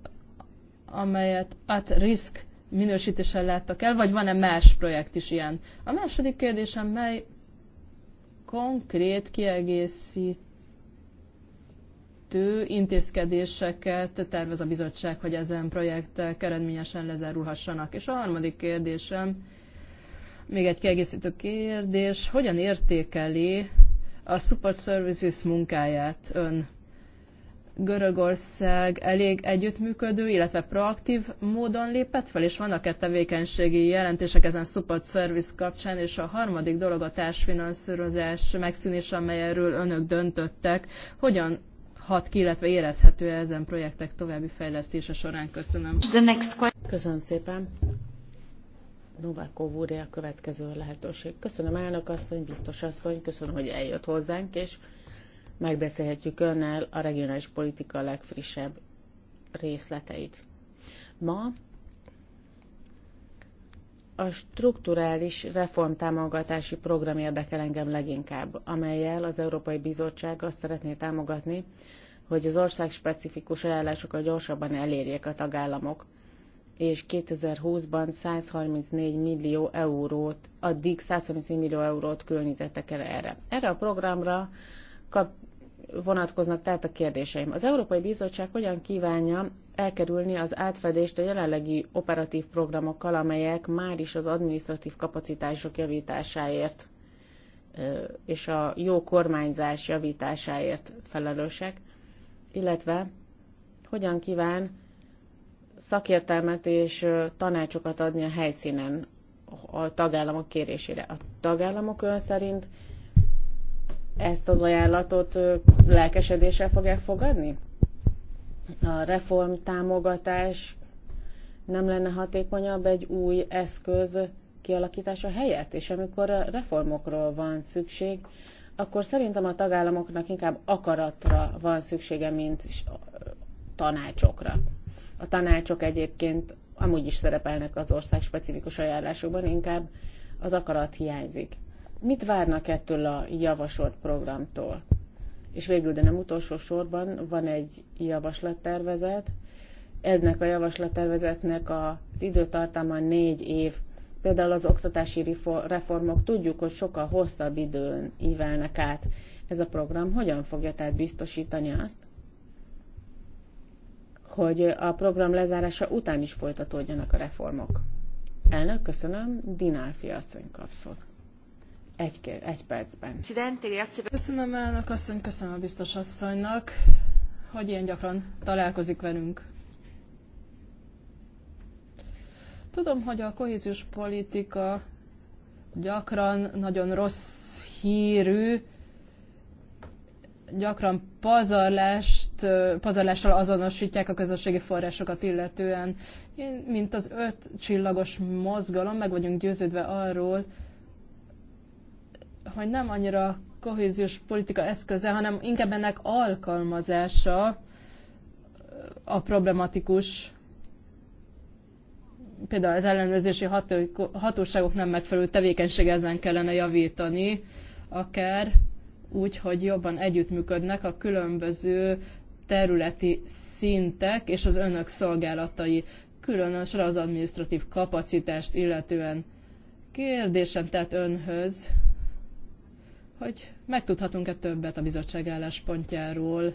amelyet at risk minősítéssel láttak el, vagy van-e más projekt is ilyen? A második kérdésem, mely konkrét kiegészítő intézkedéseket tervez a bizottság, hogy ezen projektek eredményesen lezárulhassanak. És a harmadik kérdésem, még egy kiegészítő kérdés, hogyan értékeli a Support Services munkáját ön? Görögország elég együttműködő, illetve proaktív módon lépett fel, és vannak-e tevékenységi jelentések ezen support service kapcsán, és a harmadik dolog a társfinanszírozás megszűnése, amelyről önök döntöttek. Hogyan hat ki, illetve érezhető -e ezen projektek további fejlesztése során? Köszönöm. The next Köszönöm szépen. Novákov úré a következő lehetőség. Köszönöm elnök asszony, biztos asszony, köszönöm, hogy eljött hozzánk, és megbeszélhetjük önnel a regionális politika legfrissebb részleteit. Ma a strukturális reformtámogatási program érdekel engem leginkább, amelyel az Európai Bizottság azt szeretné támogatni, hogy az ország specifikus ajánlásokat gyorsabban elérjék a tagállamok, és 2020-ban 134 millió eurót, addig 134 millió eurót különítettek el erre. Erre a programra kap, vonatkoznak tehát a kérdéseim. Az Európai Bizottság hogyan kívánja elkerülni az átfedést a jelenlegi operatív programokkal, amelyek már is az administratív kapacitások javításáért és a jó kormányzás javításáért felelősek, illetve hogyan kíván szakértelmet és tanácsokat adni a helyszínen a tagállamok kérésére. A tagállamok ön szerint ezt az ajánlatot lelkesedéssel fogják fogadni? A reform támogatás nem lenne hatékonyabb egy új eszköz kialakítása helyett, és amikor a reformokról van szükség, akkor szerintem a tagállamoknak inkább akaratra van szüksége, mint tanácsokra. A tanácsok egyébként amúgy is szerepelnek az ország specifikus ajánlásokban, inkább az akarat hiányzik mit várnak ettől a javasolt programtól? És végül, de nem utolsó sorban van egy javaslattervezet. Ennek a javaslattervezetnek az időtartama négy év. Például az oktatási reformok tudjuk, hogy sokkal hosszabb időn ívelnek át. Ez a program hogyan fogja tehát biztosítani azt, hogy a program lezárása után is folytatódjanak a reformok? Elnök, köszönöm. Dinálfi asszony kapszott egy, egy percben. Köszönöm elnök asszony, köszönöm a biztos asszonynak, hogy ilyen gyakran találkozik velünk. Tudom, hogy a kohéziós politika gyakran nagyon rossz hírű, gyakran pazarlást, pazarlással azonosítják a közösségi forrásokat illetően. Én, mint az öt csillagos mozgalom, meg vagyunk győződve arról, hogy nem annyira kohéziós politika eszköze, hanem inkább ennek alkalmazása a problematikus, például az ellenőrzési hatóságok nem megfelelő tevékenység ezen kellene javítani, akár úgy, hogy jobban együttműködnek a különböző területi szintek és az önök szolgálatai, különösen az administratív kapacitást illetően. Kérdésem tehát önhöz, hogy megtudhatunk-e többet a bizottság álláspontjáról,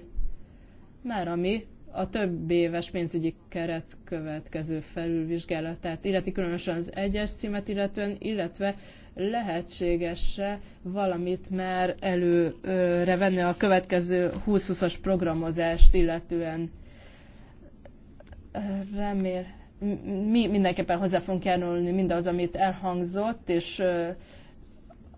már ami a több éves pénzügyi keret következő felülvizsgálatát, illeti különösen az egyes címet illetően, illetve lehetséges-e valamit már előre venni a következő 20-20-as programozást illetően. Remél, mi mindenképpen hozzá fogunk járulni mindaz, amit elhangzott, és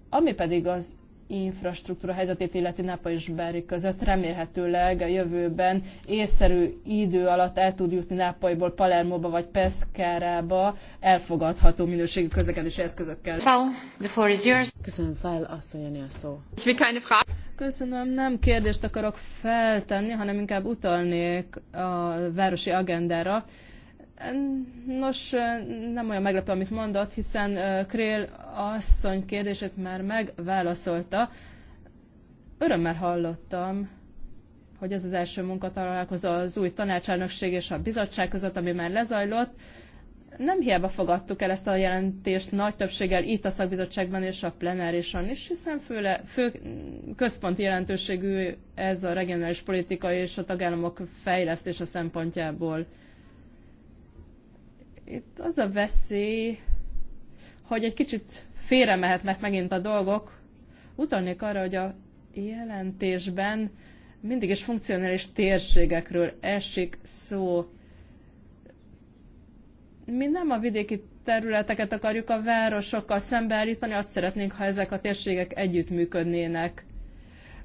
ami pedig az infrastruktúra helyzetét illeti Napa és Bári között. Remélhetőleg a jövőben észszerű idő alatt el tud jutni Nápolyból Palermóba vagy Peszkárába elfogadható minőségű közlekedési eszközökkel. Well, the floor is yours. Köszönöm fel, asszony a szó. Köszönöm, nem kérdést akarok feltenni, hanem inkább utalnék a városi agendára. Nos, nem olyan meglepő, amit mondott, hiszen Krél asszony kérdését már megválaszolta. Örömmel hallottam, hogy ez az első munkatalálkozó az új tanácselnökség és a bizottság között, ami már lezajlott. Nem hiába fogadtuk el ezt a jelentést nagy többséggel itt a szakbizottságban és a plenárison is, hiszen főle, fő központi jelentőségű ez a regionális politika és a tagállamok fejlesztése szempontjából. Itt az a veszély, hogy egy kicsit félre mehetnek megint a dolgok. Utalnék arra, hogy a jelentésben mindig is funkcionális térségekről esik szó. Mi nem a vidéki területeket akarjuk a városokkal szembeállítani, azt szeretnénk, ha ezek a térségek együttműködnének.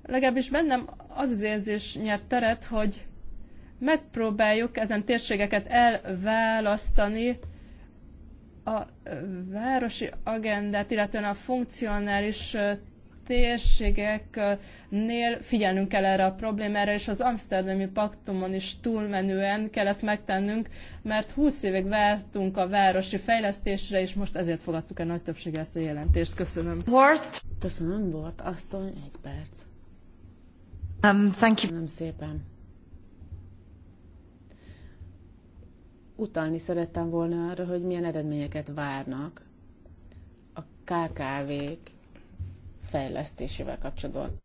Legalábbis bennem az az érzés nyert teret, hogy megpróbáljuk ezen térségeket elválasztani a városi agendát, illetően a funkcionális térségeknél figyelnünk kell erre a problémára, és az Amsterdami Paktumon is túlmenően kell ezt megtennünk, mert 20 évig vártunk a városi fejlesztésre, és most ezért fogadtuk el nagy többséggel ezt a jelentést. Köszönöm. Bort. Köszönöm, volt Asszony, egy perc. Um, thank you. Köszönöm szépen. utalni szerettem volna arra, hogy milyen eredményeket várnak a KKV-k fejlesztésével kapcsolatban.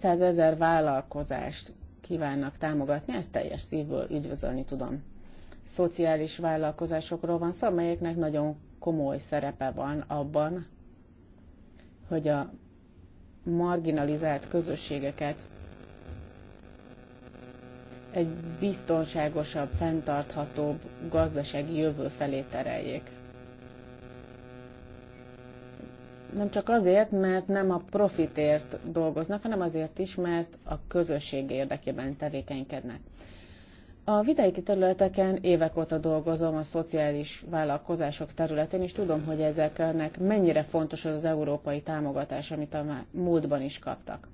ezer vállalkozást kívánnak támogatni, ezt teljes szívből üdvözölni tudom. Szociális vállalkozásokról van szó, amelyeknek nagyon komoly szerepe van abban, hogy a marginalizált közösségeket egy biztonságosabb, fenntarthatóbb gazdasági jövő felé tereljék. Nem csak azért, mert nem a profitért dolgoznak, hanem azért is, mert a közösség érdekében tevékenykednek. A vidéki területeken évek óta dolgozom a szociális vállalkozások területén, és tudom, hogy ezeknek mennyire fontos az, az európai támogatás, amit a múltban is kaptak.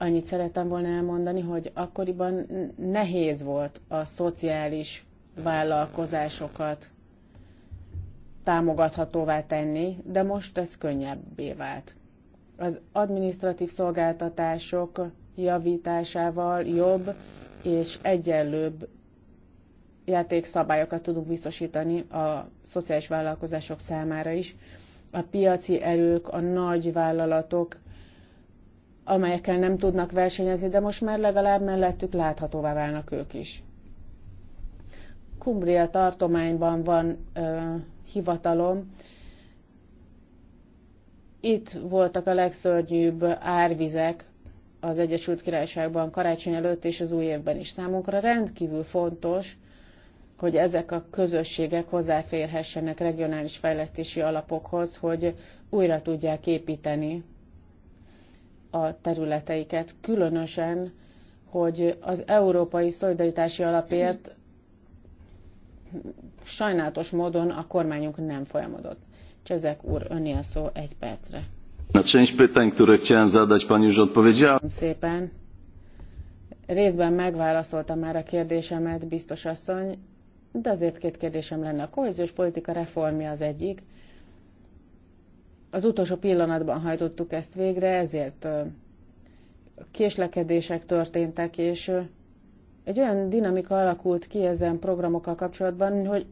Annyit szerettem volna elmondani, hogy akkoriban nehéz volt a szociális vállalkozásokat támogathatóvá tenni, de most ez könnyebbé vált. Az administratív szolgáltatások javításával jobb és egyenlőbb játékszabályokat tudunk biztosítani a szociális vállalkozások számára is. A piaci erők, a nagy vállalatok amelyekkel nem tudnak versenyezni, de most már legalább mellettük láthatóvá válnak ők is. Kumbria tartományban van ö, hivatalom. Itt voltak a legszörnyűbb árvizek az Egyesült Királyságban karácsony előtt és az új évben is. Számunkra rendkívül fontos, hogy ezek a közösségek hozzáférhessenek regionális fejlesztési alapokhoz, hogy újra tudják építeni a területeiket, különösen, hogy az Európai Szolidaritási Alapért sajnálatos módon a kormányunk nem folyamodott. Csezek úr, önni a szó egy percre. Na część pytań, które chciałem zadać, pani już odpowiedziała. Szépen. Részben megválaszolta már a kérdésemet, biztos asszony, de azért két kérdésem lenne. A kohéziós politika reformja az egyik, az utolsó pillanatban hajtottuk ezt végre, ezért késlekedések történtek, és egy olyan dinamika alakult ki ezen programokkal kapcsolatban, hogy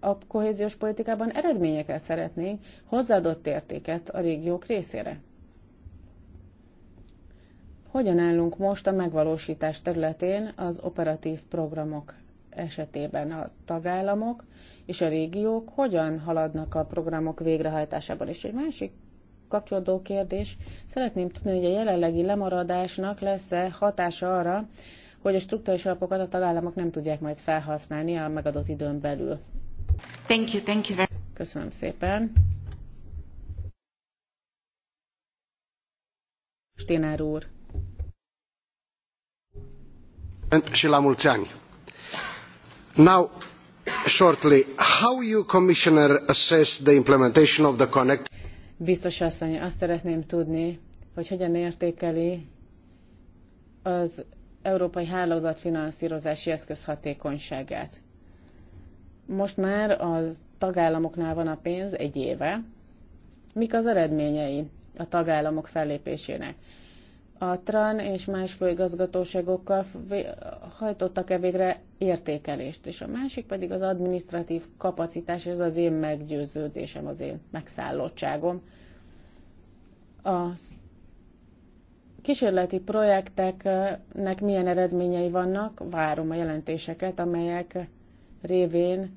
a kohéziós politikában eredményeket szeretnénk, hozzáadott értéket a régiók részére. Hogyan állunk most a megvalósítás területén az operatív programok esetében a tagállamok és a régiók hogyan haladnak a programok végrehajtásában. És egy másik kapcsolódó kérdés, szeretném tudni, hogy a jelenlegi lemaradásnak lesz-e hatása arra, hogy a struktúrális alapokat a tagállamok nem tudják majd felhasználni a megadott időn belül. Thank you, thank you very Köszönöm szépen. Stinár úr now shortly how you commissioner assess the implementation of the connect Biztos asszony, azt szeretném tudni, hogy hogyan értékeli az európai hálózat finanszírozási eszköz hatékonyságát. Most már a tagállamoknál van a pénz egy éve. Mik az eredményei a tagállamok fellépésének? a TRAN és más főigazgatóságokkal hajtottak-e végre értékelést, és a másik pedig az administratív kapacitás, ez az én meggyőződésem, az én megszállottságom. A kísérleti projekteknek milyen eredményei vannak, várom a jelentéseket, amelyek révén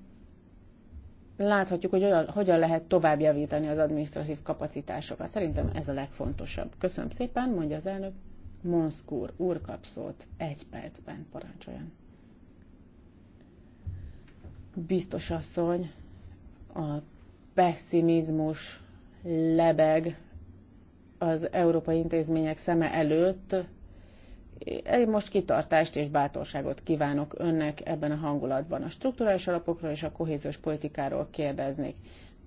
láthatjuk, hogy olyan, hogyan lehet tovább javítani az administratív kapacitásokat. Szerintem ez a legfontosabb. Köszönöm szépen, mondja az elnök. Monszkúr úr kap szót egy percben, parancsoljon. Biztos asszony, a pessimizmus lebeg az európai intézmények szeme előtt, én most kitartást és bátorságot kívánok önnek ebben a hangulatban. A strukturális alapokról és a kohéziós politikáról kérdeznék.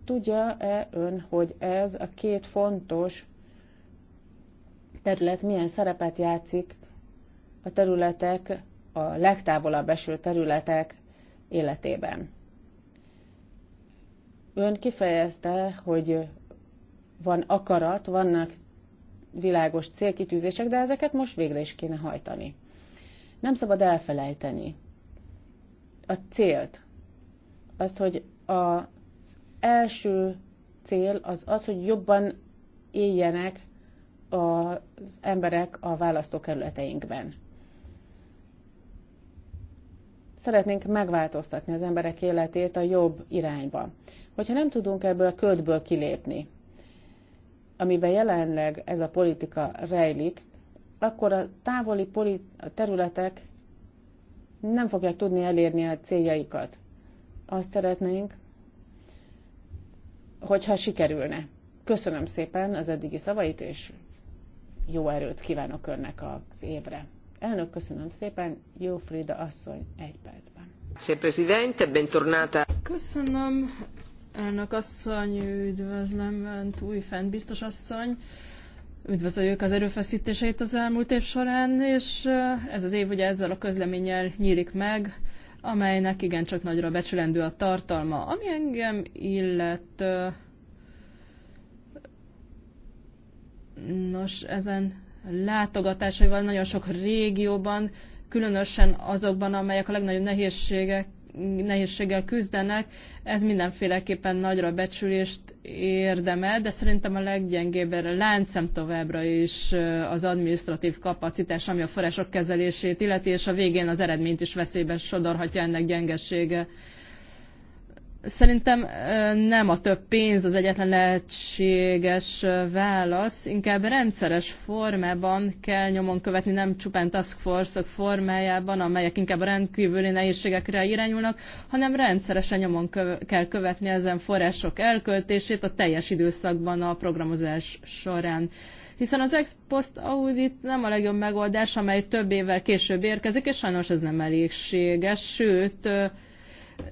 Tudja-e ön, hogy ez a két fontos terület milyen szerepet játszik a területek, a legtávolabb eső területek életében? Ön kifejezte, hogy van akarat, vannak világos célkitűzések, de ezeket most végre is kéne hajtani. Nem szabad elfelejteni a célt. Azt, hogy az első cél az az, hogy jobban éljenek az emberek a választókerületeinkben. Szeretnénk megváltoztatni az emberek életét a jobb irányba. Hogyha nem tudunk ebből a ködből kilépni, amiben jelenleg ez a politika rejlik, akkor a távoli polit- a területek nem fogják tudni elérni a céljaikat. Azt szeretnénk, hogyha sikerülne. Köszönöm szépen az eddigi szavait, és jó erőt kívánok Önnek az évre. Elnök, köszönöm szépen, jó Frida asszony, egy percben. Köszönöm, Elnök asszony, üdvözlöm Önt fent biztos asszony. Üdvözöljük az erőfeszítéseit az elmúlt év során, és eh, ez az év ugye ezzel a közleménnyel nyílik meg, amelynek igencsak nagyra becsülendő a tartalma. Ami engem illet, eh, nos, ezen látogatásaival nagyon sok régióban, különösen azokban, amelyek a legnagyobb nehézségek nehézséggel küzdenek, ez mindenféleképpen nagyra becsülést érdemel, de szerintem a leggyengébb láncem továbbra is az administratív kapacitás, ami a források kezelését illeti, és a végén az eredményt is veszélybe sodorhatja ennek gyengessége. Szerintem nem a több pénz az egyetlen lehetséges válasz, inkább rendszeres formában kell nyomon követni, nem csupán task force-ok formájában, amelyek inkább a rendkívüli nehézségekre irányulnak, hanem rendszeresen nyomon kö- kell követni ezen források elköltését a teljes időszakban a programozás során hiszen az ex post audit nem a legjobb megoldás, amely több évvel később érkezik, és sajnos ez nem elégséges, sőt,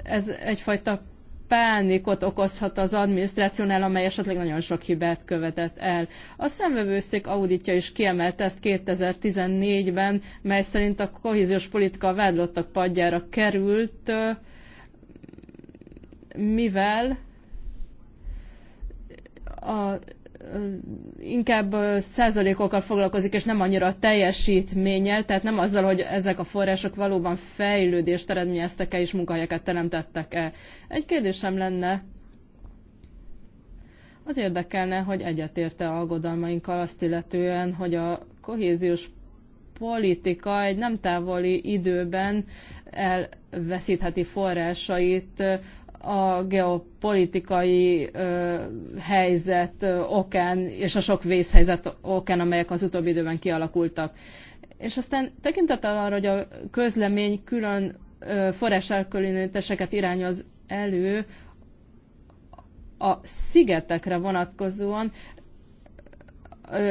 ez egyfajta pánikot okozhat az adminisztrációnál, amely esetleg nagyon sok hibát követett el. A szemvevőszék auditja is kiemelte ezt 2014-ben, mely szerint a kohéziós politika a vádlottak padjára került, mivel a inkább százalékokkal foglalkozik, és nem annyira a teljesítménnyel, tehát nem azzal, hogy ezek a források valóban fejlődést eredményeztek-e és munkahelyeket teremtettek-e. Egy kérdésem lenne, az érdekelne, hogy egyetérte aggodalmainkkal azt illetően, hogy a kohéziós politika egy nem távoli időben elveszítheti forrásait a geopolitikai helyzet okán és a sok vészhelyzet okán, amelyek az utóbbi időben kialakultak. És aztán tekintettel arra, hogy a közlemény külön forráselkülönítéseket irányoz elő a szigetekre vonatkozóan,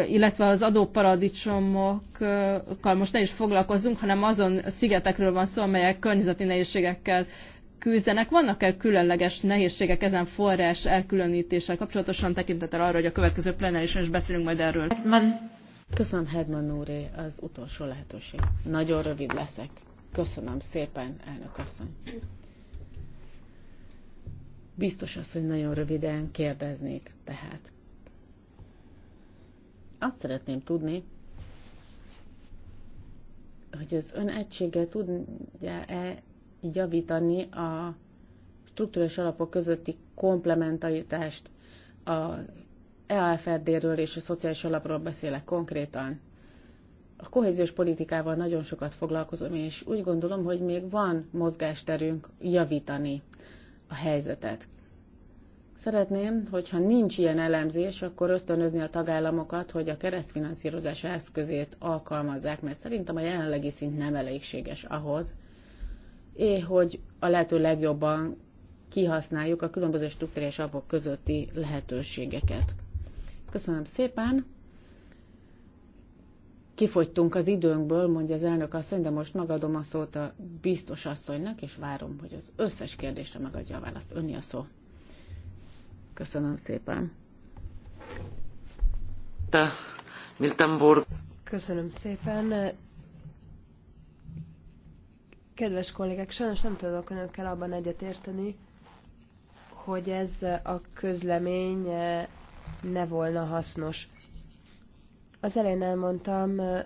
illetve az adóparadicsomokkal most ne is foglalkozzunk, hanem azon szigetekről van szó, amelyek környezeti nehézségekkel küzdenek. Vannak-e különleges nehézségek ezen forrás elkülönítéssel kapcsolatosan tekintettel arra, hogy a következő plenárison is beszélünk majd erről? Hedman. Köszönöm, Hedman úré, az utolsó lehetőség. Nagyon rövid leszek. Köszönöm szépen, elnök asszony. Biztos az, hogy nagyon röviden kérdeznék, tehát. Azt szeretném tudni, hogy az ön egysége tudja-e javítani a struktúrás alapok közötti komplementaritást. Az EAFRD-ről és a szociális alapról beszélek konkrétan. A kohéziós politikával nagyon sokat foglalkozom, és úgy gondolom, hogy még van mozgásterünk javítani a helyzetet. Szeretném, hogyha nincs ilyen elemzés, akkor ösztönözni a tagállamokat, hogy a keresztfinanszírozás eszközét alkalmazzák, mert szerintem a jelenlegi szint nem elégséges ahhoz, és eh, hogy a lehető legjobban kihasználjuk a különböző struktúrás alapok közötti lehetőségeket. Köszönöm szépen! Kifogytunk az időnkből, mondja az elnök asszony, de most megadom a szót a biztos asszonynak, és várom, hogy az összes kérdésre megadja a választ. Önni a szó. Köszönöm szépen. Miltenburg. Köszönöm szépen. Kedves kollégák, sajnos nem tudok önökkel abban egyetérteni, hogy ez a közlemény eh, ne volna hasznos. Az elején elmondtam, eh,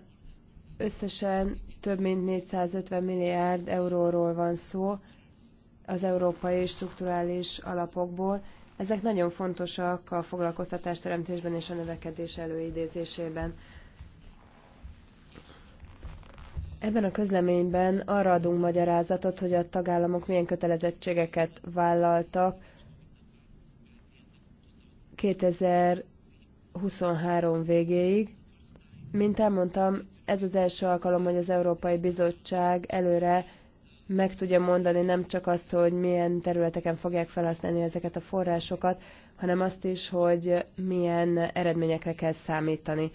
összesen több mint 450 milliárd euróról van szó az európai strukturális alapokból. Ezek nagyon fontosak a foglalkoztatás teremtésben és a növekedés előidézésében. Ebben a közleményben arra adunk magyarázatot, hogy a tagállamok milyen kötelezettségeket vállaltak 2023 végéig. Mint elmondtam, ez az első alkalom, hogy az Európai Bizottság előre meg tudja mondani nem csak azt, hogy milyen területeken fogják felhasználni ezeket a forrásokat, hanem azt is, hogy milyen eredményekre kell számítani.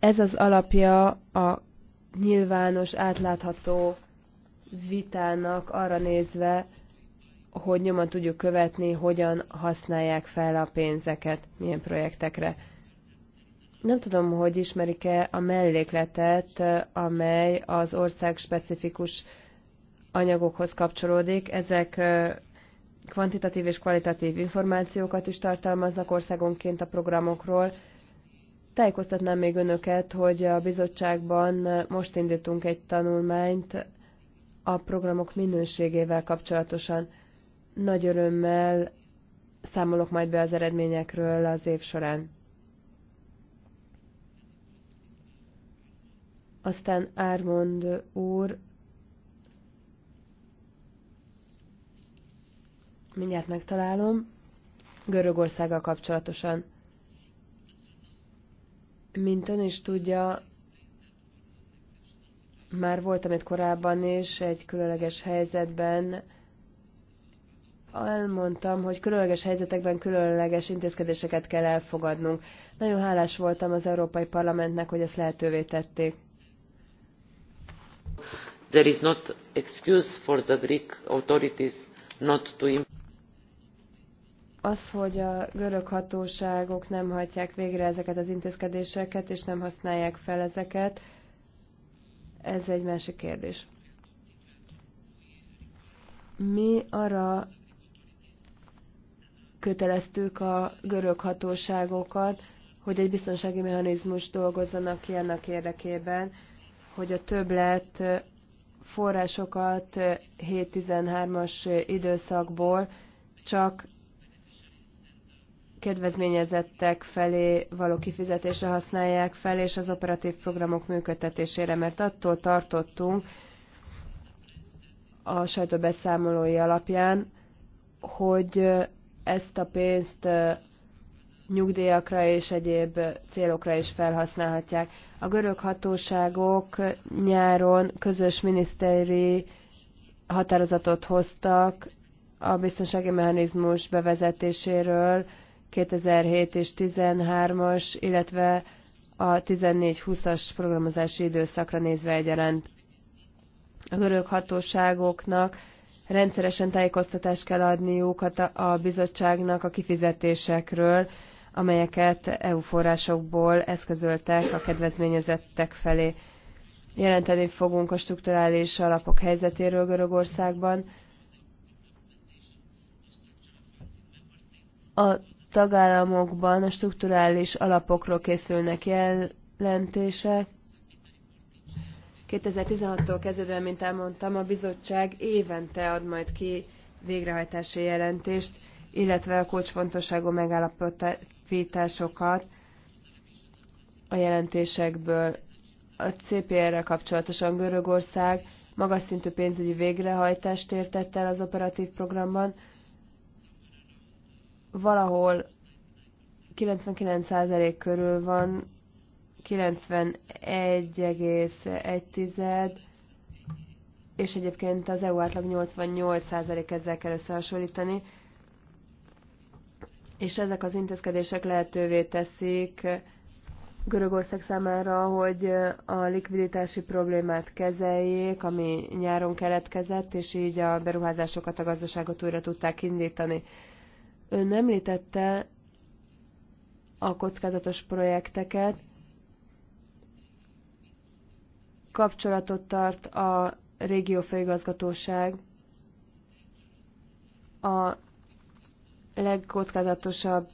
Ez az alapja a nyilvános, átlátható vitának arra nézve, hogy nyomon tudjuk követni, hogyan használják fel a pénzeket, milyen projektekre. Nem tudom, hogy ismerik-e a mellékletet, amely az ország specifikus anyagokhoz kapcsolódik. Ezek kvantitatív és kvalitatív információkat is tartalmaznak országonként a programokról, Tájékoztatnám még önöket, hogy a bizottságban most indítunk egy tanulmányt a programok minőségével kapcsolatosan. Nagy örömmel számolok majd be az eredményekről az év során. Aztán Ármond úr mindjárt megtalálom, Görögországgal kapcsolatosan. Mint ön is tudja, már voltam itt korábban is egy különleges helyzetben, elmondtam, hogy különleges helyzetekben különleges intézkedéseket kell elfogadnunk. Nagyon hálás voltam az Európai Parlamentnek, hogy ezt lehetővé tették. There is not excuse for the Greek authorities not to az, hogy a görög hatóságok nem hajtják végre ezeket az intézkedéseket, és nem használják fel ezeket, ez egy másik kérdés. Mi arra köteleztük a görög hatóságokat, hogy egy biztonsági mechanizmus dolgozzanak ki annak érdekében, hogy a többlet forrásokat 7-13-as időszakból csak kedvezményezettek felé való kifizetésre használják fel, és az operatív programok működtetésére, mert attól tartottunk a sajtóbeszámolói alapján, hogy ezt a pénzt nyugdíjakra és egyéb célokra is felhasználhatják. A görög hatóságok nyáron közös miniszteri határozatot hoztak a biztonsági mechanizmus bevezetéséről, 2007 és 13-as, illetve a 14-20-as programozási időszakra nézve egyaránt. A görög hatóságoknak rendszeresen tájékoztatást kell adniuk a bizottságnak a kifizetésekről, amelyeket EU forrásokból eszközöltek a kedvezményezettek felé. Jelenteni fogunk a strukturális alapok helyzetéről Görögországban. A tagállamokban a strukturális alapokról készülnek jelentések. 2016-tól kezdődően, mint elmondtam, a bizottság évente ad majd ki végrehajtási jelentést, illetve a kulcsfontosságú megállapításokat a jelentésekből. A cpr re kapcsolatosan Görögország magas szintű pénzügyi végrehajtást értett el az operatív programban, valahol 99% körül van, 91,1, és egyébként az EU átlag 88% ezzel kell összehasonlítani, és ezek az intézkedések lehetővé teszik Görögország számára, hogy a likviditási problémát kezeljék, ami nyáron keletkezett, és így a beruházásokat, a gazdaságot újra tudták indítani. Ön említette a kockázatos projekteket, kapcsolatot tart a régiófőigazgatóság a legkockázatosabb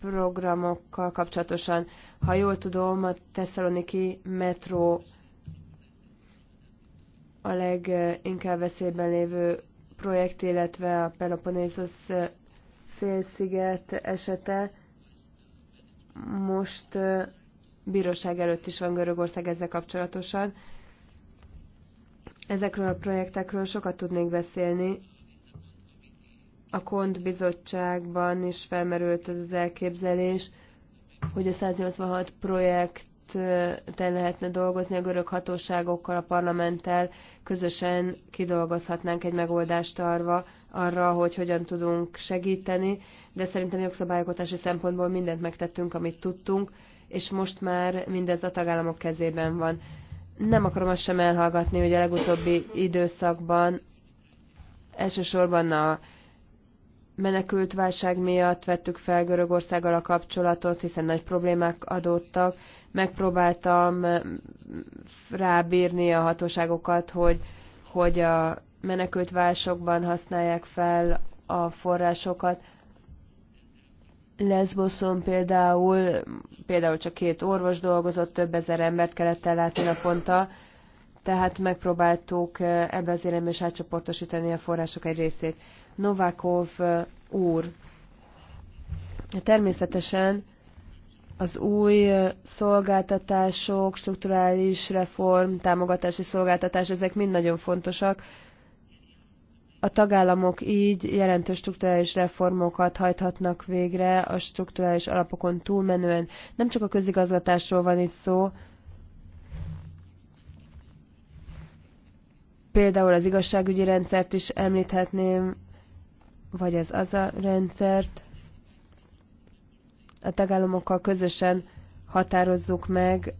programokkal kapcsolatosan. Ha jól tudom, a Thessaloniki metró a leginkább veszélyben lévő projekt, illetve a Peloponnesus félsziget esete most bíróság előtt is van Görögország ezzel kapcsolatosan. Ezekről a projektekről sokat tudnék beszélni. A KONT bizottságban is felmerült ez az elképzelés, hogy a 186 projekt ten lehetne dolgozni a görög hatóságokkal, a parlamenttel, közösen kidolgozhatnánk egy megoldást arra, arra, hogy hogyan tudunk segíteni, de szerintem jogszabályokotási szempontból mindent megtettünk, amit tudtunk, és most már mindez a tagállamok kezében van. Nem akarom azt sem elhallgatni, hogy a legutóbbi időszakban elsősorban a menekült válság miatt vettük fel Görögországgal a kapcsolatot, hiszen nagy problémák adódtak. Megpróbáltam rábírni a hatóságokat, hogy, hogy a menekült válságban használják fel a forrásokat. Lesboszon például, például csak két orvos dolgozott, több ezer embert kellett ellátni naponta, tehát megpróbáltuk eh, ebbe az éremben is átcsoportosítani a források egy részét. Novákov eh, úr, természetesen az új eh, szolgáltatások, strukturális reform, támogatási szolgáltatás, ezek mind nagyon fontosak, a tagállamok így jelentős strukturális reformokat hajthatnak végre a strukturális alapokon túlmenően. Nem csak a közigazgatásról van itt szó, például az igazságügyi rendszert is említhetném, vagy az az a rendszert. A tagállamokkal közösen határozzuk meg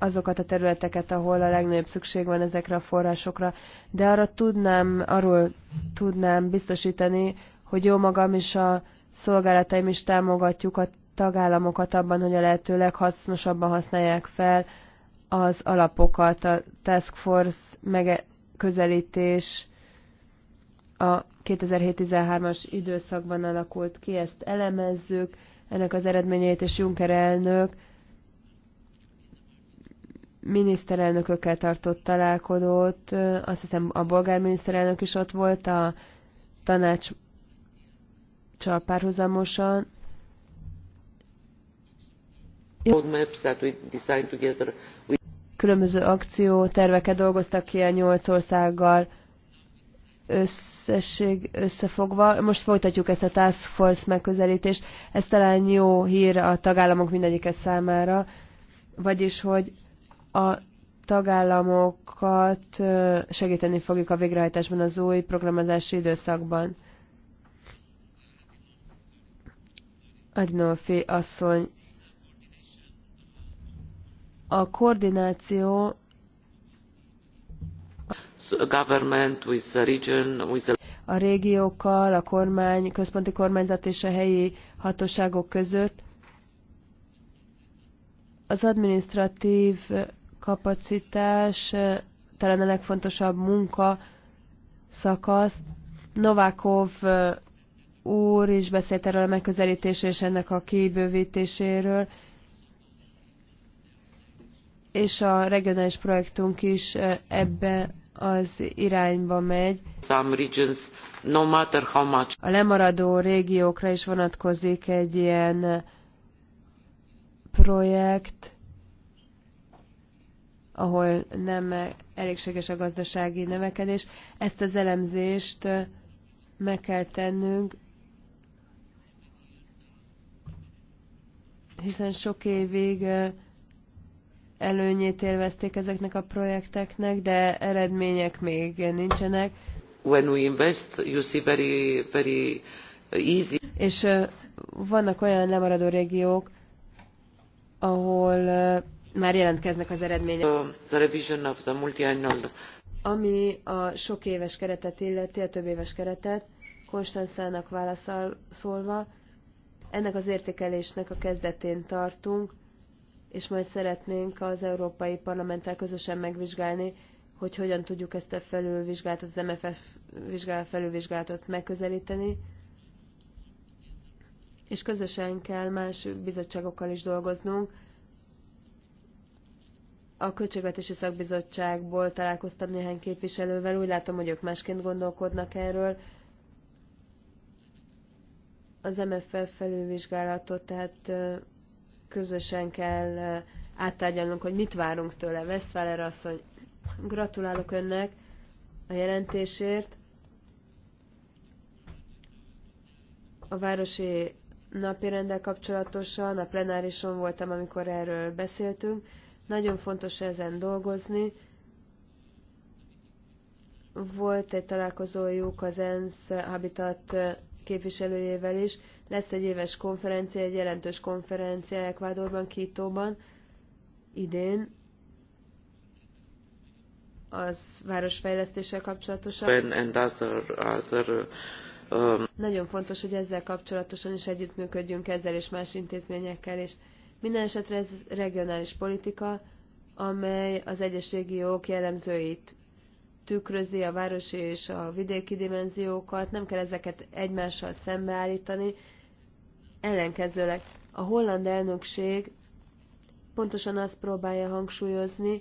azokat a területeket, ahol a legnagyobb szükség van ezekre a forrásokra, de arra tudnám, arról tudnám biztosítani, hogy jó magam is a szolgálataim is támogatjuk a tagállamokat abban, hogy a lehető leghasznosabban használják fel az alapokat, a Task Force megközelítés a 2007-13-as időszakban alakult ki, ezt elemezzük, ennek az eredményeit és Juncker elnök miniszterelnökökkel tartott találkozót, azt hiszem a bolgár miniszterelnök is ott volt, a tanács csal párhuzamosan. Különböző akcióterveket dolgoztak ki a nyolc országgal összesség összefogva. Most folytatjuk ezt a Task Force megközelítést. Ez talán jó hír a tagállamok mindegyike számára, vagyis hogy a tagállamokat segíteni fogjuk a végrehajtásban az új programozási időszakban. Adinolfi asszony, a koordináció a régiókkal, a kormány, központi kormányzat és a helyi hatóságok között az administratív kapacitás, talán a legfontosabb munka szakasz. Novákov úr is beszélt erről a megközelítésről és ennek a kibővítéséről, és a regionális projektunk is ebbe az irányba megy. Some regions, no matter how much. A lemaradó régiókra is vonatkozik egy ilyen projekt ahol nem elégséges a gazdasági növekedés. Ezt az elemzést meg kell tennünk, hiszen sok évig előnyét élvezték ezeknek a projekteknek, de eredmények még nincsenek. When we invest, you see very, very easy. És vannak olyan lemaradó régiók, ahol már jelentkeznek az eredmények. Uh, the revision of the multi-annual. Ami a sok éves keretet illeti, a több éves keretet, Konstantának válaszol szólva, ennek az értékelésnek a kezdetén tartunk, és majd szeretnénk az Európai Parlamenttel közösen megvizsgálni, hogy hogyan tudjuk ezt a felülvizsgálatot, az MFF vizsgálat, felülvizsgálatot megközelíteni, és közösen kell más bizottságokkal is dolgoznunk, a Költségvetési Szakbizottságból találkoztam néhány képviselővel, úgy látom, hogy ők másként gondolkodnak erről. Az MFF felülvizsgálatot, tehát közösen kell áttárgyalnunk, hogy mit várunk tőle. azt, asszony, gratulálok önnek a jelentésért. A városi napirendel kapcsolatosan, a plenárison voltam, amikor erről beszéltünk nagyon fontos ezen dolgozni. Volt egy találkozójuk az ENSZ Habitat képviselőjével is. Lesz egy éves konferencia, egy jelentős konferencia Ekvádorban, Kítóban idén az városfejlesztéssel kapcsolatosan. And, other, other, um... Nagyon fontos, hogy ezzel kapcsolatosan is együttműködjünk ezzel és más intézményekkel is. És minden esetre ez regionális politika, amely az egyes régiók jellemzőit tükrözi, a városi és a vidéki dimenziókat, nem kell ezeket egymással szembeállítani. Ellenkezőleg a holland elnökség pontosan azt próbálja hangsúlyozni,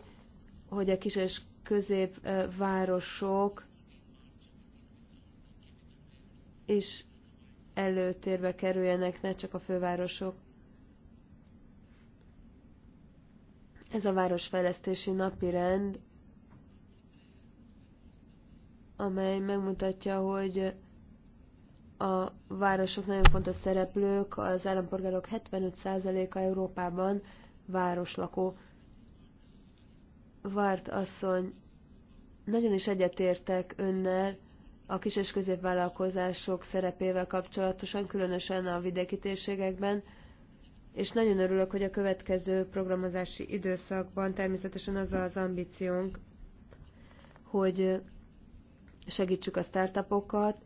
hogy a kis és középvárosok is előtérbe kerüljenek, ne csak a fővárosok. Ez a városfejlesztési rend, amely megmutatja, hogy a városok nagyon fontos szereplők, az állampolgárok 75%-a Európában városlakó. Várt asszony, nagyon is egyetértek önnel a kis- és középvállalkozások szerepével kapcsolatosan, különösen a vidéki térségekben és nagyon örülök, hogy a következő programozási időszakban természetesen az az ambíciónk, hogy segítsük a startupokat.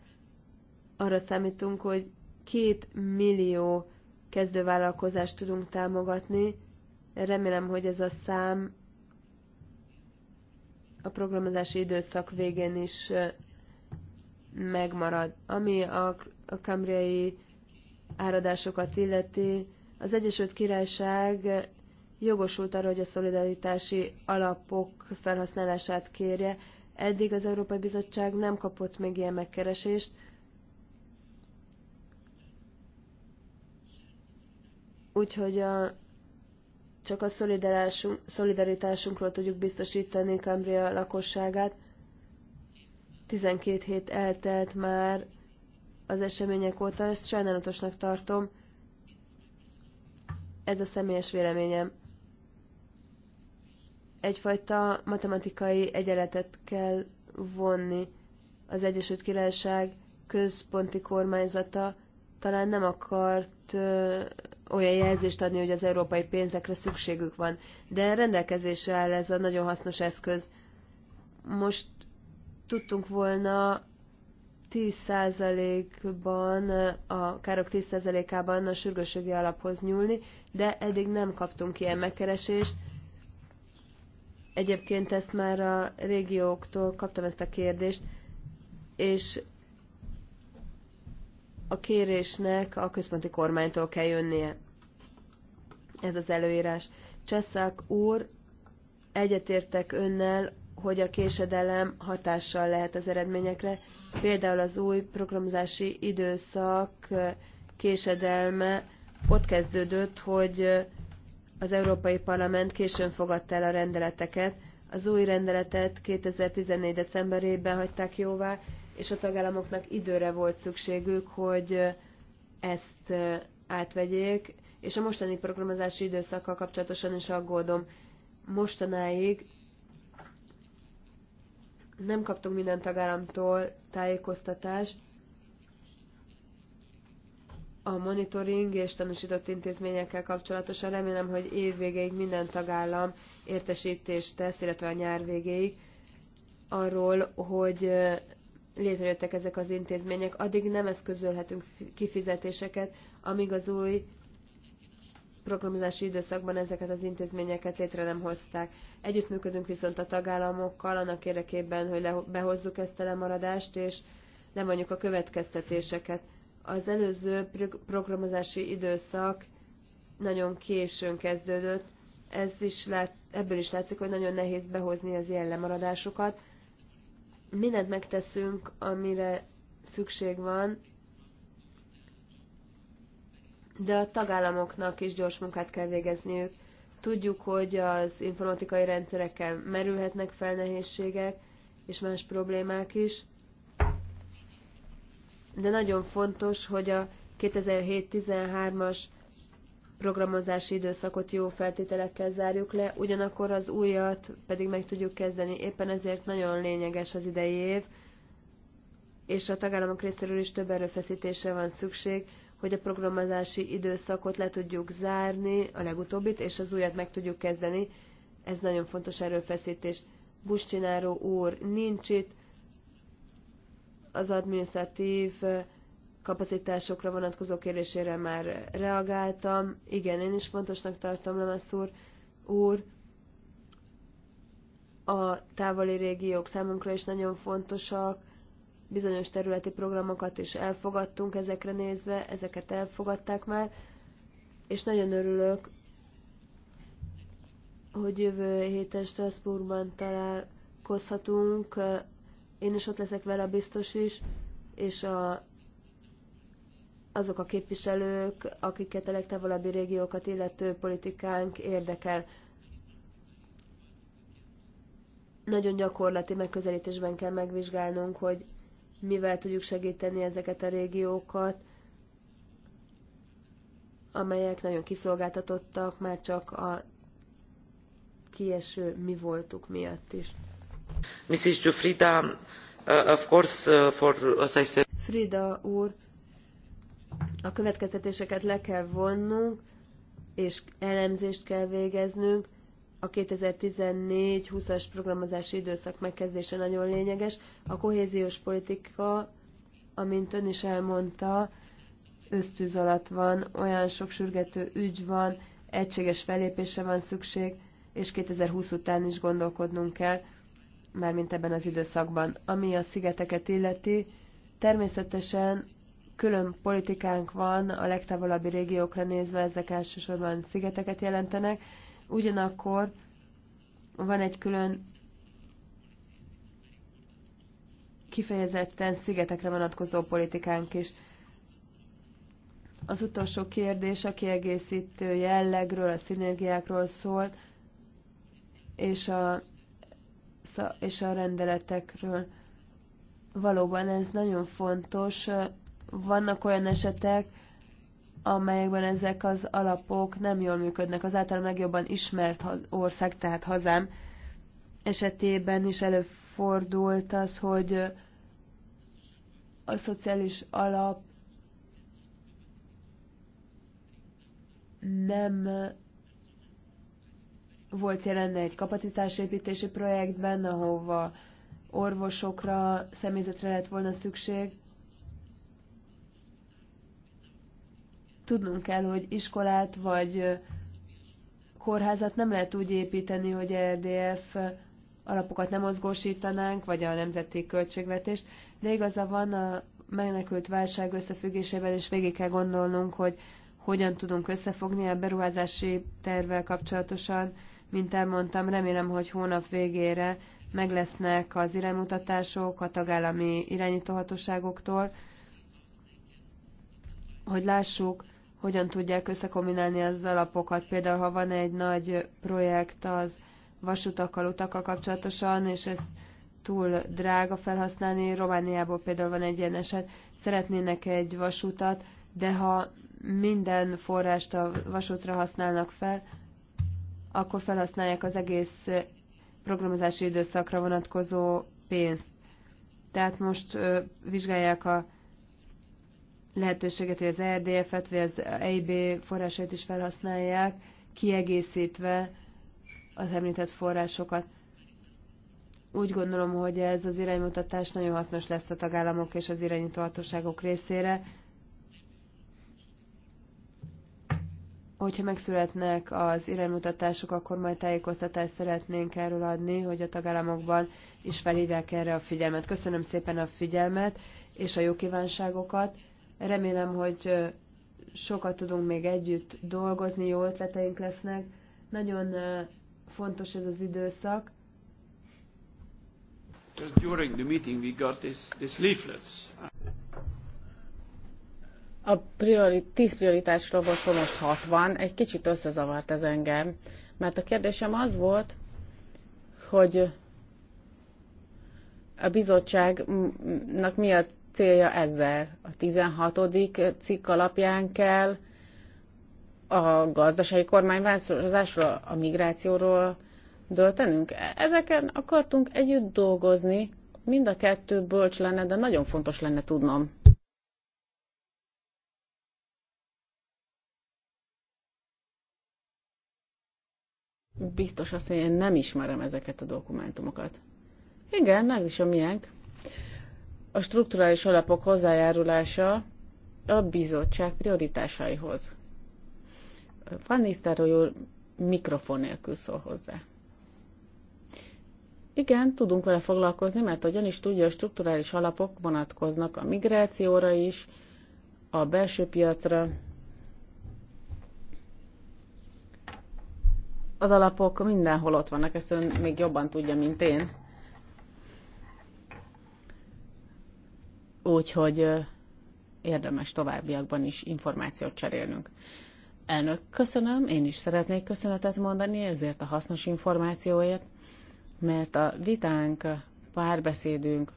Arra számítunk, hogy két millió kezdővállalkozást tudunk támogatni. Remélem, hogy ez a szám a programozási időszak végén is megmarad. Ami a kamriai áradásokat illeti, az Egyesült Királyság jogosult arra, hogy a szolidaritási alapok felhasználását kérje. Eddig az Európai Bizottság nem kapott még ilyen megkeresést. Úgyhogy a, csak a szolidaritásunkról tudjuk biztosítani Cambria lakosságát. 12 hét eltelt már az események óta, ezt sajnálatosnak tartom ez a személyes véleményem. Egyfajta matematikai egyenletet kell vonni. Az Egyesült Királyság központi kormányzata talán nem akart ö, olyan jelzést adni, hogy az európai pénzekre szükségük van, de rendelkezésre áll ez a nagyon hasznos eszköz. Most tudtunk volna 10%-ban, a károk 10%-ában a sürgősségi alaphoz nyúlni, de eddig nem kaptunk ilyen megkeresést. Egyébként ezt már a régióktól kaptam ezt a kérdést, és a kérésnek a központi kormánytól kell jönnie. Ez az előírás. Cseszák úr, egyetértek önnel, hogy a késedelem hatással lehet az eredményekre, Például az új programozási időszak késedelme ott kezdődött, hogy az Európai Parlament későn fogadta el a rendeleteket. Az új rendeletet 2014. decemberében hagyták jóvá, és a tagállamoknak időre volt szükségük, hogy ezt átvegyék, és a mostani programozási időszakkal kapcsolatosan is aggódom. Mostanáig nem kaptunk minden tagállamtól tájékoztatást. A monitoring és tanúsított intézményekkel kapcsolatosan remélem, hogy év végéig minden tagállam értesítést tesz, illetve a nyár végéig arról, hogy létrejöttek ezek az intézmények. Addig nem eszközölhetünk kifizetéseket, amíg az új programozási időszakban ezeket az intézményeket létre nem hozták. Együttműködünk viszont a tagállamokkal annak érdekében, hogy behozzuk ezt a lemaradást, és nem mondjuk a következtetéseket. Az előző programozási időszak nagyon későn kezdődött, ez is lát, ebből is látszik, hogy nagyon nehéz behozni az ilyen lemaradásokat. Mindent megteszünk, amire szükség van, de a tagállamoknak is gyors munkát kell végezniük. Tudjuk, hogy az informatikai rendszerekkel merülhetnek fel nehézségek és más problémák is, de nagyon fontos, hogy a 2007-13-as programozási időszakot jó feltételekkel zárjuk le, ugyanakkor az újat pedig meg tudjuk kezdeni. Éppen ezért nagyon lényeges az idei év, és a tagállamok részéről is több erőfeszítésre van szükség, hogy a programozási időszakot le tudjuk zárni, a legutóbbit, és az újat meg tudjuk kezdeni. Ez nagyon fontos erőfeszítés. Buscsináró úr nincs itt, az adminisztratív eh, kapacitásokra vonatkozó kérésére már reagáltam. Igen, én is fontosnak tartom, Lemesz úr. úr. A távoli régiók számunkra is nagyon fontosak, bizonyos területi programokat is elfogadtunk ezekre nézve, ezeket elfogadták már, és nagyon örülök, hogy jövő héten Strasbourgban találkozhatunk. Én is ott leszek vele biztos is, és a, azok a képviselők, akiket a legtávolabbi régiókat illető politikánk érdekel. Nagyon gyakorlati megközelítésben kell megvizsgálnunk, hogy mivel tudjuk segíteni ezeket a régiókat, amelyek nagyon kiszolgáltatottak, már csak a kieső mi voltuk miatt is. Mrs. Jufrida, uh, of course, uh, for, as I said... Frida úr, a következtetéseket le kell vonnunk, és elemzést kell végeznünk, a 2014-20-as programozási időszak megkezdése nagyon lényeges. A kohéziós politika, amint ön is elmondta, ösztűz alatt van, olyan sok sürgető ügy van, egységes felépése van szükség, és 2020 után is gondolkodnunk kell, mármint ebben az időszakban. Ami a szigeteket illeti, természetesen külön politikánk van a legtávolabbi régiókra nézve, ezek elsősorban szigeteket jelentenek, Ugyanakkor van egy külön kifejezetten szigetekre vonatkozó politikánk is. Az utolsó kérdés a kiegészítő jellegről, a szinergiákról szólt, és a, és a rendeletekről. Valóban ez nagyon fontos. Vannak olyan esetek, amelyekben ezek az alapok nem jól működnek. Az általam legjobban ismert ország, tehát hazám esetében is előfordult az, hogy a szociális alap nem volt jelenne egy kapacitásépítési projektben, ahova orvosokra, személyzetre lett volna szükség, Tudnunk kell, hogy iskolát vagy kórházat nem lehet úgy építeni, hogy RDF alapokat nem mozgósítanánk, vagy a nemzeti költségvetést, de igaza van a menekült válság összefüggésével, és végig kell gondolnunk, hogy hogyan tudunk összefogni a beruházási tervvel kapcsolatosan. Mint elmondtam, remélem, hogy hónap végére meg lesznek az iránymutatások a tagállami irányítóhatóságoktól, hogy lássuk, hogyan tudják összekombinálni az alapokat. Például, ha van egy nagy projekt az vasutakkal, utakkal kapcsolatosan, és ez túl drága felhasználni, Romániából például van egy ilyen eset, szeretnének egy vasutat, de ha minden forrást a vasútra használnak fel, akkor felhasználják az egész programozási időszakra vonatkozó pénzt. Tehát most vizsgálják a lehetőséget, hogy az rdf e et vagy az EIB forrásait is felhasználják, kiegészítve az említett forrásokat. Úgy gondolom, hogy ez az iránymutatás nagyon hasznos lesz a tagállamok és az irányító hatóságok részére. Hogyha megszületnek az iránymutatások, akkor majd tájékoztatást szeretnénk erről adni, hogy a tagállamokban is felhívják erre a figyelmet. Köszönöm szépen a figyelmet és a jó kívánságokat Remélem, hogy sokat tudunk még együtt dolgozni, jó ötleteink lesznek. Nagyon fontos ez az időszak. Just during the meeting we got this, this leaflets. A priori, 10 prioritásról volt szó most 60, egy kicsit összezavart ez engem, mert a kérdésem az volt, hogy a bizottságnak mi a célja ezzel. A 16. cikk alapján kell a gazdasági kormányváltozásról, a migrációról döltenünk. Ezeken akartunk együtt dolgozni, mind a kettő bölcs lenne, de nagyon fontos lenne tudnom. Biztos azt, hogy én nem ismerem ezeket a dokumentumokat. Igen, ez is a miénk a strukturális alapok hozzájárulása a bizottság prioritásaihoz. Van Nisztároly úr mikrofon nélkül szól hozzá. Igen, tudunk vele foglalkozni, mert ahogyan is tudja, a strukturális alapok vonatkoznak a migrációra is, a belső piacra, az alapok mindenhol ott vannak, ezt ön még jobban tudja, mint én. úgyhogy érdemes továbbiakban is információt cserélnünk. Elnök, köszönöm, én is szeretnék köszönetet mondani ezért a hasznos információért, mert a vitánk, párbeszédünk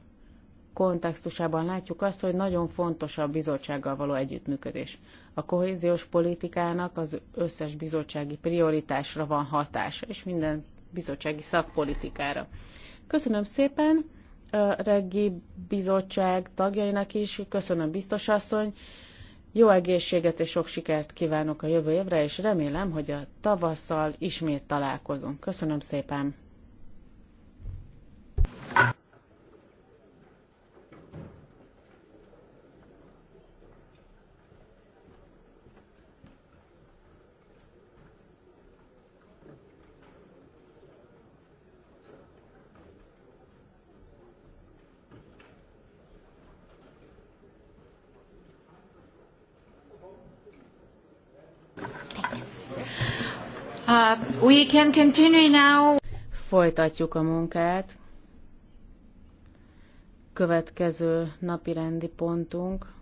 kontextusában látjuk azt, hogy nagyon fontos a bizottsággal való együttműködés. A kohéziós politikának az összes bizottsági prioritásra van hatása, és minden bizottsági szakpolitikára. Köszönöm szépen! reggi bizottság tagjainak is. Köszönöm, biztos asszony. Jó egészséget és sok sikert kívánok a jövő évre, és remélem, hogy a tavasszal ismét találkozunk. Köszönöm szépen! We can continue now. Folytatjuk a munkát. Következő napi rendi pontunk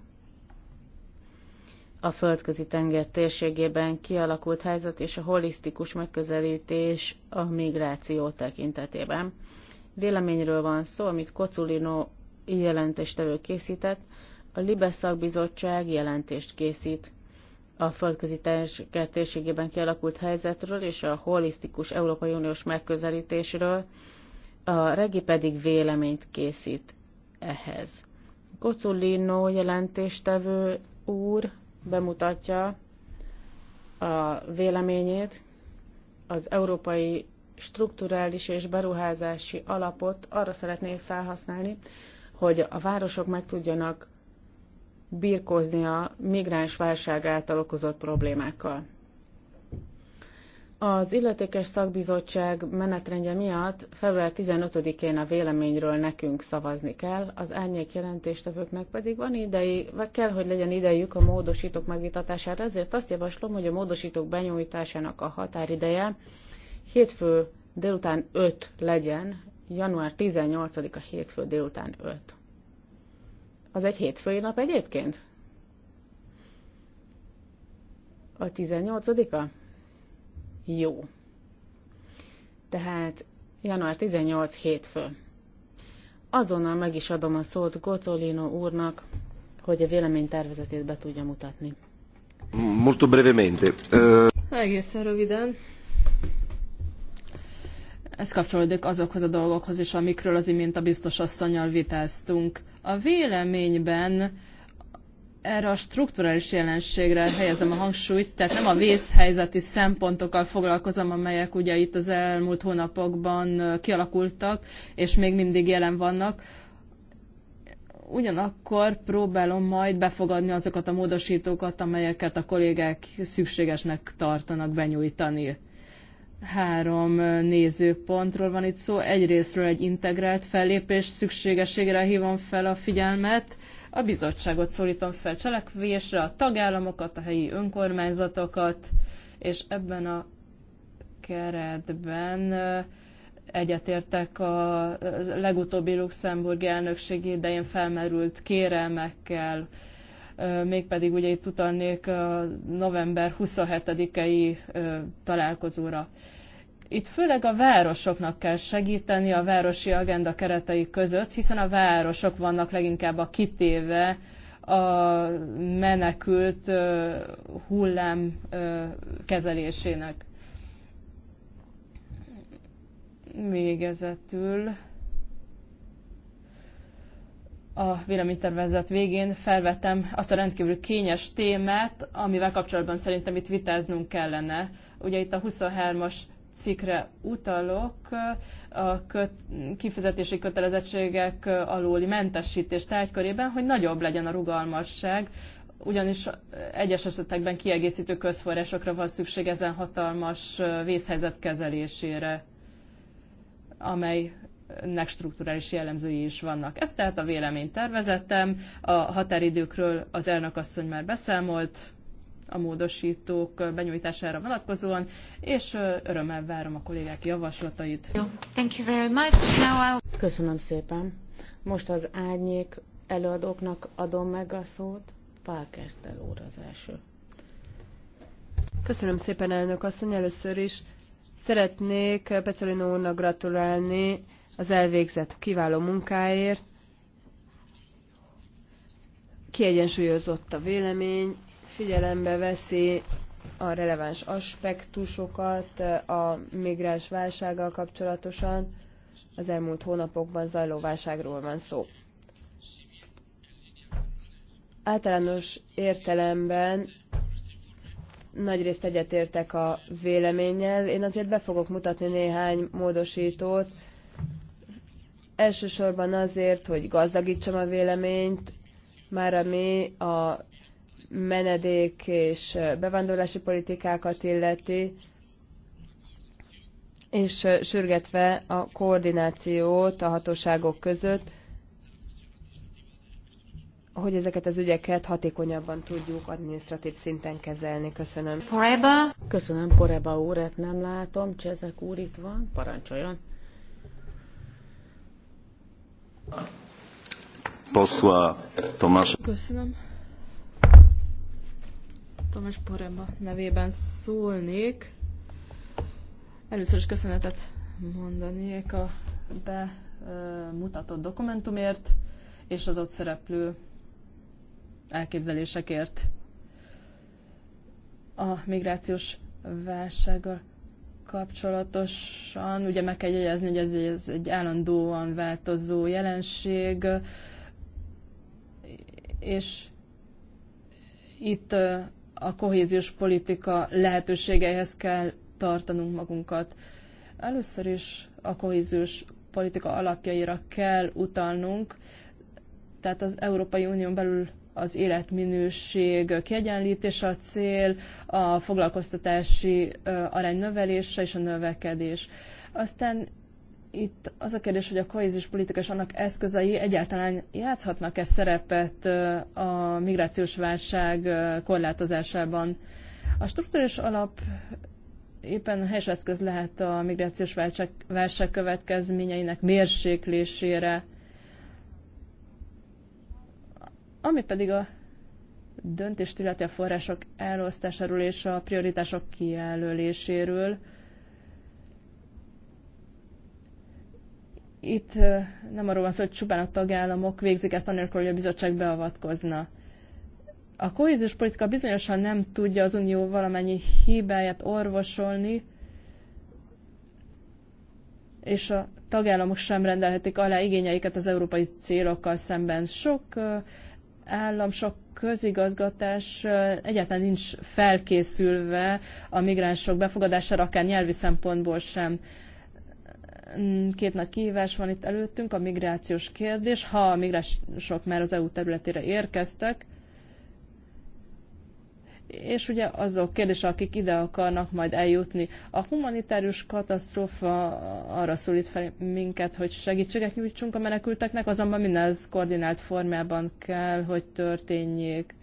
a földközi tenger térségében kialakult helyzet és a holisztikus megközelítés a migráció tekintetében. Véleményről van szó, amit Koculino jelentéstevő készített, a Libes szakbizottság jelentést készít a földközi térségében kialakult helyzetről és a holisztikus Európai Uniós megközelítésről, a regi pedig véleményt készít ehhez. Kocullino jelentéstevő úr bemutatja a véleményét, az Európai Strukturális és Beruházási Alapot arra szeretné felhasználni, hogy a városok meg tudjanak birkózni a migráns válság által okozott problémákkal. Az illetékes szakbizottság menetrendje miatt február 15-én a véleményről nekünk szavazni kell, az árnyék jelentéstevőknek pedig van idei, vagy kell, hogy legyen idejük a módosítók megvitatására, ezért azt javaslom, hogy a módosítók benyújtásának a határideje hétfő délután 5 legyen, január 18-a hétfő délután 5. Az egy hétfői nap egyébként? A 18-a? Jó. Tehát január 18 hétfő. Azonnal meg is adom a szót Gocolino úrnak, hogy a véleménytervezetét be tudja mutatni. Molto brevemente. Egészen röviden. Ez kapcsolódik azokhoz a dolgokhoz is, amikről az imént a biztos asszonyal vitáztunk. A véleményben erre a strukturális jelenségre helyezem a hangsúlyt, tehát nem a vészhelyzeti szempontokkal foglalkozom, amelyek ugye itt az elmúlt hónapokban kialakultak, és még mindig jelen vannak. Ugyanakkor próbálom majd befogadni azokat a módosítókat, amelyeket a kollégák szükségesnek tartanak benyújtani. Három nézőpontról van itt szó. Egyrésztről egy integrált fellépés szükségességre hívom fel a figyelmet. A bizottságot szólítom fel cselekvésre, a tagállamokat, a helyi önkormányzatokat, és ebben a keretben egyetértek a legutóbbi luxemburgi elnökség idején felmerült kérelmekkel, mégpedig ugye itt utalnék a november 27-i találkozóra. Itt főleg a városoknak kell segíteni a városi agenda keretei között, hiszen a városok vannak leginkább a kitéve a menekült hullám kezelésének. Végezetül a véleménytervezet végén felvetem azt a rendkívül kényes témát, amivel kapcsolatban szerintem itt vitáznunk kellene. Ugye itt a 23-as cikkre utalok, a köt, kifizetési kötelezettségek alóli mentesítés tárgykörében, hogy nagyobb legyen a rugalmasság, ugyanis egyes esetekben kiegészítő közforrásokra van szükség ezen hatalmas vészhelyzet kezelésére, amelynek strukturális jellemzői is vannak. Ez tehát a véleményt tervezettem, a határidőkről az elnök asszony már beszámolt, a módosítók benyújtására vonatkozóan, és örömmel várom a kollégák javaslatait. Thank you very much. Now I'll... Köszönöm szépen. Most az árnyék előadóknak adom meg a szót. Pálkesztel úr az első. Köszönöm szépen, elnök asszony, először is. Szeretnék Pecolino úrnak gratulálni az elvégzett kiváló munkáért. Kiegyensúlyozott a vélemény, figyelembe veszi a releváns aspektusokat a migráns válsággal kapcsolatosan. Az elmúlt hónapokban zajló válságról van szó. Általános értelemben nagyrészt egyetértek a véleménnyel. Én azért be fogok mutatni néhány módosítót, elsősorban azért, hogy gazdagítsam a véleményt, már ami a menedék és bevándorlási politikákat illeti, és sürgetve a koordinációt a hatóságok között, hogy ezeket az ügyeket hatékonyabban tudjuk adminisztratív szinten kezelni. Köszönöm. Poreba? Köszönöm, Poreba úrat nem látom. Csezek úr itt van. Parancsoljon. Poszva Tomás. Köszönöm. Tomás Poremba nevében szólnék. Először is köszönetet mondanék a bemutatott dokumentumért és az ott szereplő elképzelésekért. A migrációs válsággal kapcsolatosan, ugye meg kell jegyezni, hogy ez, ez egy állandóan változó jelenség, és itt a kohéziós politika lehetőségeihez kell tartanunk magunkat. Először is a kohéziós politika alapjaira kell utalnunk, tehát az Európai Unión belül az életminőség kiegyenlítése a cél, a foglalkoztatási arány növelése és a növekedés. Aztán itt az a kérdés, hogy a kohézis politika és annak eszközei egyáltalán játszhatnak-e szerepet a migrációs válság korlátozásában. A struktúrás alap éppen helyes eszköz lehet a migrációs válság, válság következményeinek mérséklésére, ami pedig a döntést illeti a források elosztásáról és a prioritások kijelöléséről Itt nem arról van szó, hogy csupán a tagállamok végzik ezt anélkül, hogy a bizottság beavatkozna. A kohéziós politika bizonyosan nem tudja az unió valamennyi hibáját orvosolni, és a tagállamok sem rendelhetik alá igényeiket az európai célokkal szemben. Sok állam, sok közigazgatás egyáltalán nincs felkészülve a migránsok befogadására, akár nyelvi szempontból sem. Mm, két nagy kihívás van itt előttünk, a migrációs kérdés. Ha a migránsok már az EU területére érkeztek, és ugye azok kérdés, akik ide akarnak majd eljutni. A humanitárius katasztrófa arra szólít fel minket, hogy segítséget nyújtsunk a menekülteknek, azonban mindez koordinált formában kell, hogy történjék.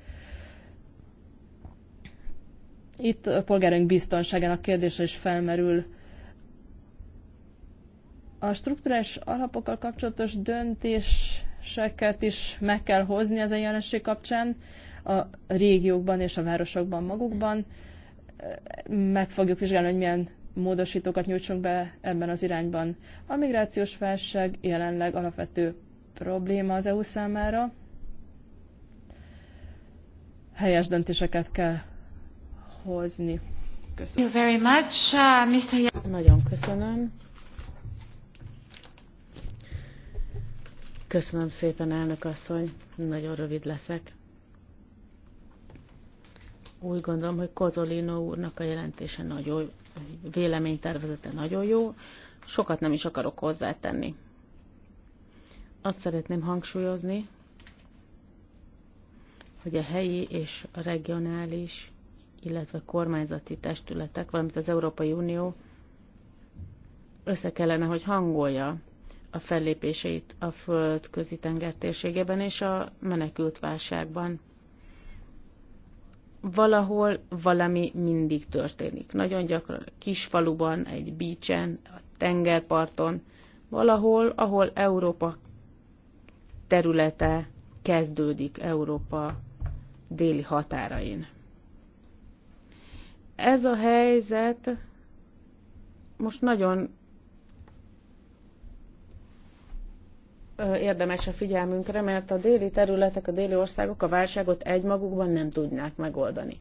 Itt a polgárunk biztonságának kérdése is felmerül a strukturális alapokkal kapcsolatos döntéseket is meg kell hozni ezen jelenség kapcsán a régiókban és a városokban magukban. Meg fogjuk vizsgálni, hogy milyen módosítókat nyújtsunk be ebben az irányban. A migrációs válság jelenleg alapvető probléma az EU számára. Helyes döntéseket kell hozni. Köszönöm. Thank you very much, uh, Mr. Nagyon köszönöm. Köszönöm szépen, elnök asszony. Nagyon rövid leszek. Úgy gondolom, hogy Kozolino úrnak a jelentése nagyon, véleménytervezete nagyon jó. Sokat nem is akarok hozzátenni. Azt szeretném hangsúlyozni, hogy a helyi és a regionális, illetve kormányzati testületek, valamint az Európai Unió össze kellene, hogy hangolja a fellépéseit a földközi közi és a menekült válságban. Valahol valami mindig történik. Nagyon gyakran kis faluban, egy bícsen, a tengerparton, valahol, ahol Európa területe kezdődik Európa déli határain. Ez a helyzet most nagyon érdemes a figyelmünkre, mert a déli területek, a déli országok a válságot egymagukban nem tudnák megoldani.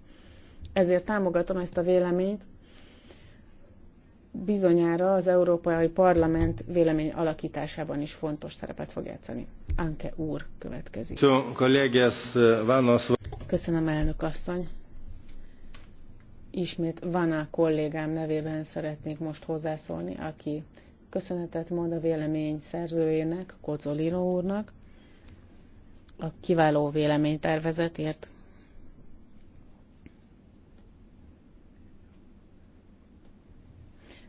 Ezért támogatom ezt a véleményt. Bizonyára az Európai Parlament vélemény alakításában is fontos szerepet fog játszani. Anke úr következik. Köszönöm, elnök asszony. Ismét Vana kollégám nevében szeretnék most hozzászólni, aki köszönetet mond a vélemény szerzőjének, Kocolino úrnak, a kiváló véleménytervezetért.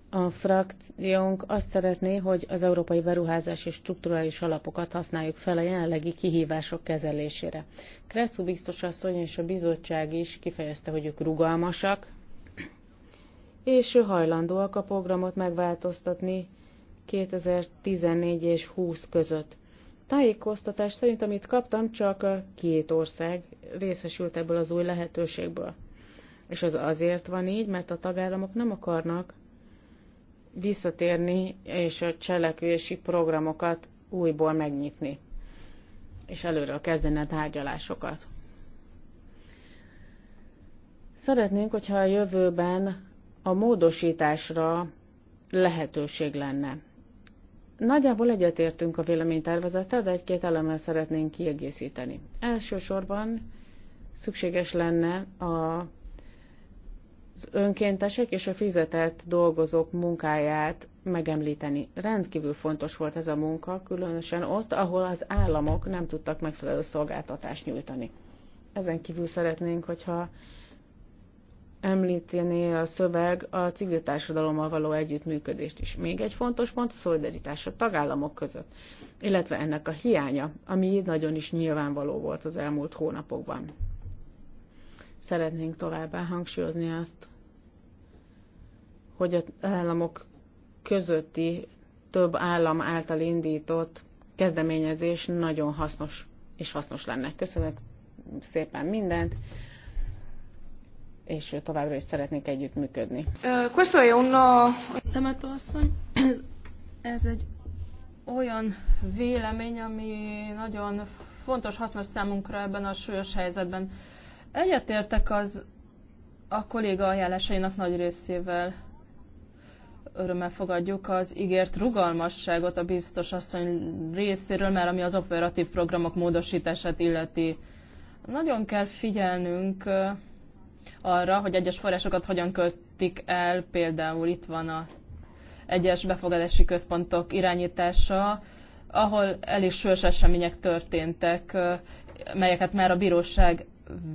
A frakciónk azt szeretné, hogy az európai beruházási és strukturális alapokat használjuk fel a jelenlegi kihívások kezelésére. Kretszú biztos asszony és a bizottság is kifejezte, hogy ők rugalmasak, és hajlandóak a programot megváltoztatni 2014 és 20 között. Tájékoztatás szerint, amit kaptam, csak két ország részesült ebből az új lehetőségből. És az azért van így, mert a tagállamok nem akarnak visszatérni és a cselekvési programokat újból megnyitni, és előről kezdeni a tárgyalásokat. Szeretnénk, hogyha a jövőben a módosításra lehetőség lenne. Nagyjából egyetértünk a véleménytervezettel, de egy-két elemmel szeretnénk kiegészíteni. Elsősorban szükséges lenne a, az önkéntesek és a fizetett dolgozók munkáját megemlíteni. Rendkívül fontos volt ez a munka, különösen ott, ahol az államok nem tudtak megfelelő szolgáltatást nyújtani. Ezen kívül szeretnénk, hogyha említené a szöveg a civil társadalommal való együttműködést is. Még egy fontos pont a szolidaritás a tagállamok között, illetve ennek a hiánya, ami nagyon is nyilvánvaló volt az elmúlt hónapokban. Szeretnénk továbbá hangsúlyozni azt, hogy az államok közötti több állam által indított kezdeményezés nagyon hasznos és hasznos lenne. Köszönöm szépen mindent! és továbbra is szeretnék együttműködni. Questo è una... Temető ez, ez egy olyan vélemény, ami nagyon fontos, hasznos számunkra ebben a súlyos helyzetben. Egyetértek az a kolléga ajánlásainak nagy részével. Örömmel fogadjuk az ígért rugalmasságot a biztos asszony részéről, mert ami az operatív programok módosítását illeti. Nagyon kell figyelnünk arra, hogy egyes forrásokat hogyan költik el, például itt van a egyes befogadási központok irányítása, ahol is sős események történtek, melyeket már a bíróság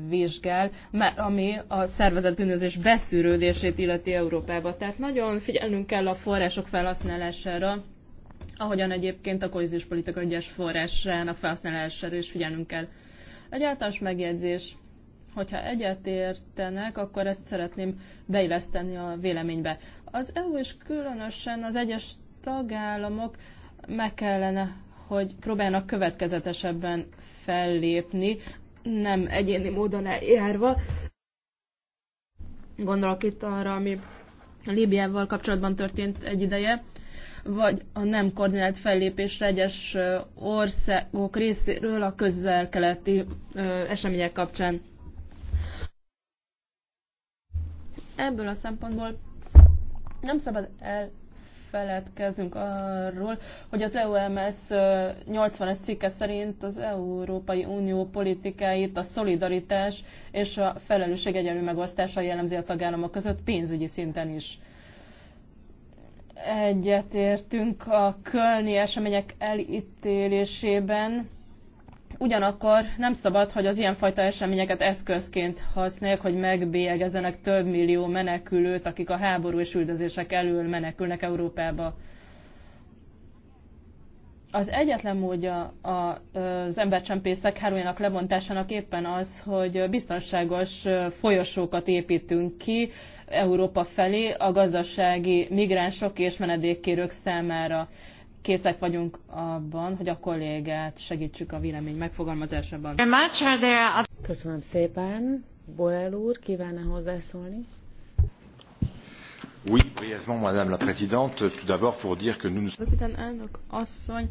vizsgál, mert ami a szervezet beszűrődését illeti Európába. Tehát nagyon figyelnünk kell a források felhasználására, ahogyan egyébként a kohéziós politika egyes forrásának felhasználására is figyelnünk kell. Egy általános megjegyzés, Hogyha egyetértenek, akkor ezt szeretném beilleszteni a véleménybe. Az EU és különösen az egyes tagállamok meg kellene, hogy próbálnak következetesebben fellépni, nem egyéni módon eljárva. Gondolok itt arra, ami Líbiával kapcsolatban történt egy ideje, vagy a nem koordinált fellépésre egyes országok részéről a közel-keleti események kapcsán. Ebből a szempontból nem szabad elfeledkeznünk arról, hogy az EUMS 80 es cikke szerint az Európai Unió politikáit a szolidaritás és a felelősség egyenlő megosztása jellemzi a tagállamok között pénzügyi szinten is egyetértünk a kölni események elítélésében, Ugyanakkor nem szabad, hogy az ilyenfajta eseményeket eszközként használják, hogy megbélyegezenek több millió menekülőt, akik a háború és üldözések elől menekülnek Európába. Az egyetlen módja az embercsempészek hárójának lebontásának éppen az, hogy biztonságos folyosókat építünk ki Európa felé a gazdasági migránsok és menedékkérők számára készek vagyunk abban, hogy a kollégát segítsük a vélemény megfogalmazásában. Köszönöm szépen. Borel úr, kívánna hozzászólni? Oui, brièvement, Madame la Présidente, tout d'abord pour dire que nous... nous. Capitaine Röviden elnök asszony,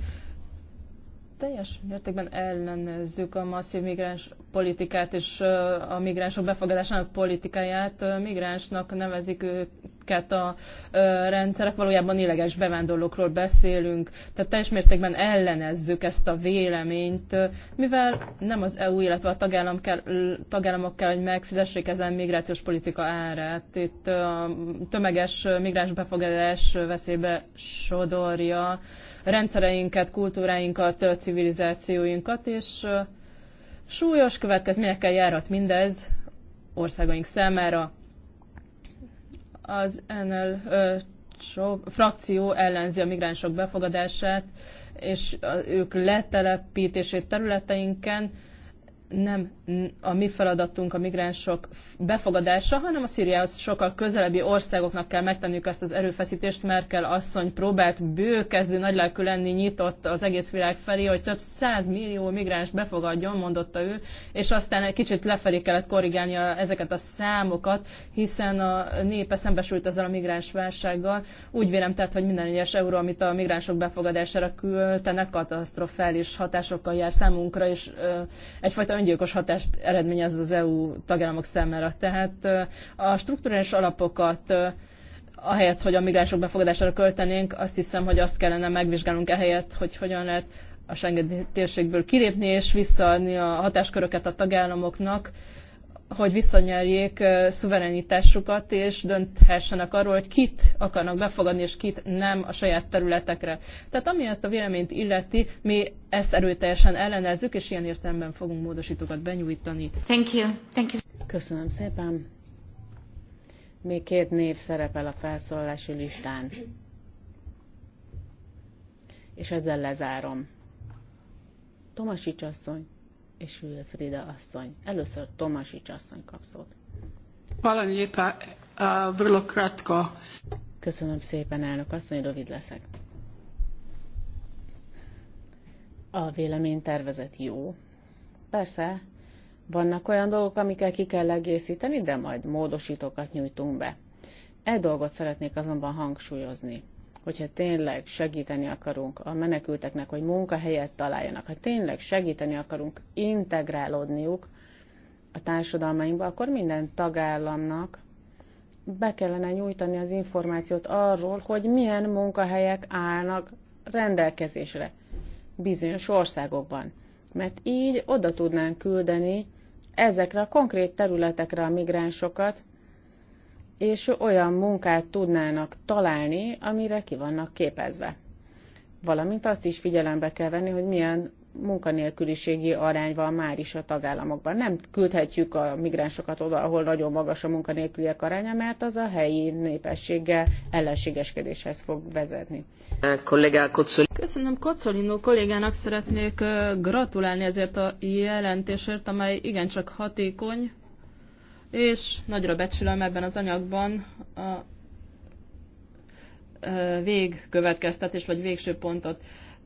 teljes mértékben ellenezzük a masszív migráns politikát és a migránsok befogadásának politikáját. Migránsnak nevezik őket a rendszerek, valójában illegális bevándorlókról beszélünk, tehát teljes mértékben ellenezzük ezt a véleményt, mivel nem az EU, illetve a tagállam kell, tagállamok kell, hogy megfizessék ezen migrációs politika árát. Itt a tömeges migráns befogadás veszélybe sodorja rendszereinket, kultúráinkat, civilizációinkat, és súlyos következményekkel járhat mindez országaink számára. Az NL frakció ellenzi a migránsok befogadását, és ők letelepítését területeinken, nem a mi feladatunk a migránsok befogadása, hanem a Szíriához sokkal közelebbi országoknak kell megtenniük ezt az erőfeszítést. Merkel asszony próbált bőkezű nagylelkű lenni, nyitott az egész világ felé, hogy több száz millió migráns befogadjon, mondotta ő, és aztán egy kicsit lefelé kellett korrigálni a, ezeket a számokat, hiszen a népe szembesült ezzel a migráns válsággal. Úgy vélem tehát, hogy minden egyes euró, amit a migránsok befogadására küldtenek, katasztrofális hatásokkal jár számunkra, és ö, egyfajta öngyilkos hatást eredményez az EU tagállamok számára. Tehát a strukturális alapokat ahelyett, hogy a migránsok befogadására költenénk, azt hiszem, hogy azt kellene megvizsgálnunk ehelyett, hogy hogyan lehet a Schengen térségből kilépni és visszaadni a hatásköröket a tagállamoknak, hogy visszanyerjék szuverenitásukat, és dönthessenek arról, hogy kit akarnak befogadni, és kit nem a saját területekre. Tehát ami ezt a véleményt illeti, mi ezt erőteljesen ellenezzük, és ilyen értelemben fogunk módosítókat benyújtani. Thank you. Thank you. Köszönöm szépen. Még két név szerepel a felszólalási listán. És ezzel lezárom. Tomasics asszony és Wilfrida asszony. Először Tomasics asszony kap szót. Köszönöm szépen, elnök asszony, rövid leszek. A véleménytervezet jó. Persze, vannak olyan dolgok, amikkel ki kell egészíteni, de majd módosítókat nyújtunk be. Egy dolgot szeretnék azonban hangsúlyozni – hogyha tényleg segíteni akarunk a menekülteknek, hogy munkahelyet találjanak, ha tényleg segíteni akarunk integrálódniuk a társadalmainkba, akkor minden tagállamnak be kellene nyújtani az információt arról, hogy milyen munkahelyek állnak rendelkezésre bizonyos országokban. Mert így oda tudnánk küldeni ezekre a konkrét területekre a migránsokat, és olyan munkát tudnának találni, amire ki vannak képezve. Valamint azt is figyelembe kell venni, hogy milyen munkanélküliségi arány van már is a tagállamokban. Nem küldhetjük a migránsokat oda, ahol nagyon magas a munkanélküliek aránya, mert az a helyi népességgel ellenségeskedéshez fog vezetni. Köszönöm Kocolino kollégának szeretnék gratulálni ezért a jelentésért, amely igencsak hatékony, és nagyra becsülöm ebben az anyagban a végkövetkeztetés vagy végső pontot.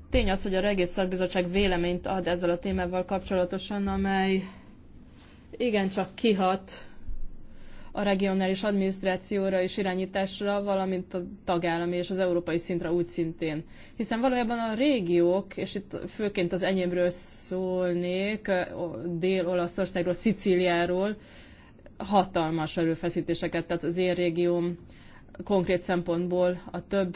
Tény az, hogy a Regész Szakbizottság véleményt ad ezzel a témával kapcsolatosan, amely igencsak kihat a regionális adminisztrációra és irányításra, valamint a tagállami és az európai szintre úgy szintén. Hiszen valójában a régiók, és itt főként az enyémről szólnék, Dél-Olaszországról, Szicíliáról, hatalmas erőfeszítéseket, tehát az én régióm konkrét szempontból a több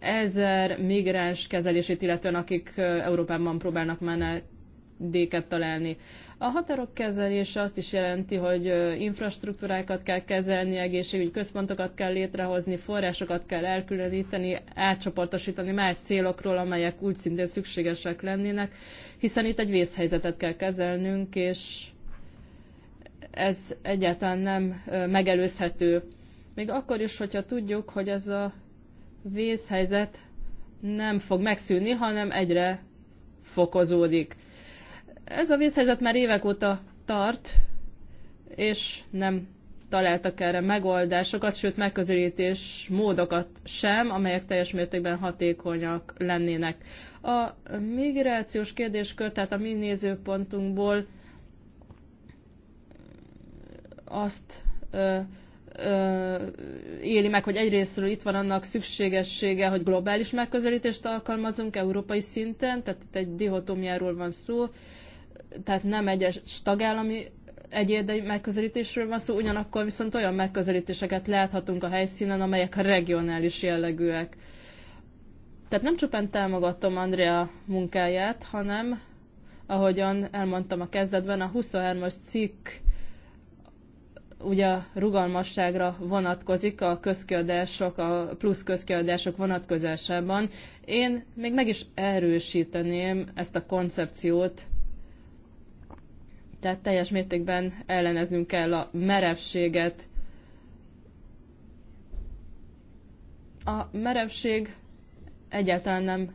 ezer migráns kezelését illetően, akik Európában próbálnak menedéket találni. A határok kezelése azt is jelenti, hogy infrastruktúrákat kell kezelni, egészségügyi központokat kell létrehozni, forrásokat kell elkülöníteni, átcsoportosítani más célokról, amelyek úgy szintén szükségesek lennének, hiszen itt egy vészhelyzetet kell kezelnünk, és ez egyáltalán nem megelőzhető. Még akkor is, hogyha tudjuk, hogy ez a vészhelyzet nem fog megszűnni, hanem egyre fokozódik. Ez a vészhelyzet már évek óta tart, és nem találtak erre megoldásokat, sőt megközelítés módokat sem, amelyek teljes mértékben hatékonyak lennének. A migrációs kérdéskör, tehát a mi nézőpontunkból azt ö, ö, éli meg, hogy egyrésztről itt van annak szükségessége, hogy globális megközelítést alkalmazunk európai szinten, tehát itt egy dihotómiáról van szó, tehát nem egyes tagállami egyéni megközelítésről van szó, ugyanakkor viszont olyan megközelítéseket láthatunk a helyszínen, amelyek regionális jellegűek. Tehát nem csupán támogatom Andrea munkáját, hanem, ahogyan elmondtam a kezdetben, a 23-as cikk ugye a rugalmasságra vonatkozik a közkiadások, a plusz közkiadások vonatkozásában. Én még meg is erősíteném ezt a koncepciót, tehát teljes mértékben elleneznünk kell a merevséget. A merevség egyáltalán nem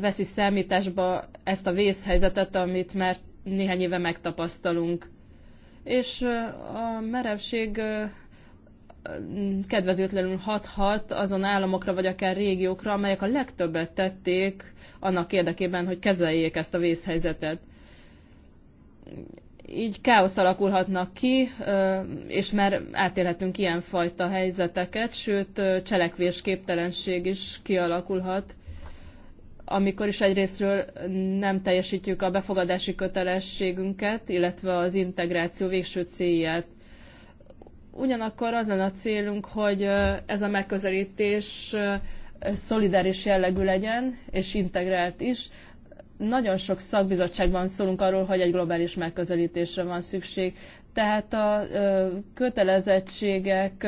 veszi számításba ezt a vészhelyzetet, amit már néhány éve megtapasztalunk és a merevség kedvezőtlenül hathat azon államokra, vagy akár régiókra, amelyek a legtöbbet tették annak érdekében, hogy kezeljék ezt a vészhelyzetet. Így káosz alakulhatnak ki, és már átélhetünk ilyenfajta helyzeteket, sőt cselekvésképtelenség is kialakulhat amikor is egyrésztről nem teljesítjük a befogadási kötelességünket, illetve az integráció végső célját. Ugyanakkor az lenne a célunk, hogy ez a megközelítés szolidáris jellegű legyen, és integrált is, nagyon sok szakbizottságban szólunk arról, hogy egy globális megközelítésre van szükség. Tehát a kötelezettségek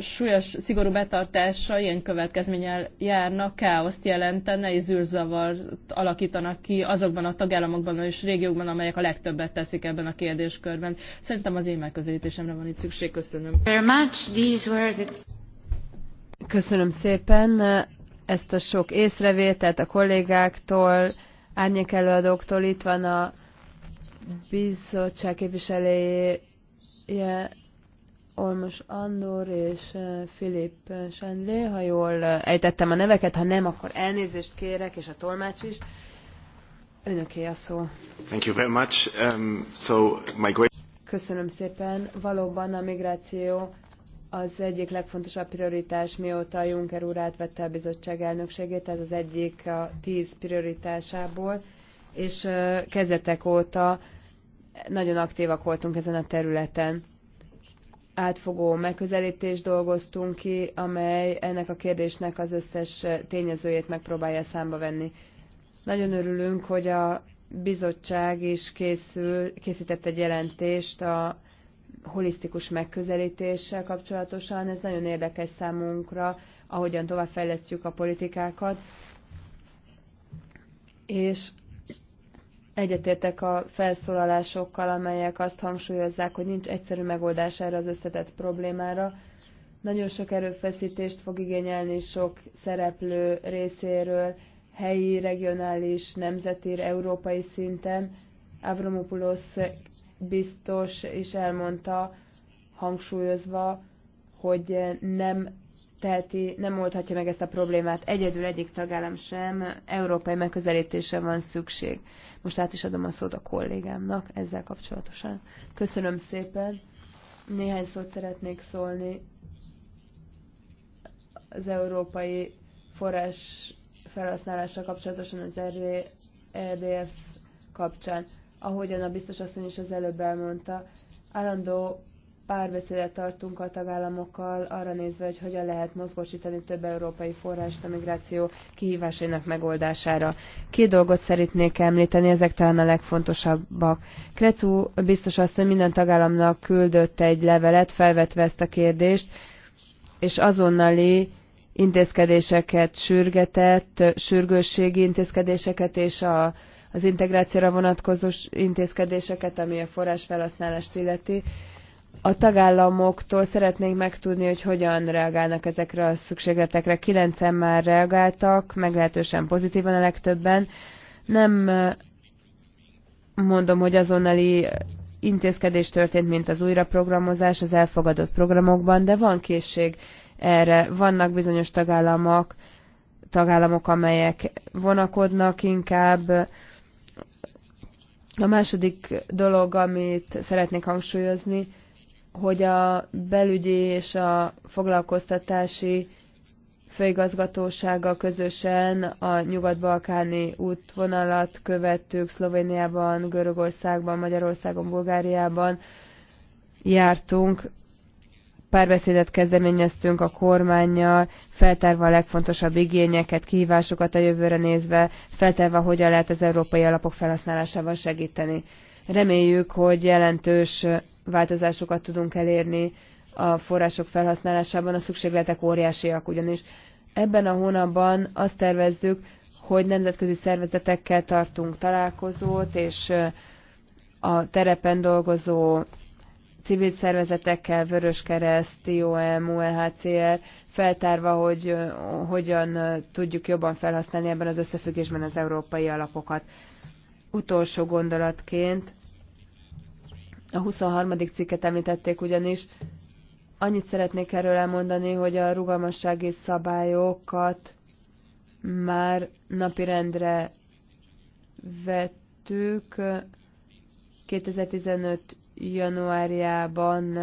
súlyos, szigorú betartása ilyen következménnyel járna, káoszt jelentene, és zűrzavart alakítanak ki azokban a tagállamokban és régiókban, amelyek a legtöbbet teszik ebben a kérdéskörben. Szerintem az én megközelítésemre van itt szükség. Köszönöm. Köszönöm szépen ezt a sok észrevételt a kollégáktól, árnyék előadóktól. Itt van a bizottság képviselője Olmos Andor és Filip Sendlé, ha jól ejtettem a neveket, ha nem, akkor elnézést kérek, és a tolmács is. Önöké a szó. Thank you very much. Um, so my... Köszönöm szépen. Valóban a migráció az egyik legfontosabb prioritás, mióta Juncker úr átvette a bizottság elnökségét, ez az egyik a tíz prioritásából, és kezdetek óta nagyon aktívak voltunk ezen a területen. Átfogó megközelítést dolgoztunk ki, amely ennek a kérdésnek az összes tényezőjét megpróbálja számba venni. Nagyon örülünk, hogy a bizottság is készül, készített egy jelentést a holisztikus megközelítéssel kapcsolatosan. Ez nagyon érdekes számunkra, ahogyan továbbfejlesztjük a politikákat. És egyetértek a felszólalásokkal, amelyek azt hangsúlyozzák, hogy nincs egyszerű megoldás erre az összetett problémára. Nagyon sok erőfeszítést fog igényelni sok szereplő részéről, helyi, regionális, nemzeti, európai szinten Avramopoulos biztos is elmondta, hangsúlyozva, hogy nem teheti, nem oldhatja meg ezt a problémát. Egyedül egyik tagállam sem, európai megközelítésre van szükség. Most át is adom a szót a kollégámnak ezzel kapcsolatosan. Köszönöm szépen. Néhány szót szeretnék szólni az európai forrás felhasználása kapcsolatosan az RDF kapcsán ahogyan a biztos asszony is az előbb elmondta. Állandó párbeszédet tartunk a tagállamokkal arra nézve, hogy hogyan lehet mozgósítani több európai forrást a migráció kihívásainak megoldására. Két dolgot szeretnék említeni, ezek talán a legfontosabbak. Krecu biztos asszony minden tagállamnak küldött egy levelet, felvetve ezt a kérdést, és azonnali intézkedéseket sürgetett, sürgősségi intézkedéseket és a az integrációra vonatkozó intézkedéseket, ami a forrásfelhasználást illeti. A tagállamoktól szeretnénk megtudni, hogy hogyan reagálnak ezekre a szükségletekre. Kilencen már reagáltak, meglehetősen pozitívan a legtöbben. Nem mondom, hogy azonnali intézkedés történt, mint az újraprogramozás az elfogadott programokban, de van készség erre. Vannak bizonyos tagállamok, tagállamok, amelyek vonakodnak inkább, a második dolog, amit szeretnék hangsúlyozni, hogy a belügyi és a foglalkoztatási főigazgatósága közösen a nyugat-balkáni útvonalat követtük Szlovéniában, Görögországban, Magyarországon, Bulgáriában jártunk párbeszédet kezdeményeztünk a kormányjal, feltárva a legfontosabb igényeket, kihívásokat a jövőre nézve, feltárva, hogyan lehet az európai alapok felhasználásával segíteni. Reméljük, hogy jelentős változásokat tudunk elérni a források felhasználásában, a szükségletek óriásiak ugyanis. Ebben a hónapban azt tervezzük, hogy nemzetközi szervezetekkel tartunk találkozót, és a terepen dolgozó civil szervezetekkel, Vöröskereszt, IOM, UNHCR, feltárva, hogy hogyan tudjuk jobban felhasználni ebben az összefüggésben az európai alapokat. Utolsó gondolatként a 23. cikket említették ugyanis, annyit szeretnék erről elmondani, hogy a rugalmassági szabályokat már napirendre vettük 2015 januárjában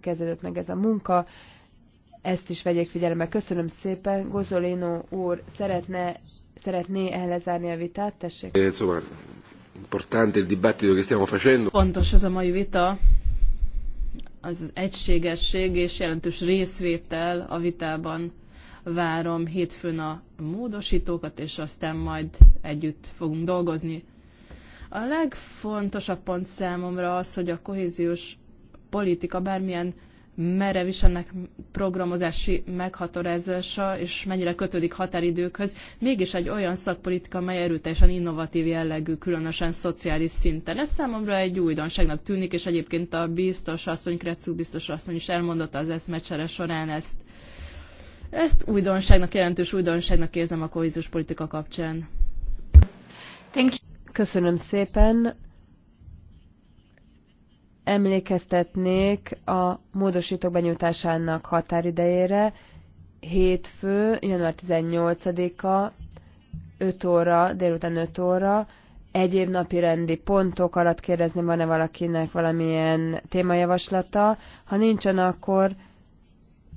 kezdődött meg ez a munka. Ezt is vegyék figyelembe. Köszönöm szépen. Gozolino úr szeretne, szeretné ellezárni a vitát? Tessék. Eh, Fontos ez a mai vita. Az egységesség és jelentős részvétel a vitában várom hétfőn a módosítókat, és aztán majd együtt fogunk dolgozni. A legfontosabb pont számomra az, hogy a kohéziós politika bármilyen merev is ennek programozási meghatározása, és mennyire kötődik határidőkhöz, mégis egy olyan szakpolitika, mely erőteljesen innovatív jellegű, különösen szociális szinten. Ez számomra egy újdonságnak tűnik, és egyébként a biztos asszony, Kretszú biztos asszony is elmondotta az eszmecsere során ezt. Ezt újdonságnak, jelentős újdonságnak érzem a kohéziós politika kapcsán. Thank you. Köszönöm szépen. Emlékeztetnék a módosítók benyújtásának határidejére. Hétfő, január 18-a, 5 óra, délután 5 óra. Egyéb napi rendi pontok alatt kérdezni, van-e valakinek valamilyen témajavaslata. Ha nincsen, akkor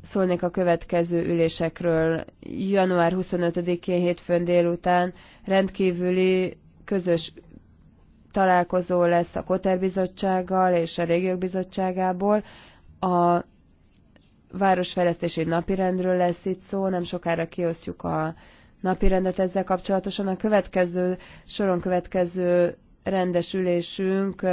szólnék a következő ülésekről. Január 25-én hétfőn délután rendkívüli közös találkozó lesz a Koter Bizottsággal és a Régiók Bizottságából. A városfejlesztési napirendről lesz itt szó, nem sokára kiosztjuk a napirendet ezzel kapcsolatosan. A következő soron következő rendesülésünk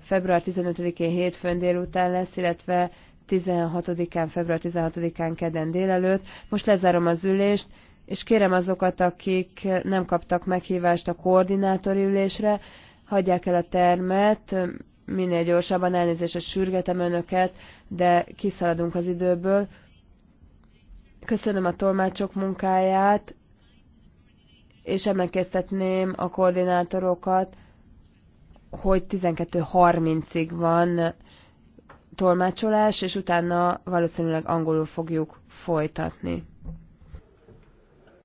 február 15-én hétfőn délután lesz, illetve 16-án, február 16-án kedden délelőtt. Most lezárom az ülést és kérem azokat, akik nem kaptak meghívást a koordinátori ülésre, hagyják el a termet, minél gyorsabban elnézést, hogy sürgetem önöket, de kiszaladunk az időből. Köszönöm a tolmácsok munkáját, és emlékeztetném a koordinátorokat, hogy 12.30-ig van tolmácsolás, és utána valószínűleg angolul fogjuk folytatni.